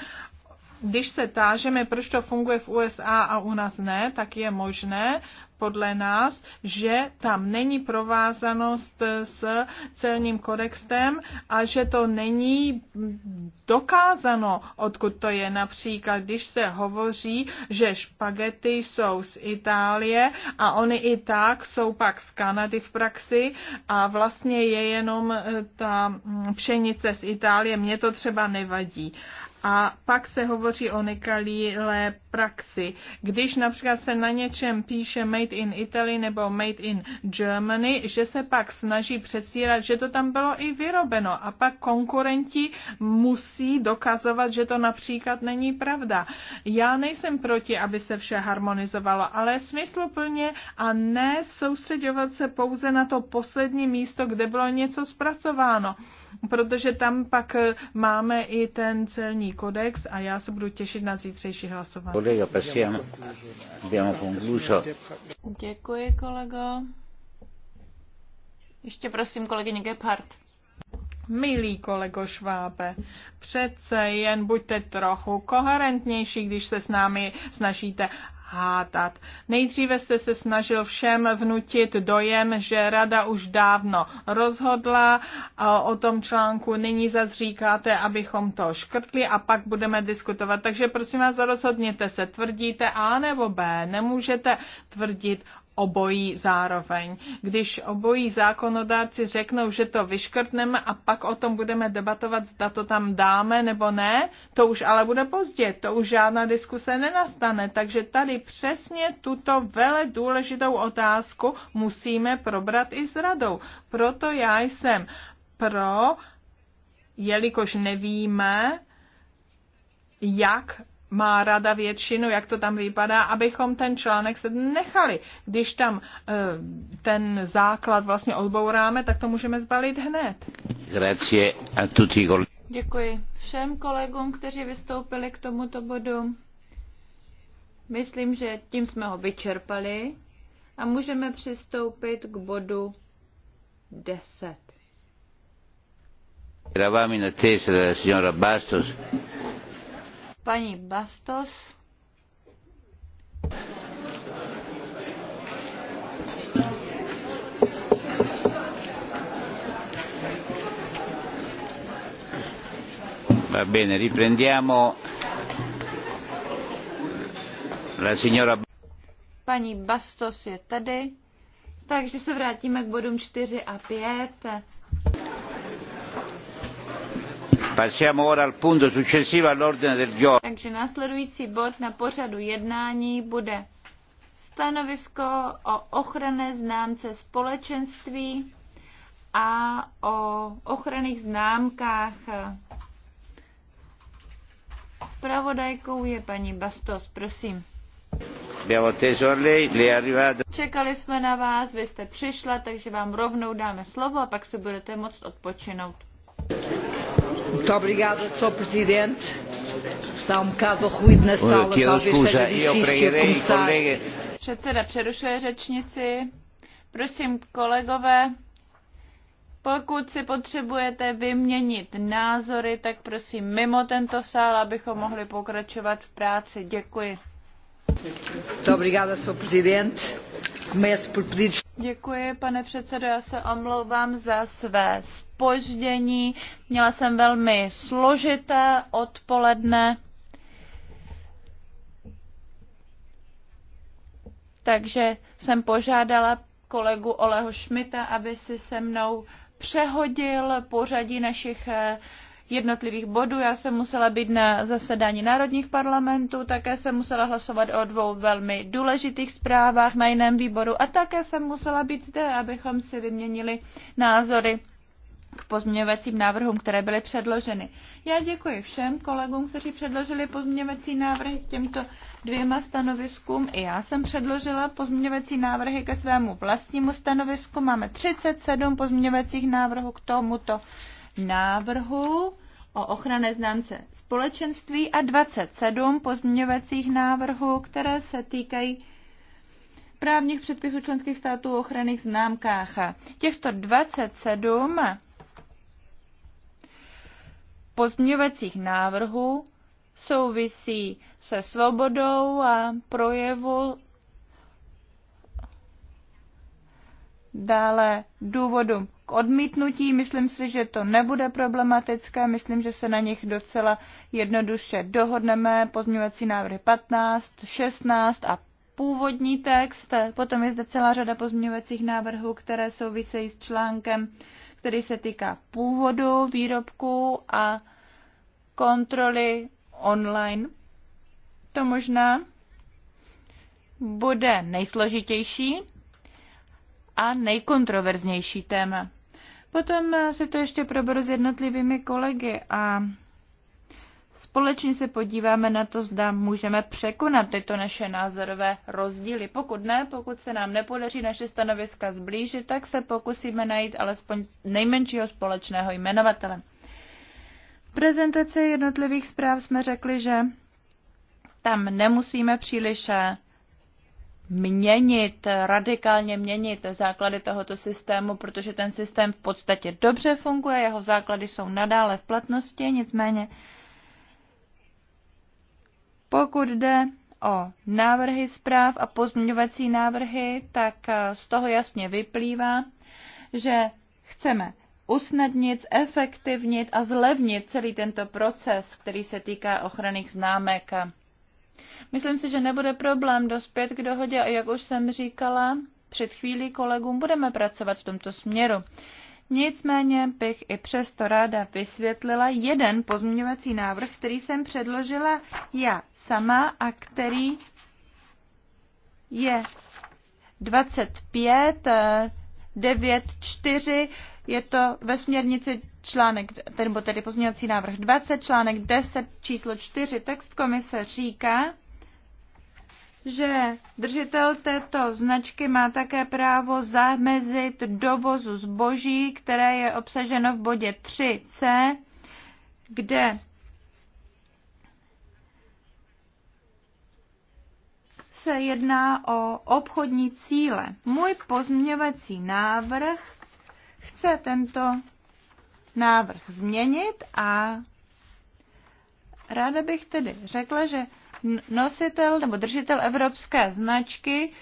když se tážeme, proč to funguje v USA a u nás ne, tak je možné podle nás, že tam není provázanost s celním kodextem a že to není dokázano, odkud to je. Například, když se hovoří, že špagety jsou z Itálie a oni i tak jsou pak z Kanady v praxi a vlastně je jenom eh, ta hm, pšenice z Itálie, mně to třeba nevadí. A pak se hovoří o nekalé praxi. Když například se na něčem píše Made in Italy nebo Made in Germany, že se pak snaží předstírat, že to tam bylo i vyrobeno. A pak konkurenti musí dokazovat, že to například není pravda. Já nejsem proti, aby se vše harmonizovalo, ale smysluplně a ne soustředovat se pouze na to poslední místo, kde bylo něco zpracováno protože tam pak eh, máme i ten celní kodex a já se budu těšit na zítřejší hlasování. Děkuji, kolego. Ještě prosím, kolegyně Gebhardt. Milý kolego Švábe, přece jen buďte trochu koherentnější, když se s námi snažíte hádat. Nejdříve jste se snažil všem vnutit dojem, že rada už dávno rozhodla o tom článku, nyní zazříkáte, abychom to škrtli a pak budeme diskutovat. Takže prosím vás, rozhodněte se, tvrdíte A nebo B, nemůžete tvrdit obojí zároveň. Když obojí zákonodárci řeknou, že to vyškrtneme a pak o tom budeme debatovat, zda to tam dáme nebo ne, to už ale bude pozdě, to už žádná diskuse nenastane. Takže tady přesně tuto vele důležitou otázku musíme probrat i s radou. Proto já jsem pro, jelikož nevíme, jak má rada většinu, jak to tam vypadá, abychom ten článek se nechali. Když tam eh, ten základ vlastně odbouráme, tak to můžeme zbalit hned. Děkuji všem kolegům, kteří vystoupili k tomuto bodu. Myslím, že tím jsme ho vyčerpali a můžeme přistoupit k bodu 10. Eravamo na attesa signora Bastos Paní Bastos. Va bene, riprendiamo la signora Pani Bastos je tady, takže se vrátíme k bodům 4 a 5. Passiamo ora al punto successivo all'ordine del giorno. Takže následující bod na pořadu jednání bude stanovisko o ochranné známce společenství a o ochranných známkách. Spravodajkou je paní Bastos, prosím. Čekali jsme na vás, vy jste přišla, takže vám rovnou dáme slovo a pak si budete moct odpočinout. Muito obrigada, Sr. Presidente. Está um bocado ruído na sala, talvez seja e difícil e começar. Předseda přerušuje řečnici. Prosím, kolegové, pokud si potřebujete vyměnit názory, tak prosím mimo tento sál, abychom mohli pokračovat v práci. Děkuji. Muito obrigada, Sr. Presidente. Começo por Děkuji, pane předsedo. Já se omlouvám za své spoždění. Měla jsem velmi složité odpoledne. Takže jsem požádala kolegu Oleho Šmita, aby si se mnou přehodil pořadí našich jednotlivých bodů. Já jsem musela být na zasedání národních parlamentů, také jsem musela hlasovat o dvou velmi důležitých zprávách na jiném výboru a také jsem musela být zde, abychom si vyměnili názory k pozměňovacím návrhům, které byly předloženy. Já děkuji všem kolegům, kteří předložili pozměňovací návrhy k těmto dvěma stanoviskům. I já jsem předložila pozměňovací návrhy ke svému vlastnímu stanovisku. Máme 37 pozměňovacích návrhů k tomuto návrhu o ochranné známce společenství a 27 pozměňovacích návrhů, které se týkají právních předpisů členských států o ochranných známkách. Těchto 27 pozměňovacích návrhů souvisí se svobodou a projevu dále důvodu k odmítnutí. Myslím si, že to nebude problematické, myslím, že se na nich docela jednoduše dohodneme. Pozměňovací návrhy 15, 16 a původní text. Potom je zde celá řada pozměňovacích návrhů, které souvisejí s článkem, který se týká původu výrobku a kontroly online. To možná bude nejsložitější a nejkontroverznější téma. Potom eh, si to ještě proberu s jednotlivými kolegy a společně se podíváme na to, zda můžeme překonat tyto naše názorové rozdíly. Pokud ne, pokud se nám nepodaří naše stanoviska zblížit, tak se pokusíme najít alespoň nejmenšího společného jmenovatele. V prezentaci jednotlivých zpráv jsme řekli, že tam nemusíme příliš eh, měnit, radikálně měnit základy tohoto systému, protože ten systém v podstatě dobře funguje, jeho základy jsou nadále v platnosti, nicméně pokud jde o návrhy zpráv a pozměňovací návrhy, tak eh, z toho jasně vyplývá, že chceme usnadnit, efektivnit a zlevnit celý tento proces, který se týká ochranných známek Myslím si, že nebude problém dospět k dohodě a jak už jsem říkala před chvílí kolegům, budeme pracovat v tomto směru. Nicméně bych i přesto ráda vysvětlila jeden pozměňovací návrh, který jsem předložila já sama a který je 25 9.4, eh, je to ve směrnici článek, nebo tedy pozměňovací návrh 20, článek 10, číslo 4, text komise říká, že držitel této značky má také právo zamezit dovozu zboží, které je obsaženo v bodě 3c, kde se jedná o obchodní cíle. Můj pozměňovací návrh chce tento návrh změnit a ráda bych tedy řekla, že nositel nebo držitel evropské značky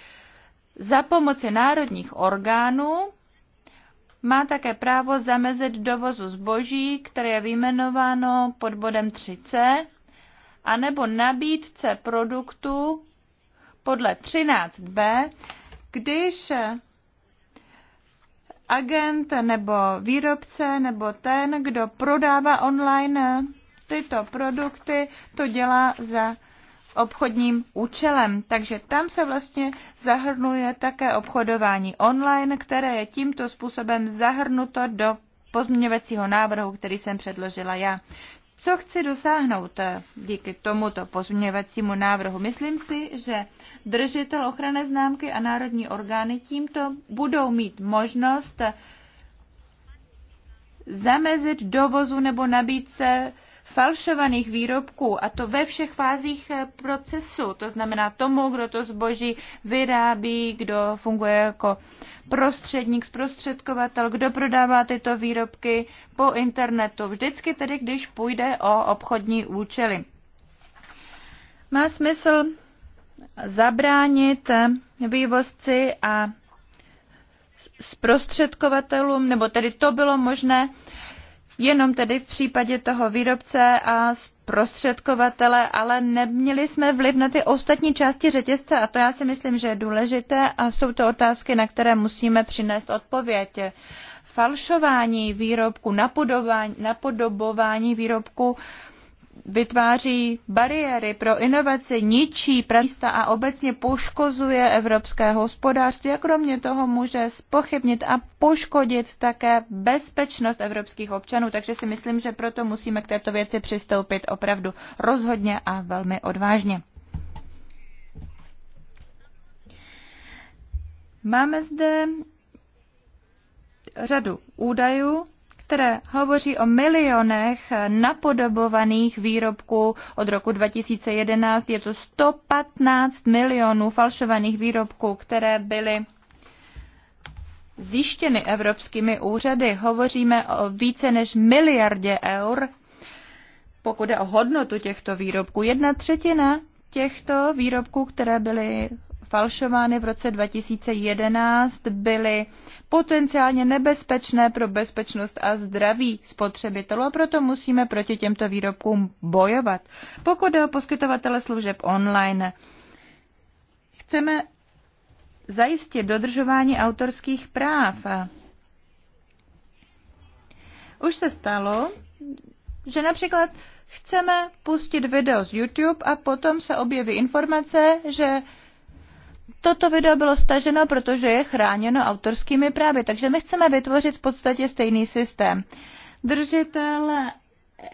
za pomoci národních orgánů má také právo zamezit dovozu zboží, které je vyjmenováno pod bodem 3c, anebo nabídce produktu podle 13b, když agent nebo výrobce nebo ten, kdo prodává online tyto produkty, to dělá za obchodním účelem. Takže tam se vlastně zahrnuje také obchodování online, které je tímto způsobem zahrnuto do pozměňovacího návrhu, který jsem předložila já. Co chci dosáhnout eh, díky tomuto pozměňovacímu návrhu? Myslím si, že držitel ochranné známky a národní orgány tímto budou mít možnost eh, zamezit dovozu nebo nabídce falšovaných výrobků a to ve všech fázích eh, procesu. To znamená tomu, kdo to zboží vyrábí, kdo funguje jako prostředník, zprostředkovatel, kdo prodává tyto výrobky po internetu. Vždycky tedy, když půjde o obchodní účely. Má smysl zabránit eh, vývozci a zprostředkovatelům, nebo tedy to bylo možné jenom tedy v případě toho výrobce a zprostředkovatele, ale neměli jsme vliv na ty ostatní části řetězce a to já si myslím, že je důležité a jsou to otázky, na které musíme přinést odpověď. Falšování výrobku, napodobování, napodobování výrobku vytváří bariéry pro inovaci, ničí místa a obecně poškozuje evropské hospodářství a kromě toho může spochybnit a poškodit také bezpečnost evropských občanů. Takže si myslím, že proto musíme k této věci přistoupit opravdu rozhodně a velmi odvážně. Máme zde řadu údajů, které hovoří o milionech napodobovaných výrobků od roku 2011. Je to 115 milionů falšovaných výrobků, které byly zjištěny evropskými úřady. Hovoříme o více než miliardě eur, pokud je o hodnotu těchto výrobků. Jedna třetina těchto výrobků, které byly falšovány v roce 2011 byly potenciálně nebezpečné pro bezpečnost a zdraví spotřebitelů a proto musíme proti těmto výrobkům bojovat. Pokud jde o poskytovatele služeb online, chceme zajistit dodržování autorských práv. Už se stalo, že například chceme pustit video z YouTube a potom se objeví informace, že toto video bylo staženo, protože je chráněno autorskými právy. Takže my chceme vytvořit v podstatě stejný systém. Držitel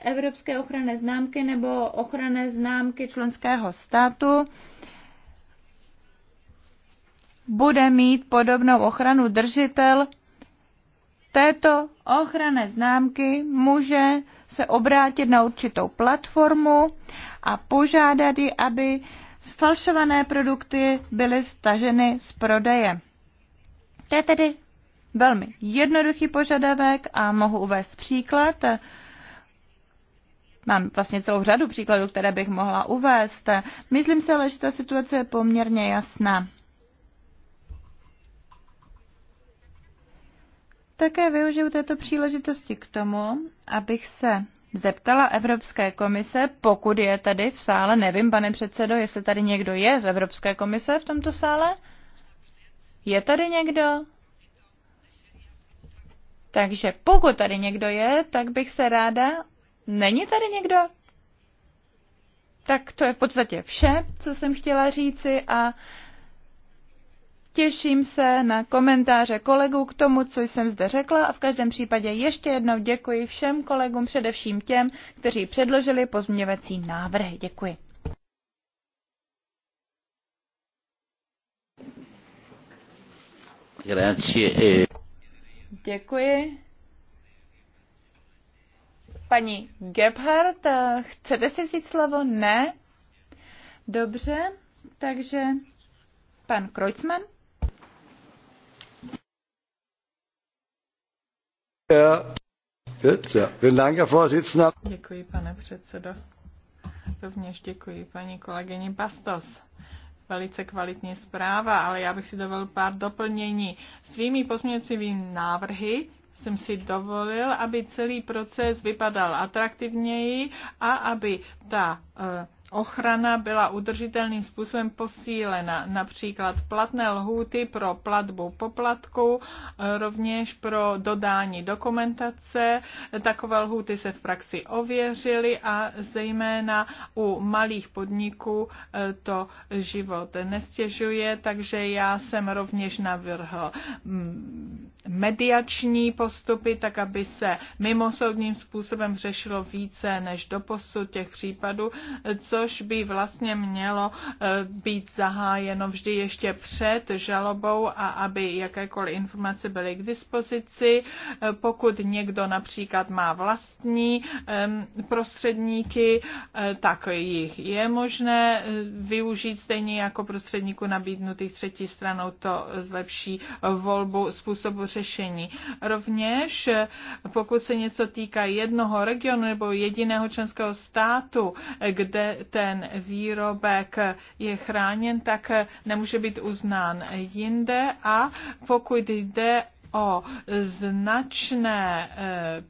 evropské ochranné známky nebo ochranné známky členského státu bude mít podobnou ochranu držitel této ochranné známky může se obrátit na určitou platformu a požádat ji, aby Sfalšované produkty byly staženy z prodeje. To je tedy velmi jednoduchý požadavek a mohu uvést příklad. Mám vlastně celou řadu příkladů, které bych mohla uvést. Myslím se ale, že ta situace je poměrně jasná. Také využiju této příležitosti k tomu, abych se zeptala Evropské komise, pokud je tady v sále, nevím, pane předsedo, jestli tady někdo je z Evropské komise v tomto sále? Je tady někdo? Takže pokud tady někdo je, tak bych se ráda... Není tady někdo? Tak to je v podstatě vše, co jsem chtěla říci a Těším se na komentáře kolegů k tomu, co jsem zde řekla a v každém případě ještě jednou děkuji všem kolegům, především těm, kteří předložili pozměňovací návrhy. Děkuji. Děkuji. Paní Gebhardt, chcete si vzít slovo? Ne? Dobře, takže pan Kreuzmann. Äh, děkuji, pane předsedo. Rovněž děkuji paní kolegyni Bastos. Velice kvalitní zpráva, ale já bych si dovolil pár doplnění. Svými pozměňovacími návrhy jsem si dovolil, aby celý proces vypadal atraktivněji a aby ta uh, ochrana byla udržitelným způsobem posílena, například platné lhůty pro platbu poplatku, e, rovněž pro dodání dokumentace. Takové lhůty se v praxi ověřily a zejména u malých podniků e, to život nestěžuje, takže já jsem rovněž navrhl mm, mediační postupy, tak aby se mimosoudním způsobem řešilo více než doposud těch případů, což což by vlastně mělo eh, být zahájeno vždy ještě před žalobou a aby jakékoliv informace byly k dispozici. Eh, pokud někdo například má vlastní prostředníky, eh, tak jich je možné využít stejně jako prostředníků nabídnutých třetí stranou. To zlepší volbu způsobu řešení. Rovněž, pokud se něco týká jednoho regionu nebo jediného členského státu, kde ten výrobek je chráněn, tak nemůže být uznán jinde a pokud jde o značné e,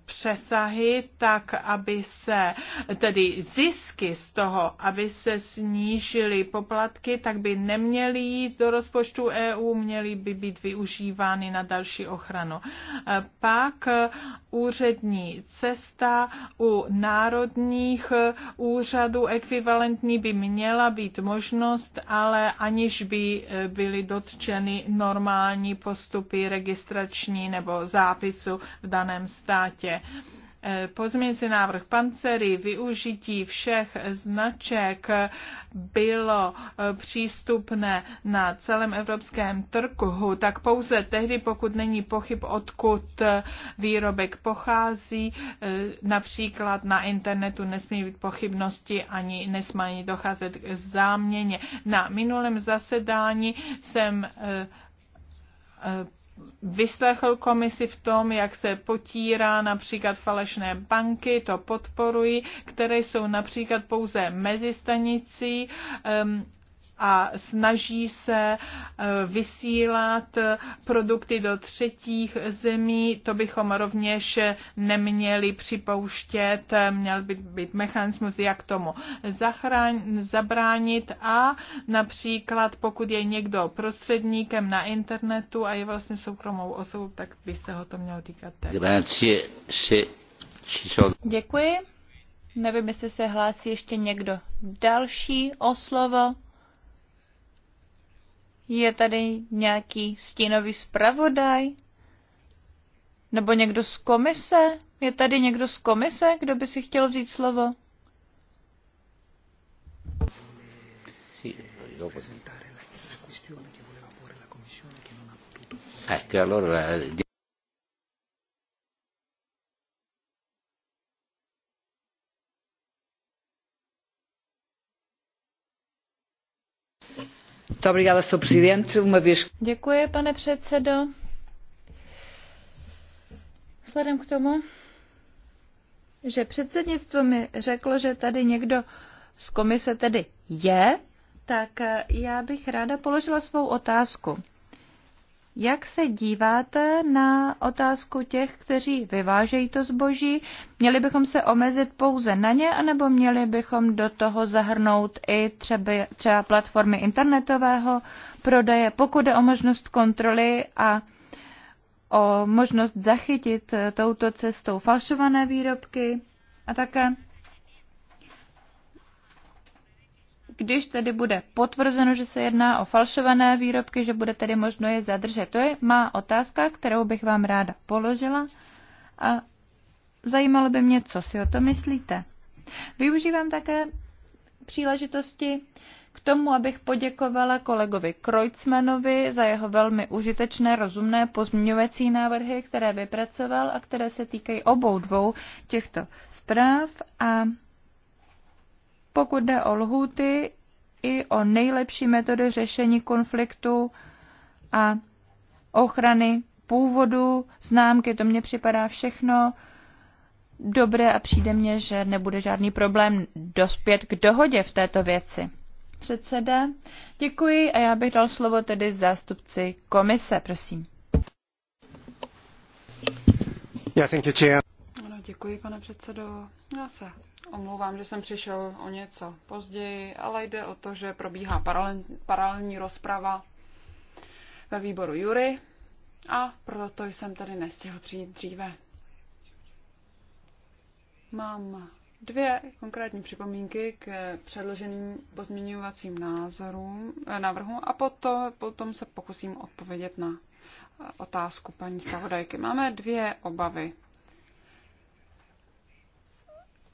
přesahy, tak aby se tedy zisky z toho, aby se snížily poplatky, tak by neměly jít do rozpočtu EU, měly by být využívány na další ochranu. E, pak úřední cesta u národních úřadů ekvivalentní by měla být možnost, ale aniž by eh, byly dotčeny normální postupy registrační nebo zápisu v daném státě. Pozměňující návrh pancery, využití všech značek bylo eh, přístupné na celém evropském trhu, tak pouze tehdy, pokud není pochyb, odkud eh, výrobek pochází, eh, například na internetu nesmí být pochybnosti ani nesmí docházet k záměně. Na minulém zasedání jsem vyslechl komisi v tom, jak se potírá například falešné banky, to podporují, které jsou například pouze mezistanicí a snaží se eh, vysílat eh, produkty do třetích zemí. To bychom rovněž neměli připouštět, měl by být mechanismus, jak tomu zachrán, zabránit a například pokud je někdo prostředníkem na internetu a je vlastně soukromou osobou, tak by se ho to mělo týkat. Děkuji. Nevím, jestli se hlásí ještě někdo další o slovo. Je tady nějaký stínový zpravodaj? Nebo někdo z komise? Je tady někdo z komise, kdo by si chtěl vzít slovo? Ecco, Děkuji, pane předsedo. Vzhledem k tomu, že předsednictvo mi řeklo, že tady někdo z komise tedy je, tak já bych ráda položila svou otázku. Jak se díváte na otázku těch, kteří vyvážejí to zboží? Měli bychom se omezit pouze na ně, anebo měli bychom do toho zahrnout i třeba, třeba platformy internetového prodeje, pokud je o možnost kontroly a o možnost zachytit touto cestou falšované výrobky a také když tedy bude potvrzeno, že se jedná o falšované výrobky, že bude tedy možno je zadržet. To je má otázka, kterou bych vám ráda položila a zajímalo by mě, co si o to myslíte. Využívám také příležitosti k tomu, abych poděkovala kolegovi Kreutzmanovi za jeho velmi užitečné, rozumné pozměňovací návrhy, které vypracoval a které se týkají obou dvou těchto zpráv a pokud jde o lhůty i o nejlepší metody řešení konfliktu a ochrany původu, známky, to mně připadá všechno dobré a přijde mně, že nebude žádný problém dospět k dohodě v této věci. Předseda, děkuji a já bych dal slovo tedy zástupci komise, prosím. Já jsem děkuji, pane předsedo. Já se omlouvám, že jsem přišel o něco později, ale jde o to, že probíhá paralel, paralelní rozprava ve výboru Jury a proto jsem tady nestihl přijít dříve. Mám dvě konkrétní připomínky k předloženým pozměňovacím názorům, eh, návrhu a potom, potom se pokusím odpovědět na otázku paní zpravodajky. Máme dvě obavy.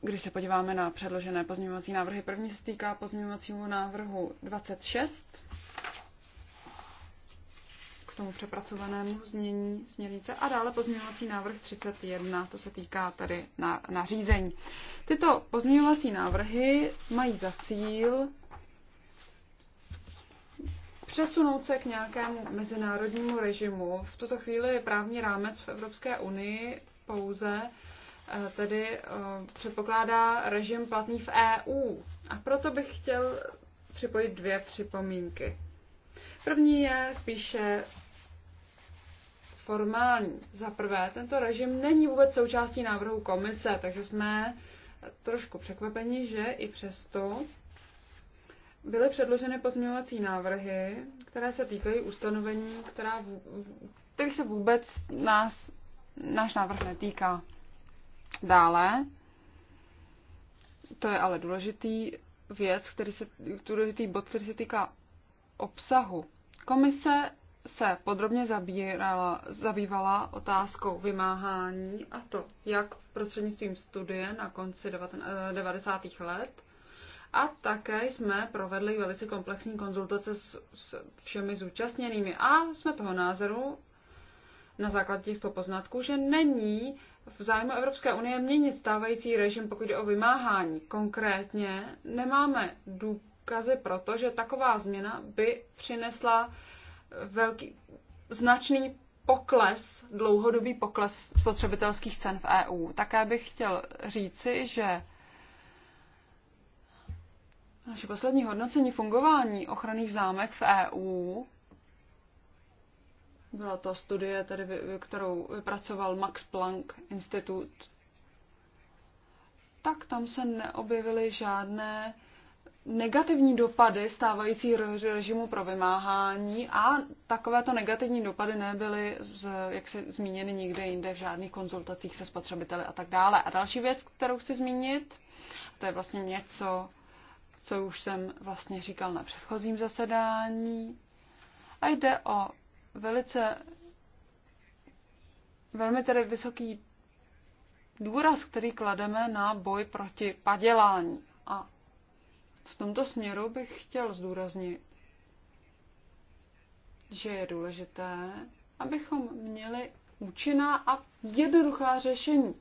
Když se podíváme na předložené pozměňovací návrhy, první se týká pozměňovacího návrhu 26 k tomu přepracovanému znění směrnice a dále pozměňovací návrh 31, to se týká tady na, Tyto pozměňovací návrhy mají za cíl přesunout se k nějakému mezinárodnímu režimu. V tuto chvíli je právní rámec v Evropské unii pouze Eh, tedy eh, předpokládá režim platný v EU. A proto bych chtěl připojit dvě připomínky. První je spíše formální. Za prvé, tento režim není vůbec součástí návrhu komise, takže jsme trošku překvapeni, že i přesto byly předloženy pozměňovací návrhy, které se týkají ustanovení, která, kterých se vůbec nás, náš návrh netýká. Dále, to je ale důležitý věc, který se, důležitý bod, který se týká obsahu. Komise se podrobně zabírala, zabývala otázkou vymáhání a to jak prostřednictvím studie na konci 90. Eh, let, a také jsme provedli velice komplexní konzultace s, s všemi zúčastněnými a jsme toho názoru na základě těchto poznatků, že není v zájmu Evropské unie měnit stávající režim, pokud jde o vymáhání. Konkrétně nemáme důkazy pro to, že taková změna by přinesla velký, značný pokles, dlouhodobý pokles spotřebitelských cen v EU. Také bych chtěl říci, že naše poslední hodnocení fungování ochranných zámek v EU byla to studie, tedy, kterou vypracoval Max Planck Institut. Tak tam se neobjevily žádné negativní dopady stávající režimu pro vymáhání a takovéto negativní dopady nebyly, jak se zmíněny nikde jinde, v žádných konzultacích se spotřebiteli a tak dále. A další věc, kterou chci zmínit, to je vlastně něco, co už jsem vlastně říkal na předchozím zasedání, a jde o velice velmi tedy vysoký důraz, který klademe na boj proti padělání. A v tomto směru bych chtěl zdůraznit, že je důležité, abychom měli účinná a jednoduchá řešení.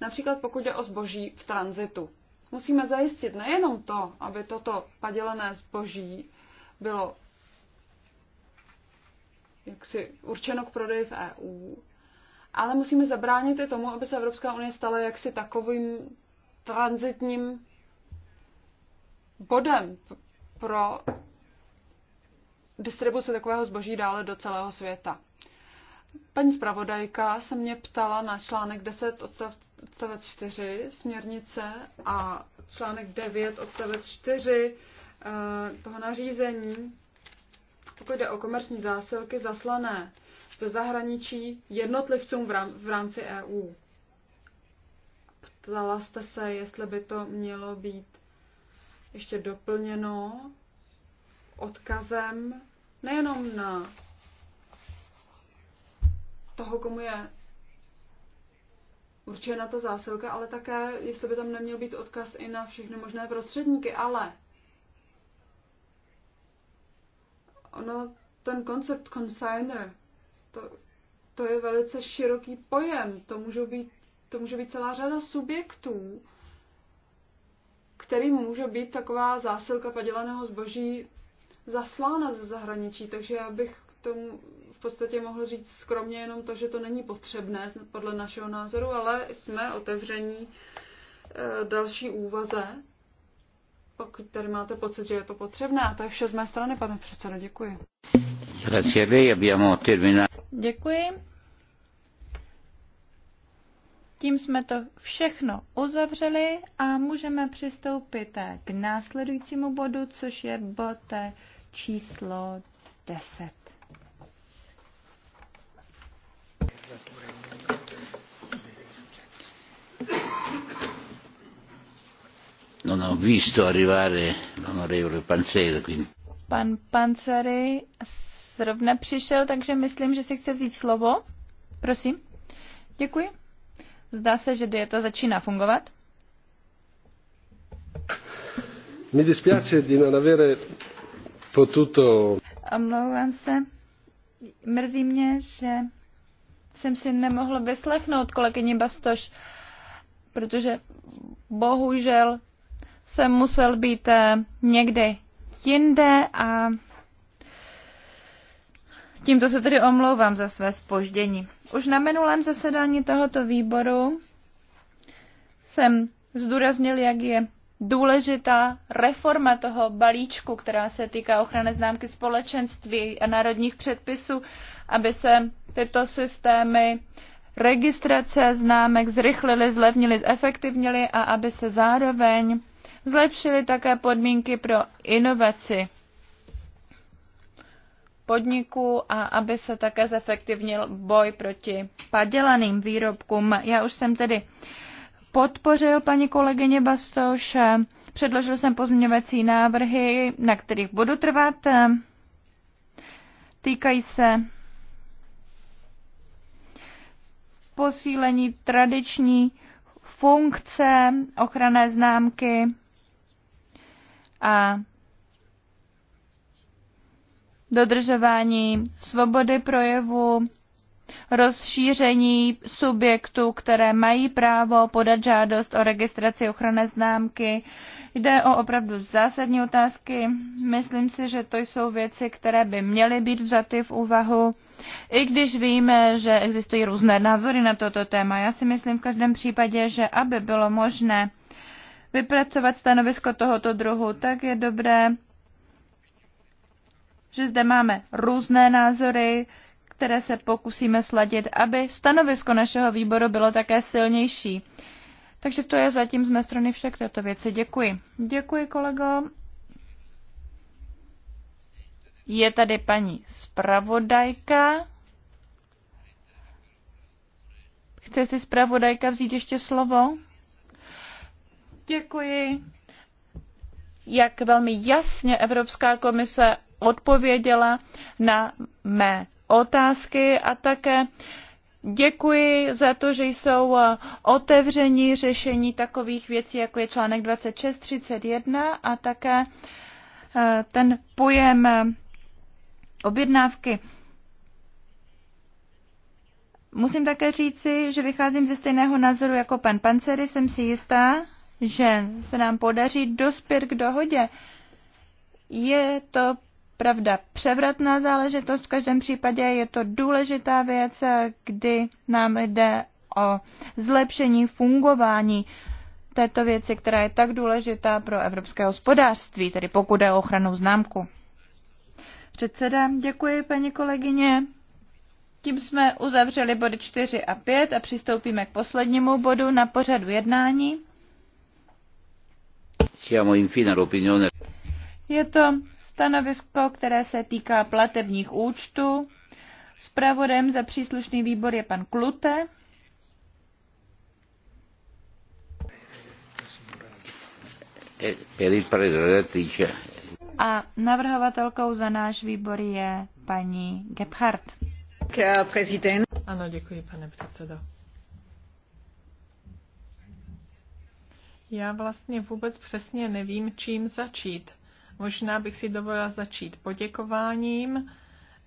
Například pokud je o zboží v tranzitu. Musíme zajistit nejenom to, aby toto padělené zboží bylo jaksi určeno k prodeji v EU. Ale musíme zabránit i tomu, aby se Evropská unie stala jaksi takovým transitním bodem pro distribuci takového zboží dále do celého světa. Paní zpravodajka se mě ptala na článek 10 odstavec 4 směrnice a článek 9 odstavec 4 eh, toho nařízení pokud jde o komerční zásilky zaslané ze zahraničí jednotlivcům v rámci EU. Ptala jste se, jestli by to mělo být ještě doplněno odkazem nejenom na toho, komu je určena ta zásilka, ale také, jestli by tam neměl být odkaz i na všechny možné prostředníky, ale ono, ten koncept consigner, to, to je velice široký pojem. To, můžou být, to může být celá řada subjektů, kterým může být taková zásilka padělaného zboží zaslána ze zahraničí. Takže já bych k tomu v podstatě mohl říct skromně jenom to, že to není potřebné podle našeho názoru, ale jsme otevření eh, další úvaze pokud tady máte pocit, že je to potřebné, a to je vše z mé strany, pane předsedo, děkuji. Děkuji. Tím jsme to všechno uzavřeli a můžeme přistoupit k následujícímu bodu, což je bod číslo 10. non ho visto arrivare l'onorevole Panzeri. Quindi. Pan Panzeri zrovna přišel, takže myslím, že si chce vzít slovo. Prosím. Děkuji. Zdá se, že dieta začíná fungovat. Mi dispiace di non avere potuto... Omlouvám se. Mrzí mě, že jsem si nemohl vyslechnout kolegyni Bastoš, protože bohužel jsem musel být eh, někde jinde a tímto se tedy omlouvám za své spoždění. Už na minulém zasedání tohoto výboru jsem zdůraznil, jak je důležitá reforma toho balíčku, která se týká ochrany známky společenství a národních předpisů, aby se tyto systémy registrace známek zrychlily, zlevnily, zefektivnily a aby se zároveň zlepšili také podmínky pro inovaci podniků a aby se také zefektivnil boj proti padělaným výrobkům. Já už jsem tedy podpořil paní kolegyně Bastoš, předložil jsem pozměňovací návrhy, na kterých budu trvat. Týkají se posílení tradiční funkce ochranné známky a dodržování svobody projevu, rozšíření subjektů, které mají právo podat žádost o registraci ochranné známky. Jde o opravdu zásadní otázky. Myslím si, že to jsou věci, které by měly být vzaty v úvahu, i když víme, že existují různé názory na toto téma. Já si myslím v každém případě, že aby bylo možné vypracovat stanovisko tohoto druhu, tak je dobré, že zde máme různé názory, které se pokusíme sladit, aby stanovisko našeho výboru bylo také silnější. Takže to je zatím z mé strany vše k této věci. Děkuji. Děkuji, kolego. Je tady paní zpravodajka. Chce si zpravodajka vzít ještě slovo? Děkuji. Jak velmi jasně Evropská komise odpověděla na mé otázky a také Děkuji za to, že jsou otevření řešení takových věcí, jako je článek 2631 a také eh, ten pojem eh, objednávky. Musím také říci, že vycházím ze stejného názoru jako pan Pancery, jsem si jistá, že se nám podaří dospět k dohodě. Je to pravda převratná záležitost, v každém případě je to důležitá věc, kdy nám jde o zlepšení fungování této věci, která je tak důležitá pro evropské hospodářství, tedy pokud je o ochranu známku. Předseda, děkuji paní kolegyně. Tím jsme uzavřeli body 4 a 5 a přistoupíme k poslednímu bodu na pořadu jednání. Je to stanovisko, které se týká platebních účtů. Zpravodajem za příslušný výbor je pan Klute. E, A navrhovatelkou za náš výbor je paní Gebhardt. Ano, děkuji, pane předsedo. Já vlastně vůbec přesně nevím, čím začít. Možná bych si dovolila začít poděkováním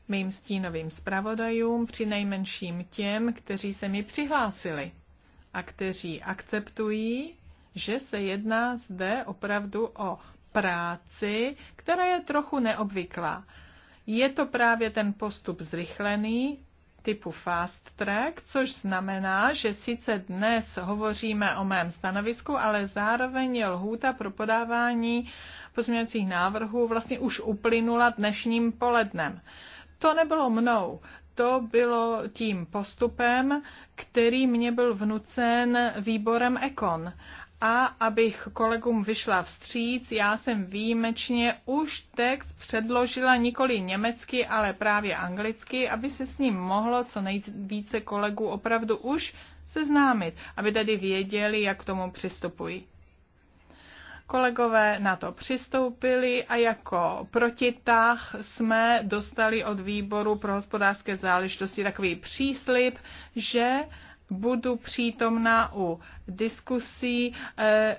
mým stínovým zpravodajům, nejmenším těm, kteří se mi přihlásili a kteří akceptují, že se jedná zde opravdu o práci, která je trochu neobvyklá. Je to právě ten postup zrychlený, typu fast track, což znamená, že sice dnes hovoříme o mém stanovisku, ale zároveň je lhůta pro podávání pozměňovacích návrhů vlastně už uplynula dnešním polednem. To nebylo mnou, to bylo tím postupem, který mě byl vnucen výborem Ekon a abych kolegům vyšla vstříc, já jsem výjimečně už text předložila nikoli německy, ale právě anglicky, aby se s ním mohlo co nejvíce kolegů opravdu už seznámit, aby tedy věděli, jak k tomu přistupují. Kolegové na to přistoupili a jako protitah jsme dostali od výboru pro hospodářské záležitosti takový příslip, že budu přítomna u diskusí eh,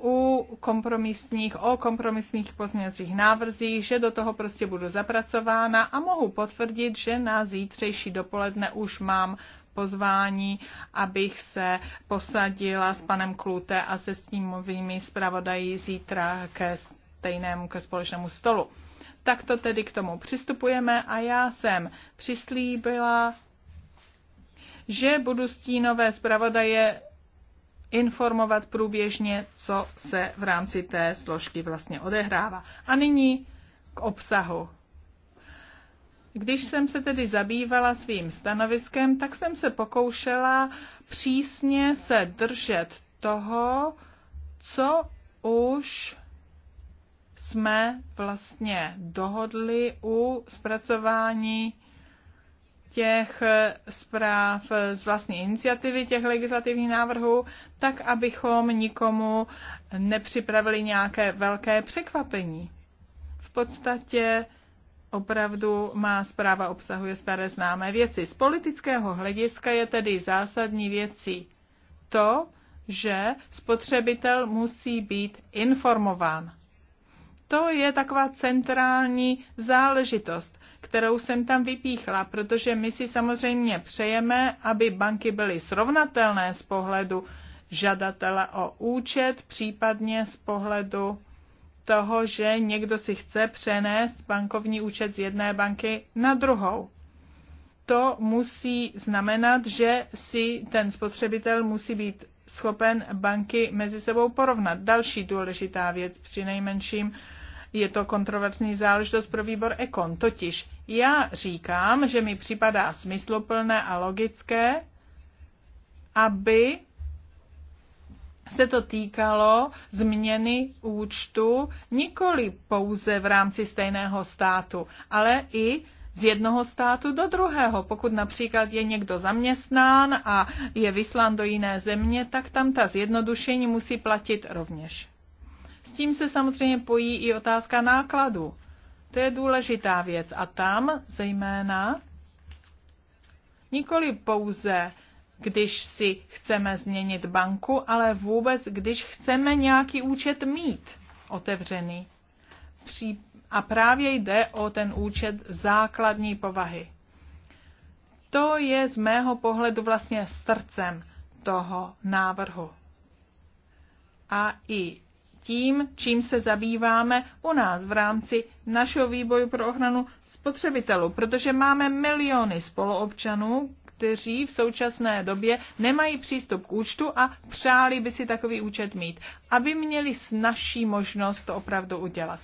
u kompromisních, o kompromisních pozměňovacích návrzích, že do toho prostě budu zapracována a mohu potvrdit, že na zítřejší dopoledne už mám pozvání, abych se posadila s panem Klute a se snímovými zpravodají zítra ke stejnému, ke společnému stolu. Takto tedy k tomu přistupujeme a já jsem přislíbila že budu stínové zpravodaje informovat průběžně, co se v rámci té složky vlastně odehrává. A nyní k obsahu. Když jsem se tedy zabývala svým stanoviskem, tak jsem se pokoušela přísně se držet toho, co už jsme vlastně dohodli u zpracování těch eh, zpráv z vlastní iniciativy, těch legislativních návrhů, tak abychom nikomu nepřipravili nějaké velké překvapení. V podstatě opravdu má zpráva obsahuje staré známé věci. Z politického hlediska je tedy zásadní věcí to, že spotřebitel musí být informován. To je taková centrální záležitost kterou jsem tam vypíchla, protože my si samozřejmě přejeme, aby banky byly srovnatelné z pohledu žadatele o účet, případně z pohledu toho, že někdo si chce přenést bankovní účet z jedné banky na druhou. To musí znamenat, že si ten spotřebitel musí být schopen banky mezi sebou porovnat. Další důležitá věc při nejmenším je to kontroverzní záležitost pro výbor Ekon. Totiž já říkám, že mi připadá smysluplné a logické, aby se to týkalo změny účtu nikoli pouze v rámci stejného státu, ale i z jednoho státu do druhého. Pokud například je někdo zaměstnán a je vyslán do jiné země, tak tam ta zjednodušení musí platit rovněž. S tím se samozřejmě pojí i otázka nákladu. To je důležitá věc. A tam zejména nikoli pouze když si chceme změnit banku, ale vůbec, když chceme nějaký účet mít otevřený. A právě jde o ten účet základní povahy. To je z mého pohledu vlastně srdcem toho návrhu. A i tím, čím se zabýváme u nás v rámci našeho výboju pro ochranu spotřebitelů, protože máme miliony spoluobčanů, kteří v současné době nemají přístup k účtu a přáli by si takový účet mít, aby měli snažší možnost to opravdu udělat.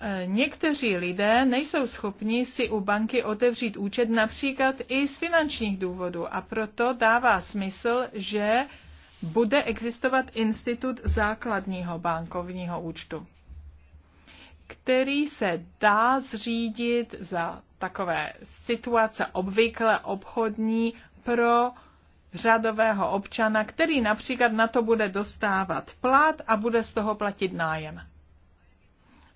E, někteří lidé nejsou schopni si u banky otevřít účet například i z finančních důvodů a proto dává smysl, že bude existovat institut základního bankovního účtu, který se dá zřídit za takové situace obvykle obchodní pro řadového občana, který například na to bude dostávat plat a bude z toho platit nájem.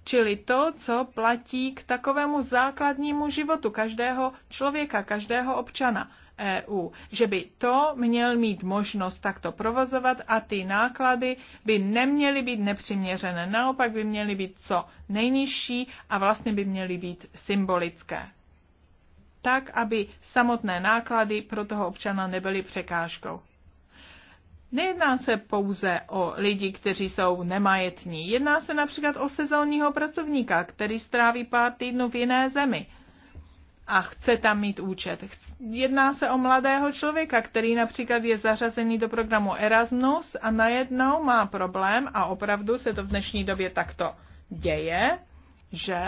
Čili to, co platí k takovému základnímu životu každého člověka, každého občana. EU, že by to měl mít možnost takto provozovat a ty náklady by neměly být nepřiměřené, naopak by měly být co nejnižší a vlastně by měly být symbolické. Tak, aby samotné náklady pro toho občana nebyly překážkou. Nejedná se pouze o lidi, kteří jsou nemajetní. Jedná se například o sezónního pracovníka, který stráví pár týdnů v jiné zemi a chce tam mít účet. Jedná se o mladého člověka, který například je zařazený do programu Erasmus a najednou má problém, a opravdu se to v dnešní době takto děje, že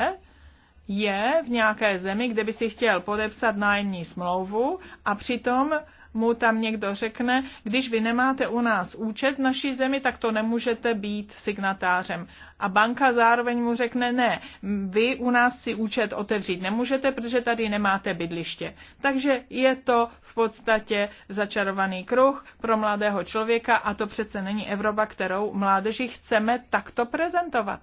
je v nějaké zemi, kde by si chtěl podepsat nájemní smlouvu a přitom mu tam někdo řekne, když vy nemáte u nás účet v naší zemi, tak to nemůžete být signatářem. A banka zároveň mu řekne, ne, vy u nás si účet otevřít nemůžete, protože tady nemáte bydliště. Takže je to v podstatě začarovaný kruh pro mladého člověka a to přece není Evropa, kterou mládeži chceme takto prezentovat.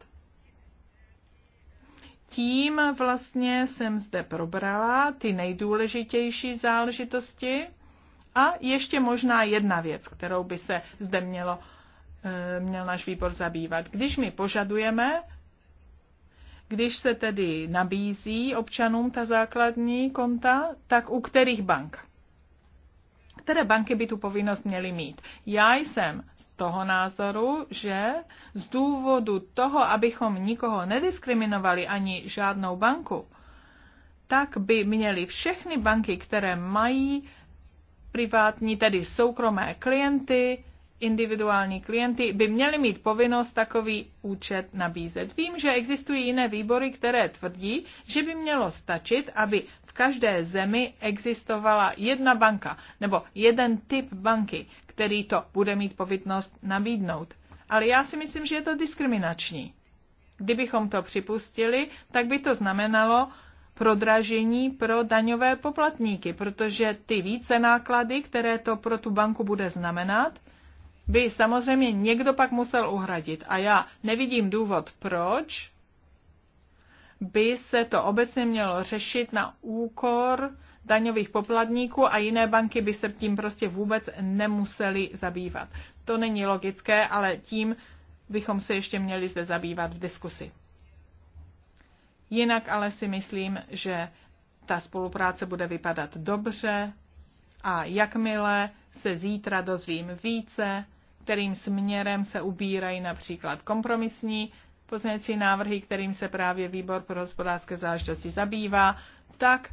Tím vlastně jsem zde probrala ty nejdůležitější záležitosti a ještě možná jedna věc, kterou by se zde mělo, eh, měl náš výbor zabývat. Když my požadujeme, když se tedy nabízí občanům ta základní konta, tak u kterých bank? Které banky by tu povinnost měly mít? Já jsem z toho názoru, že z důvodu toho, abychom nikoho nediskriminovali ani žádnou banku, tak by měly všechny banky, které mají privátní, tedy soukromé klienty, individuální klienty by měli mít povinnost takový účet nabízet. Vím, že existují jiné výbory, které tvrdí, že by mělo stačit, aby v každé zemi existovala jedna banka nebo jeden typ banky, který to bude mít povinnost nabídnout. Ale já si myslím, že je to diskriminační. Kdybychom to připustili, tak by to znamenalo, prodražení pro daňové poplatníky, protože ty více náklady, které to pro tu banku bude znamenat, by samozřejmě někdo pak musel uhradit. A já nevidím důvod, proč by se to obecně mělo řešit na úkor daňových poplatníků a jiné banky by se tím prostě vůbec nemuseli zabývat. To není logické, ale tím bychom se ještě měli zde zabývat v diskusi. Jinak ale si myslím, že ta spolupráce bude vypadat dobře a jakmile se zítra dozvím více, kterým směrem se ubírají například kompromisní pozměňovací návrhy, kterým se právě výbor pro hospodářské záležitosti zabývá, tak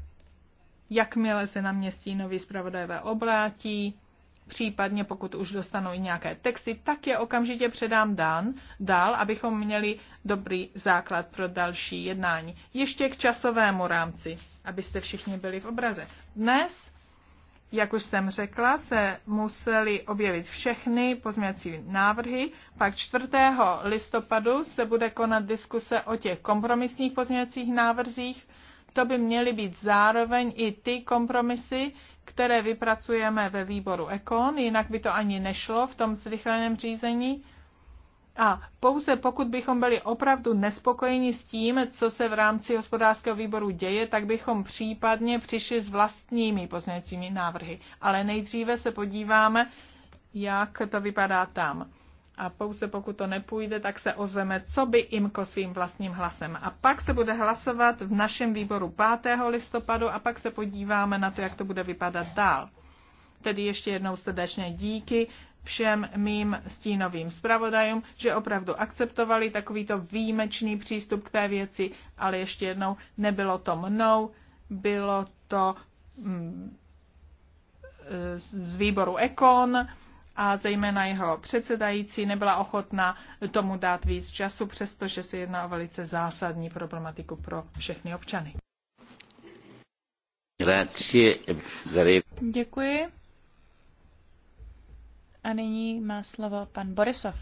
jakmile se na mě stínoví zpravodajové obrátí, případně pokud už dostanou i nějaké texty, tak je okamžitě předám dán, dál, abychom měli dobrý základ pro další jednání. Ještě k časovému rámci, abyste všichni byli v obraze. Dnes, jak už jsem řekla, se museli objevit všechny pozměňovací návrhy, pak 4. listopadu se bude konat diskuse o těch kompromisních pozměňovacích návrzích, to by měly být zároveň i ty kompromisy, které vypracujeme ve výboru Ekon, jinak by to ani nešlo v tom zrychleném řízení. A pouze pokud bychom byli opravdu nespokojeni s tím, co se v rámci hospodářského výboru děje, tak bychom případně přišli s vlastními pozměňovacími návrhy. Ale nejdříve se podíváme, jak to vypadá tam a pouze pokud to nepůjde, tak se ozveme, co by IMKO svým vlastním hlasem. A pak se bude hlasovat v našem výboru 5. listopadu a pak se podíváme na to, jak to bude vypadat dál. Tedy ještě jednou srdečně díky všem mým stínovým zpravodajům, že opravdu akceptovali takovýto výjimečný přístup k té věci, ale ještě jednou nebylo to mnou, bylo to mm, z výboru Ekon, a zejména jeho předsedající nebyla ochotna tomu dát víc času, přestože se jedná o velice zásadní problematiku pro všechny občany. Děkuji. A nyní má slovo pan Borisov.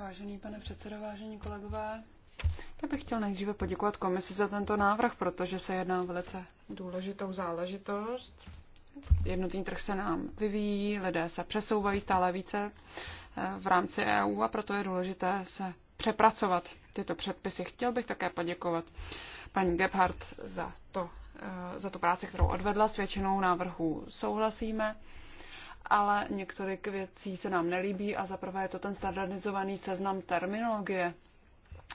Vážený pane předsedo, vážení kolegové, já bych chtěl nejdříve poděkovat komisi za tento návrh, protože se jedná o velice důležitou záležitost jednotný trh se nám vyvíjí, lidé se přesouvají stále více eh, v rámci EU a proto je důležité se přepracovat tyto předpisy. Chtěl bych také poděkovat paní Gebhardt za, to, eh, za tu práci, kterou odvedla. S většinou návrhů souhlasíme, ale některé věcí se nám nelíbí a zaprvé je to ten standardizovaný seznam terminologie.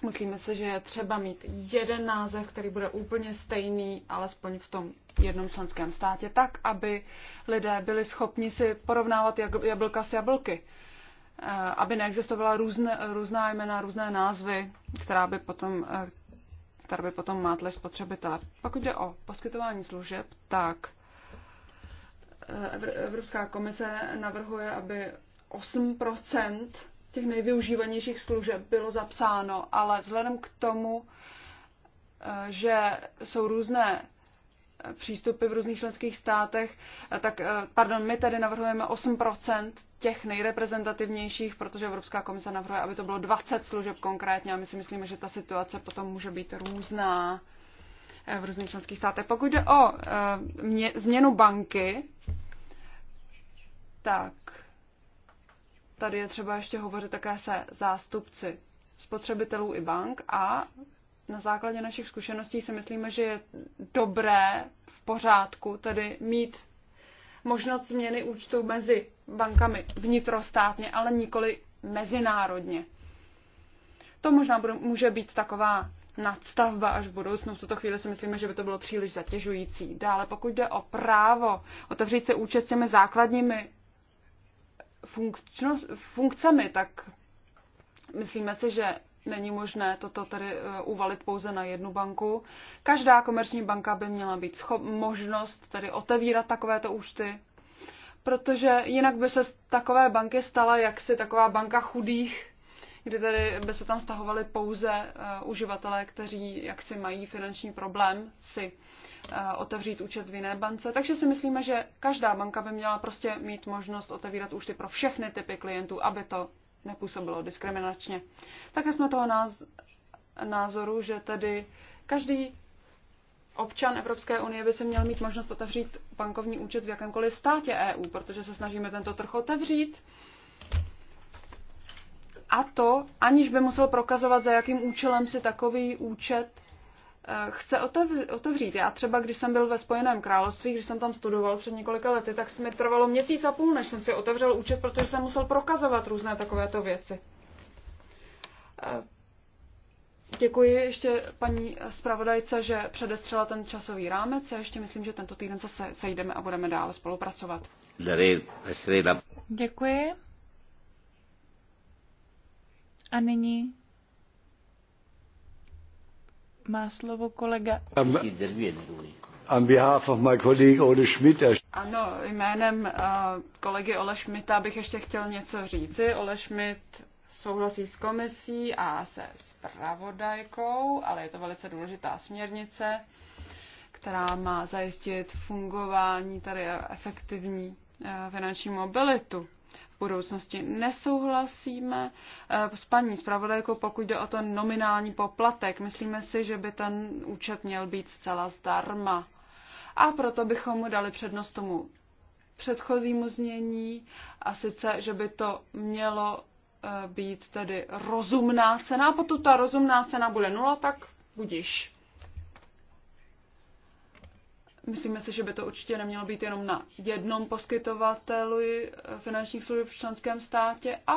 Myslíme si, že je třeba mít jeden název, který bude úplně stejný, alespoň v tom jednom členském státě, tak, aby lidé byli schopni si porovnávat jablka s jablky. Eh, aby neexistovala různé, různá jména, různé názvy, která by potom, eh, která by potom mátli spotřebitele. Pokud jde o poskytování služeb, tak eh, Evropská komise navrhuje, aby 8 těch nejvyužívanějších služeb bylo zapsáno, ale vzhledem k tomu, eh, že jsou různé přístupy v různých členských státech, eh, tak eh, pardon, my tedy navrhujeme 8% těch nejreprezentativnějších, protože Evropská komise navrhuje, aby to bylo 20 služeb konkrétně a my si myslíme, že ta situace potom může být různá v různých členských státech. Pokud jde o mě, změnu banky, tak Tady je třeba ještě hovořit také se zástupci spotřebitelů i bank a na základě našich zkušeností si myslíme, že je dobré v pořádku tedy mít možnost změny účtu mezi bankami vnitrostátně, ale nikoli mezinárodně. To možná bude, může být taková nadstavba až v budoucnu. V tuto chvíli si myslíme, že by to bylo příliš zatěžující. Dále, pokud jde o právo otevřít se účet s těmi základními funkčno, funkcemi, tak myslíme si, že není možné toto tedy eh, uvalit pouze na jednu banku. Každá komerční banka by měla být schop, možnost tedy otevírat takovéto účty, protože jinak by se z takové banky stala jaksi taková banka chudých kdy tady by se tam stahovali pouze eh, uživatelé, kteří jaksi mají finanční problém si eh, otevřít účet v jiné bance. Takže si myslíme, že každá banka by měla prostě mít možnost otevírat účty pro všechny typy klientů, aby to nepůsobilo diskriminačně. Také jsme toho názoru, že tedy každý občan Evropské unie by se měl mít možnost otevřít bankovní účet v jakémkoliv státě EU, protože se snažíme tento trh otevřít a to, aniž by musel prokazovat, za jakým účelem si takový účet eh, chce otevřít. Já třeba, když jsem byl ve Spojeném království, když jsem tam studoval před několika lety, tak mi trvalo měsíc a půl, než jsem si otevřel účet, protože jsem musel prokazovat různé takovéto věci. Eh, děkuji ještě paní zpravodajce, že předestřela ten časový rámec. Já ještě myslím, že tento týden zase sejdeme a budeme dále spolupracovat. Děkuji. A nyní má slovo kolega. On behalf of my colleague Ole Schmidt. Ano, jménem uh, kolegy Ole Schmidta bych ještě chtěl něco říci. Ole Schmidt souhlasí s komisí a se zpravodajkou, ale je to velice důležitá směrnice, která má zajistit fungování tady efektivní eh, finanční mobilitu budoucnosti. Nesouhlasíme eh, s paní zpravodajkou, pokud jde o ten nominální poplatek. Myslíme si, že by ten účet měl být zcela zdarma. A proto bychom mu dali přednost tomu předchozímu znění, a sice, že by to mělo eh, být tedy rozumná cena. A pokud ta rozumná cena bude nula, tak budiš. Myslíme si, že by to určitě nemělo být jenom na jednom poskytovateli eh, finančních služeb v členském státě a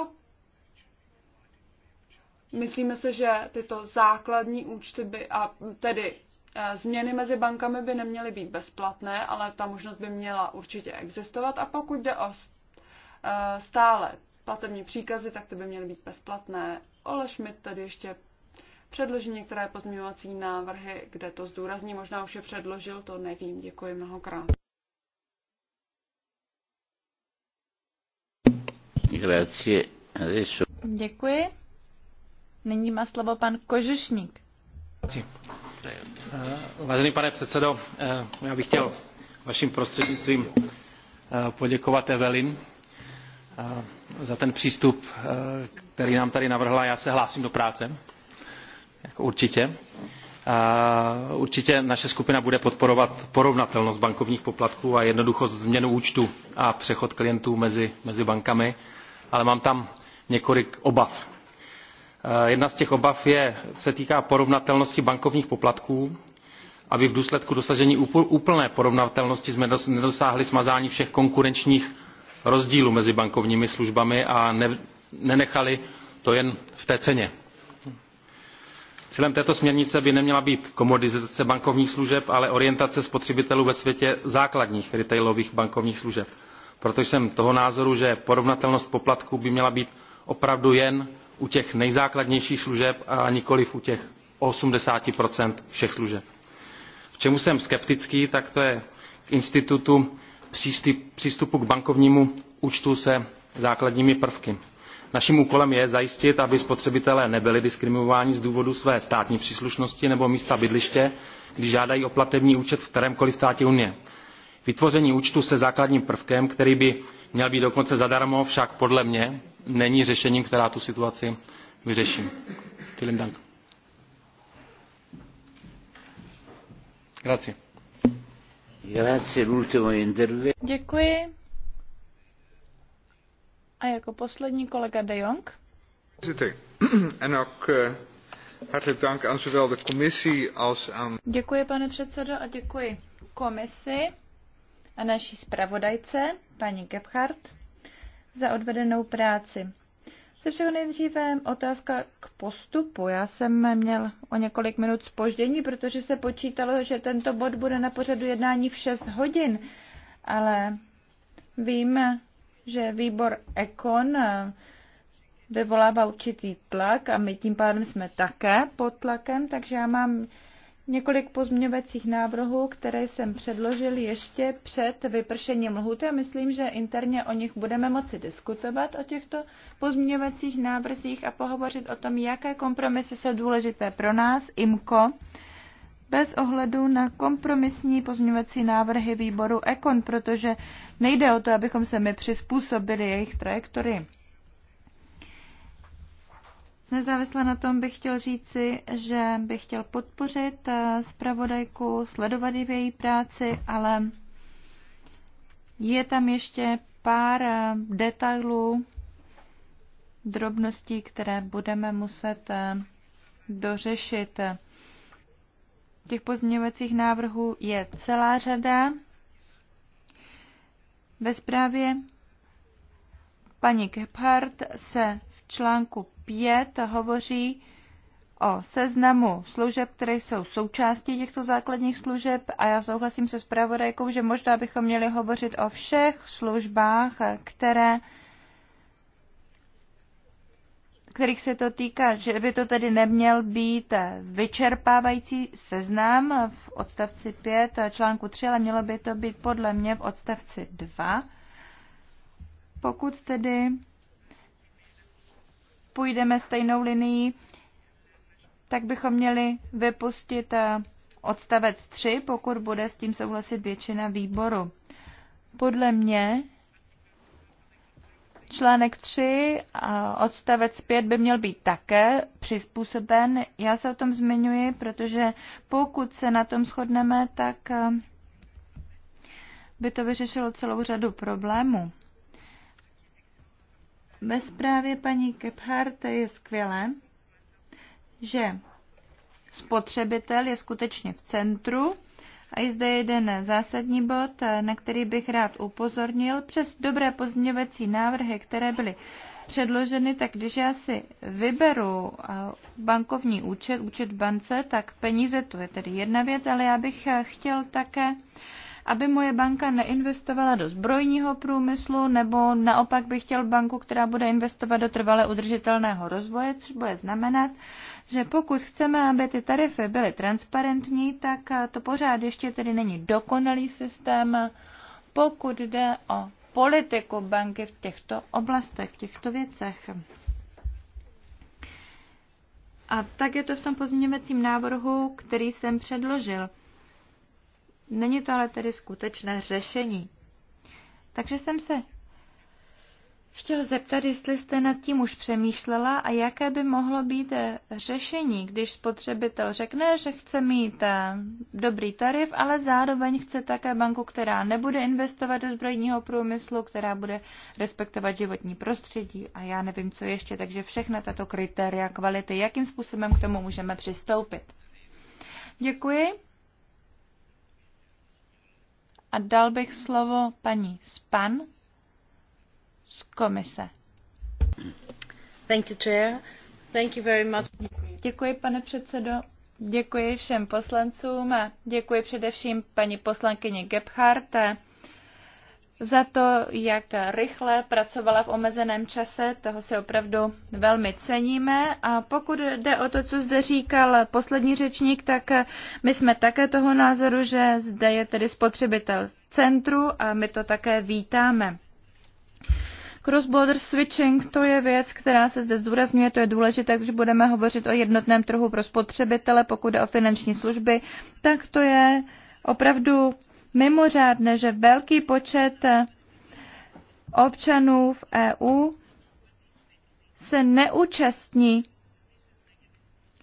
myslíme si, že tyto základní účty by a tedy eh, Změny mezi bankami by neměly být bezplatné, ale ta možnost by měla určitě existovat. A pokud jde o eh, stále platební příkazy, tak ty by měly být bezplatné. Oleš mi tady ještě předloží některé pozměňovací návrhy, kde to zdůrazní. Možná už je předložil, to nevím. Děkuji mnohokrát. Děkuji. Nyní má slovo pan Kožušník. Vážený pane předsedo, eh, já bych chtěl vaším prostřednictvím eh, poděkovat Evelyn eh, za ten přístup, který nám tady navrhla. Já se hlásím do práce jako určitě. Určitě naše skupina bude podporovat porovnatelnost bankovních poplatků a jednoduchost změnu účtu a přechod klientů mezi, mezi bankami, ale mám tam několik obav. Jedna z těch obav je, se týká porovnatelnosti bankovních poplatků, aby v důsledku dosažení úplné porovnatelnosti jsme nedosáhli smazání všech konkurenčních rozdílů mezi bankovními službami a ne, nenechali to jen v té ceně cílem této směrnice by neměla být komoditizace bankovních služeb ale orientace spotřebitelů ve světě základních retailových bankovních služeb. proto jsem toho názoru že porovnatelnost poplatků by měla být opravdu jen u těch nejzákladnějších služeb a nikoliv u těch eighty všech služeb. k čemu jsem skeptický tak to je k institutu přístupu k bankovnímu účtu se základními prvky naším úkolem je zajistit aby spotřebitelé nebyli diskriminováni z důvodu své státní příslušnosti nebo místa bydliště když žádají o platební účet v kterémkoliv státě unie. vytvoření účtu se základním prvkem který by měl být dokonce zadarmo však podle mě není řešením které tu situaci vyřeší. vielen dank. Grazie. Děkuji. A jako poslední kolega De Jong. Děkuji, pane předsedo, a děkuji komisi a naší zpravodajce, paní Gebhardt, za odvedenou práci. Se všeho nejdříve otázka k postupu. Já jsem měl o několik minut spoždění, protože se počítalo, že tento bod bude na pořadu jednání v 6 hodin, ale vím, že výbor Ekon eh, vyvolává určitý tlak a my tím pádem jsme také pod tlakem, takže já mám několik pozměňovacích návrhů, které jsem předložil ještě před vypršením lhuty a myslím, že interně o nich budeme moci diskutovat o těchto pozměňovacích návrzích a pohovořit o tom, jaké kompromisy jsou důležité pro nás, IMKO, bez ohledu na kompromisní pozměňovací návrhy výboru ECON, protože nejde o to, abychom se my přizpůsobili jejich trajektorii. Nezávisle na tom bych chtěl říci, že bych chtěl podpořit eh, zpravodajku, sledovat v její práci, ale je tam ještě pár eh, detailů, drobností, které budeme muset eh, dořešit. Těch pozměňovacích návrhů je celá řada. Ve zprávě paní Gebhardt se v článku 5 hovoří o seznamu služeb, které jsou součástí těchto základních služeb a já souhlasím se zpravodajkou, že možná bychom měli hovořit o všech službách, které kterých se to týká, že by to tedy neměl být vyčerpávající seznam v odstavci 5 článku 3, ale mělo by to být podle mě v odstavci 2. Pokud tedy půjdeme stejnou linií, tak bychom měli vypustit eh, odstavec 3, pokud bude s tím souhlasit většina výboru. Podle mě Článek 3, odstavec 5 by měl být také přizpůsoben. Já se o tom zmiňuji, protože pokud se na tom shodneme, tak eh, by to vyřešilo celou řadu problémů. Ve zprávě paní Kephart je skvělé, že spotřebitel je skutečně v centru a je zde jeden zásadní bod, na který bych rád upozornil. Přes dobré pozměňovací návrhy, které byly předloženy, tak když já si vyberu eh, bankovní účet, účet v bance, tak peníze to je tedy jedna věc, ale já bych eh, chtěl také, aby moje banka neinvestovala do zbrojního průmyslu, nebo naopak bych chtěl banku, která bude investovat do trvale udržitelného rozvoje, což bude znamenat, že pokud chceme, aby ty tarify byly transparentní, tak to pořád ještě tedy není dokonalý systém, pokud jde o politiku banky v těchto oblastech, v těchto věcech. A tak je to v tom pozměňovacím návrhu, který jsem předložil. Není to ale tedy skutečné řešení. Takže jsem se chtěl zeptat, jestli jste nad tím už přemýšlela a jaké by mohlo být eh, řešení, když spotřebitel řekne, že chce mít eh, dobrý tarif, ale zároveň chce také banku, která nebude investovat do zbrojního průmyslu, která bude respektovat životní prostředí a já nevím, co ještě. Takže všechna tato kritéria kvality, jakým způsobem k tomu můžeme přistoupit. Děkuji. A dal bych slovo paní Span komise. Děkuji, pane předsedo. Děkuji všem poslancům. Děkuji především paní poslankyni Gebhardt za to, jak rychle pracovala v omezeném čase, toho si opravdu velmi ceníme. A pokud jde o to, co zde říkal poslední řečník, tak my jsme také toho názoru, že zde je tedy spotřebitel centru a my to také vítáme. Cross-border switching to je věc, která se zde zdůrazňuje, to je důležité, když budeme hovořit o jednotném trhu pro spotřebitele, pokud jde o finanční služby, tak to je opravdu mimořádné, že velký počet občanů v EU se neúčastní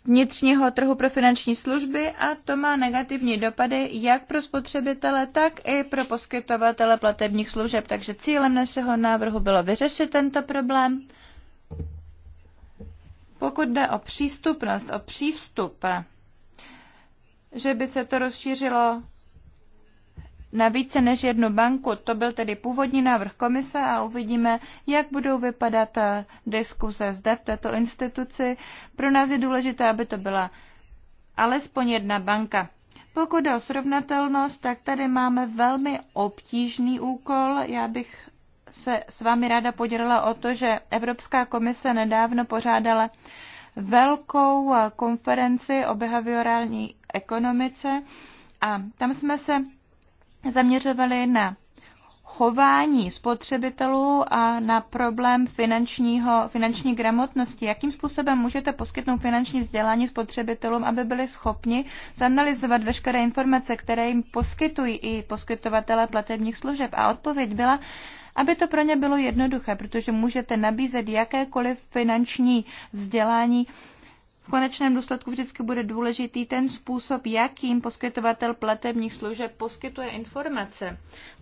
vnitřního trhu pro finanční služby a to má negativní dopady jak pro spotřebitele, tak i pro poskytovatele platebních služeb. Takže cílem našeho návrhu bylo vyřešit tento problém. Pokud jde o přístupnost, o přístup, že by se to rozšířilo na více než jednu banku. To byl tedy původní návrh komise a uvidíme, jak budou vypadat eh, diskuse zde v této instituci. Pro nás je důležité, aby to byla alespoň jedna banka. Pokud jde o srovnatelnost, tak tady máme velmi obtížný úkol. Já bych se s vámi ráda podělila o to, že Evropská komise nedávno pořádala velkou eh, konferenci o behaviorální ekonomice a tam jsme se zaměřovali na chování spotřebitelů a na problém finančního, finanční gramotnosti. Jakým způsobem můžete poskytnout finanční vzdělání spotřebitelům, aby byli schopni zanalizovat veškeré informace, které jim poskytují i poskytovatele platebních služeb? A odpověď byla, aby to pro ně bylo jednoduché, protože můžete nabízet jakékoliv finanční vzdělání konečném důsledku vždycky bude důležitý ten způsob, jakým poskytovatel platebních služeb poskytuje informace.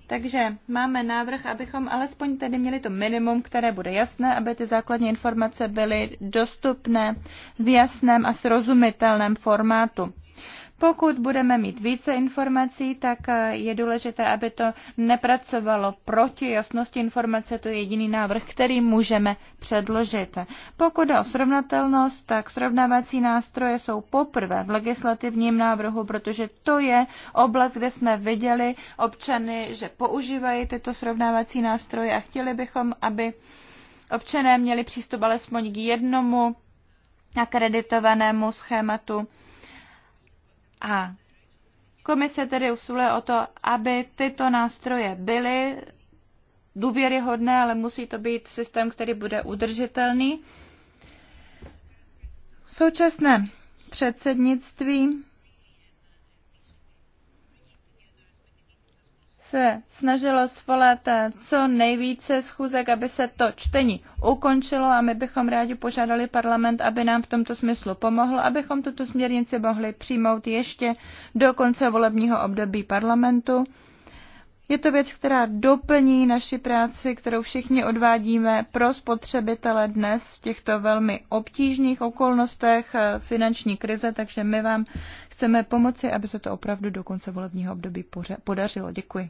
Takže máme návrh, abychom alespoň tedy měli to minimum, které bude jasné, aby ty základní informace byly dostupné v jasném a srozumitelném formátu. Pokud budeme mít více informací, tak eh, je důležité, aby to nepracovalo proti jasnosti informace. To je jediný návrh, který můžeme předložit. Pokud jde o srovnatelnost, tak srovnávací nástroje jsou poprvé v legislativním návrhu, protože to je oblast, kde jsme viděli občany, že používají tyto srovnávací nástroje a chtěli bychom, aby občané měli přístup alespoň k jednomu akreditovanému schématu a komise tedy usiluje o to, aby tyto nástroje byly důvěryhodné, ale musí to být systém, který bude udržitelný. Současné předsednictví se snažilo svolat eh, co nejvíce schůzek, aby se to čtení ukončilo a my bychom rádi požádali parlament, aby nám v tomto smyslu pomohl, abychom tuto směrnici mohli přijmout ještě do konce volebního období parlamentu. Je to věc, která doplní naši práci, kterou všichni odvádíme pro spotřebitele dnes v těchto velmi obtížných okolnostech eh, finanční krize, takže my vám chceme pomoci, aby se to opravdu do konce volebního období podařilo. Děkuji.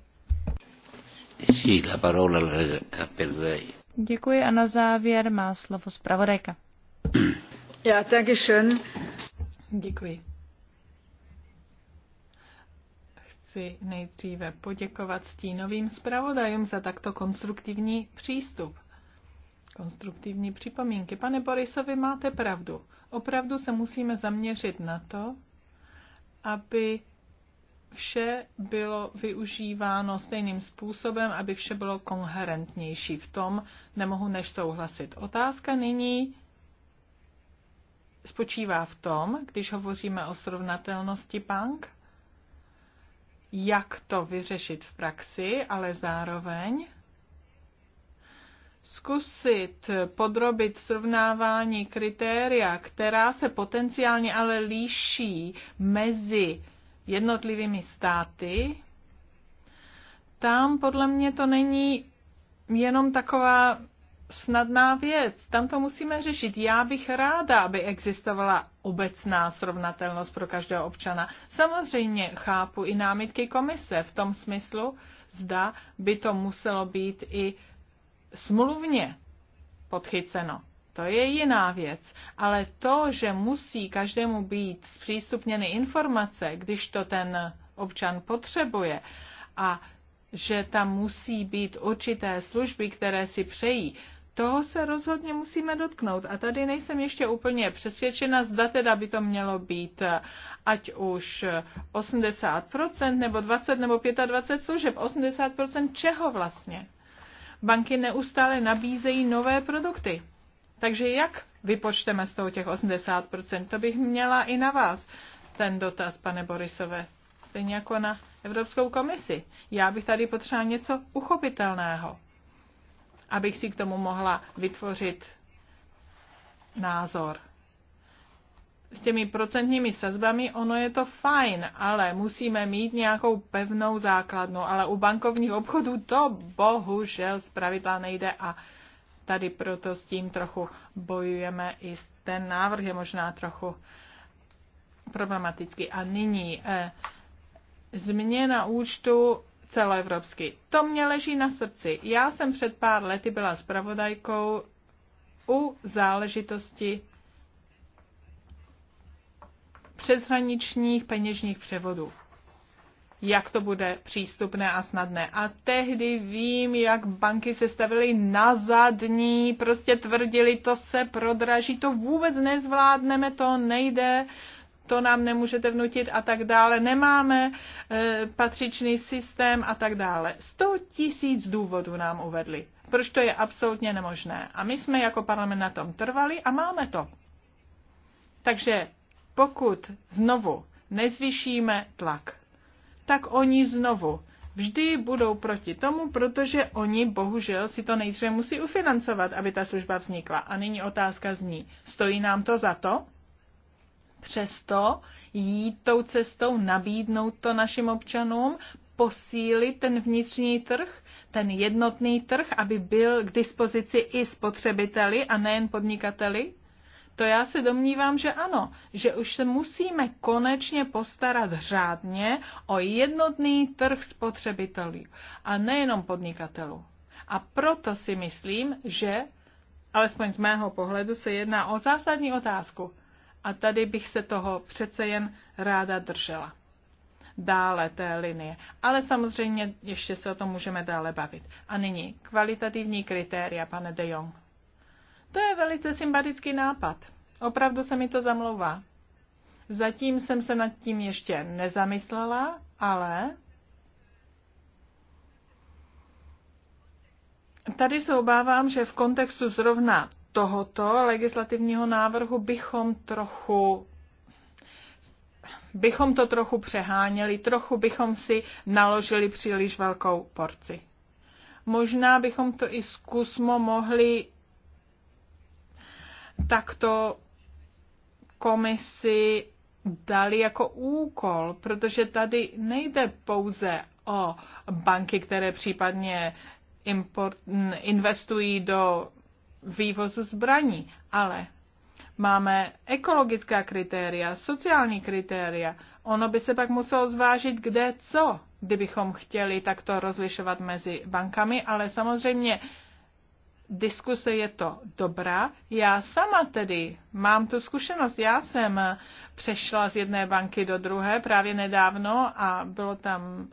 Děkuji a na závěr má slovo zpravodajka. Ja, taky schön. Děkuji. Chci nejdříve poděkovat stínovým zpravodajům za takto konstruktivní přístup. Konstruktivní připomínky. Pane Borisovi, máte pravdu. Opravdu se musíme zaměřit na to, aby vše bylo využíváno stejným způsobem, aby vše bylo koherentnější. V tom nemohu než souhlasit. Otázka nyní spočívá v tom, když hovoříme o srovnatelnosti bank, jak to vyřešit v praxi, ale zároveň zkusit podrobit srovnávání kritéria, která se potenciálně ale líší mezi jednotlivými státy, tam podle mě to není jenom taková snadná věc. Tam to musíme řešit. Já bych ráda, aby existovala obecná srovnatelnost pro každého občana. Samozřejmě chápu i námitky komise v tom smyslu, zda by to muselo být i smluvně podchyceno to je jiná věc. Ale to, že musí každému být zpřístupněny informace, když to ten občan potřebuje a že tam musí být určité služby, které si přejí, toho se rozhodně musíme dotknout. A tady nejsem ještě úplně přesvědčena, zda teda by to mělo být eh, ať už 80% eh, nebo 20 nebo 25 služeb. 80% čeho vlastně? Banky neustále nabízejí nové produkty. Takže jak vypočteme z toho těch 80%? To bych měla i na vás ten dotaz, pane Borisové. Stejně jako na Evropskou komisi. Já bych tady potřebovala něco uchopitelného, abych si k tomu mohla vytvořit názor. S těmi procentními sazbami ono je to fajn, ale musíme mít nějakou pevnou základnu, ale u bankovních obchodů to bohužel zpravidla nejde a tady proto s tím trochu bojujeme. I ten návrh je možná trochu problematický. A nyní eh, změna účtu celoevropsky. To mě leží na srdci. Já jsem před pár lety byla spravodajkou u záležitosti přeshraničních peněžních převodů jak to bude přístupné a snadné. A tehdy vím, jak banky se stavily na zadní, prostě tvrdili, to se prodraží, to vůbec nezvládneme, to nejde to nám nemůžete vnutit a tak dále, nemáme e, patřičný systém a tak dále. 100 tisíc důvodů nám uvedli, proč to je absolutně nemožné. A my jsme jako parlament na tom trvali a máme to. Takže pokud znovu nezvyšíme tlak, tak oni znovu vždy budou proti tomu, protože oni bohužel si to nejdříve musí ufinancovat, aby ta služba vznikla. A nyní otázka zní, stojí nám to za to? Přesto jít tou cestou, nabídnout to našim občanům, posílit ten vnitřní trh, ten jednotný trh, aby byl k dispozici i spotřebiteli a nejen podnikateli? To já se domnívám, že ano, že už se musíme konečně postarat řádně o jednotný trh spotřebitelů a nejenom podnikatelů. A proto si myslím, že, alespoň z mého pohledu, se jedná o zásadní otázku. A tady bych se toho přece jen ráda držela. Dále té linie. Ale samozřejmě ještě se o tom můžeme dále bavit. A nyní kvalitativní kritéria, pane De Jong. To je velice sympatický nápad. Opravdu se mi to zamlouvá. Zatím jsem se nad tím ještě nezamyslela, ale tady se obávám, že v kontextu zrovna tohoto legislativního návrhu bychom trochu bychom to trochu přeháněli, trochu bychom si naložili příliš velkou porci. Možná bychom to i zkusmo mohli takto komisi dali jako úkol, protože tady nejde pouze o banky, které případně import, investují do vývozu zbraní, ale máme ekologická kritéria, sociální kritéria. Ono by se pak muselo zvážit, kde co, kdybychom chtěli takto rozlišovat mezi bankami, ale samozřejmě diskuse je to dobrá. Já sama tedy mám tu zkušenost. Já jsem přešla z jedné banky do druhé právě nedávno a bylo tam,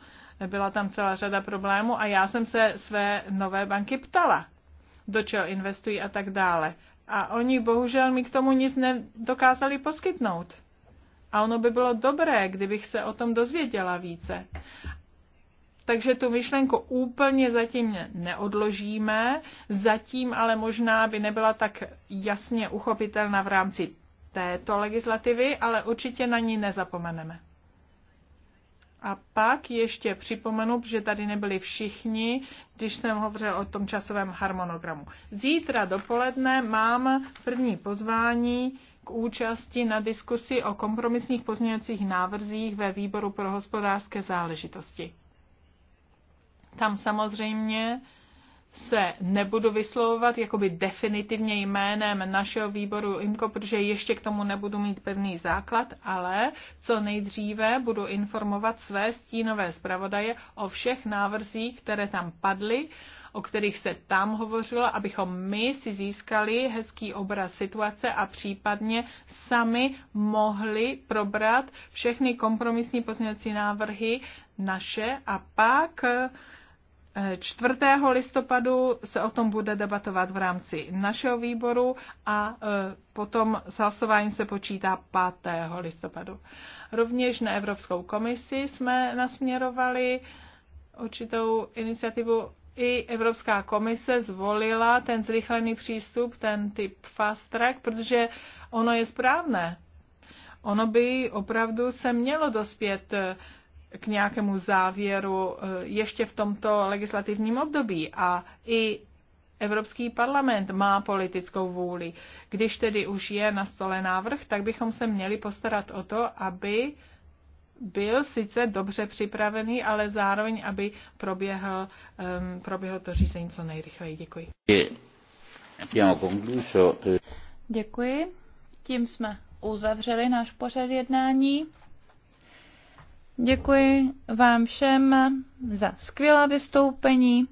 byla tam celá řada problémů a já jsem se své nové banky ptala, do čeho investují a tak dále. A oni bohužel mi k tomu nic nedokázali poskytnout. A ono by bylo dobré, kdybych se o tom dozvěděla více. Takže tu myšlenku úplně zatím neodložíme, zatím ale možná by nebyla tak jasně uchopitelná v rámci této legislativy, ale určitě na ní nezapomeneme. A pak ještě připomenu, že tady nebyli všichni, když jsem hovořil o tom časovém harmonogramu. Zítra dopoledne mám první pozvání k účasti na diskusi o kompromisních pozměňovacích návrzích ve výboru pro hospodářské záležitosti. Tam samozřejmě se nebudu vyslovovat jakoby definitivně jménem našeho výboru IMCO, protože ještě k tomu nebudu mít pevný základ, ale co nejdříve budu informovat své stínové zpravodaje o všech návrzích, které tam padly, o kterých se tam hovořilo, abychom my si získali hezký obraz situace a případně sami mohli probrat všechny kompromisní pozměňovací návrhy naše a pak 4. listopadu se o tom bude debatovat v rámci našeho výboru a e, potom s hlasováním se počítá 5. listopadu. Rovněž na Evropskou komisi jsme nasměrovali určitou iniciativu. I Evropská komise zvolila ten zrychlený přístup, ten typ fast track, protože ono je správné. Ono by opravdu se mělo dospět e, k nějakému závěru eh, ještě v tomto legislativním období a i Evropský parlament má politickou vůli. Když tedy už je na stole návrh, tak bychom se měli postarat o to, aby byl sice dobře připravený, ale zároveň, aby proběhl, um, ehm, proběhl to řízení co nejrychleji. Děkuji. Eh. Děkuji. Tím jsme uzavřeli náš pořad jednání. Děkuji vám všem za skvělá vystoupení.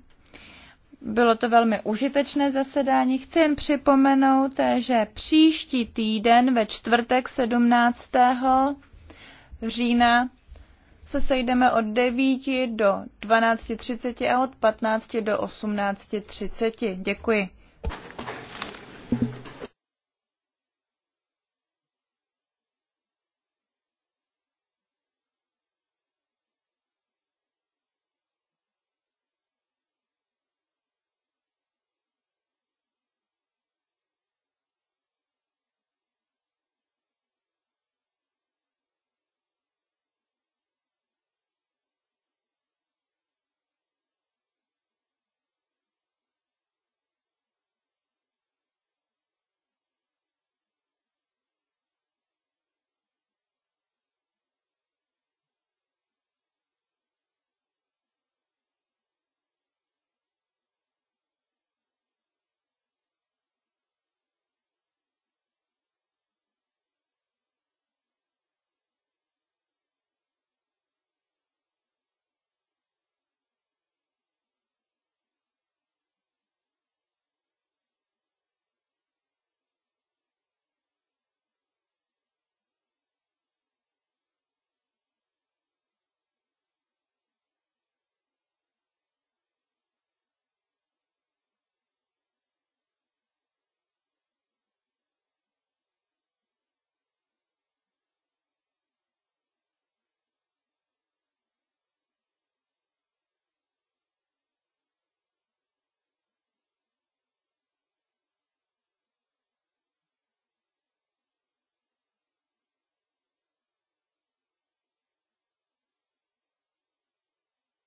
Bylo to velmi užitečné zasedání. Chci jen připomenout, že příští týden ve čtvrtek 17. října se sejdeme od 9 do 12.30 a od 15 do 18.30. Děkuji.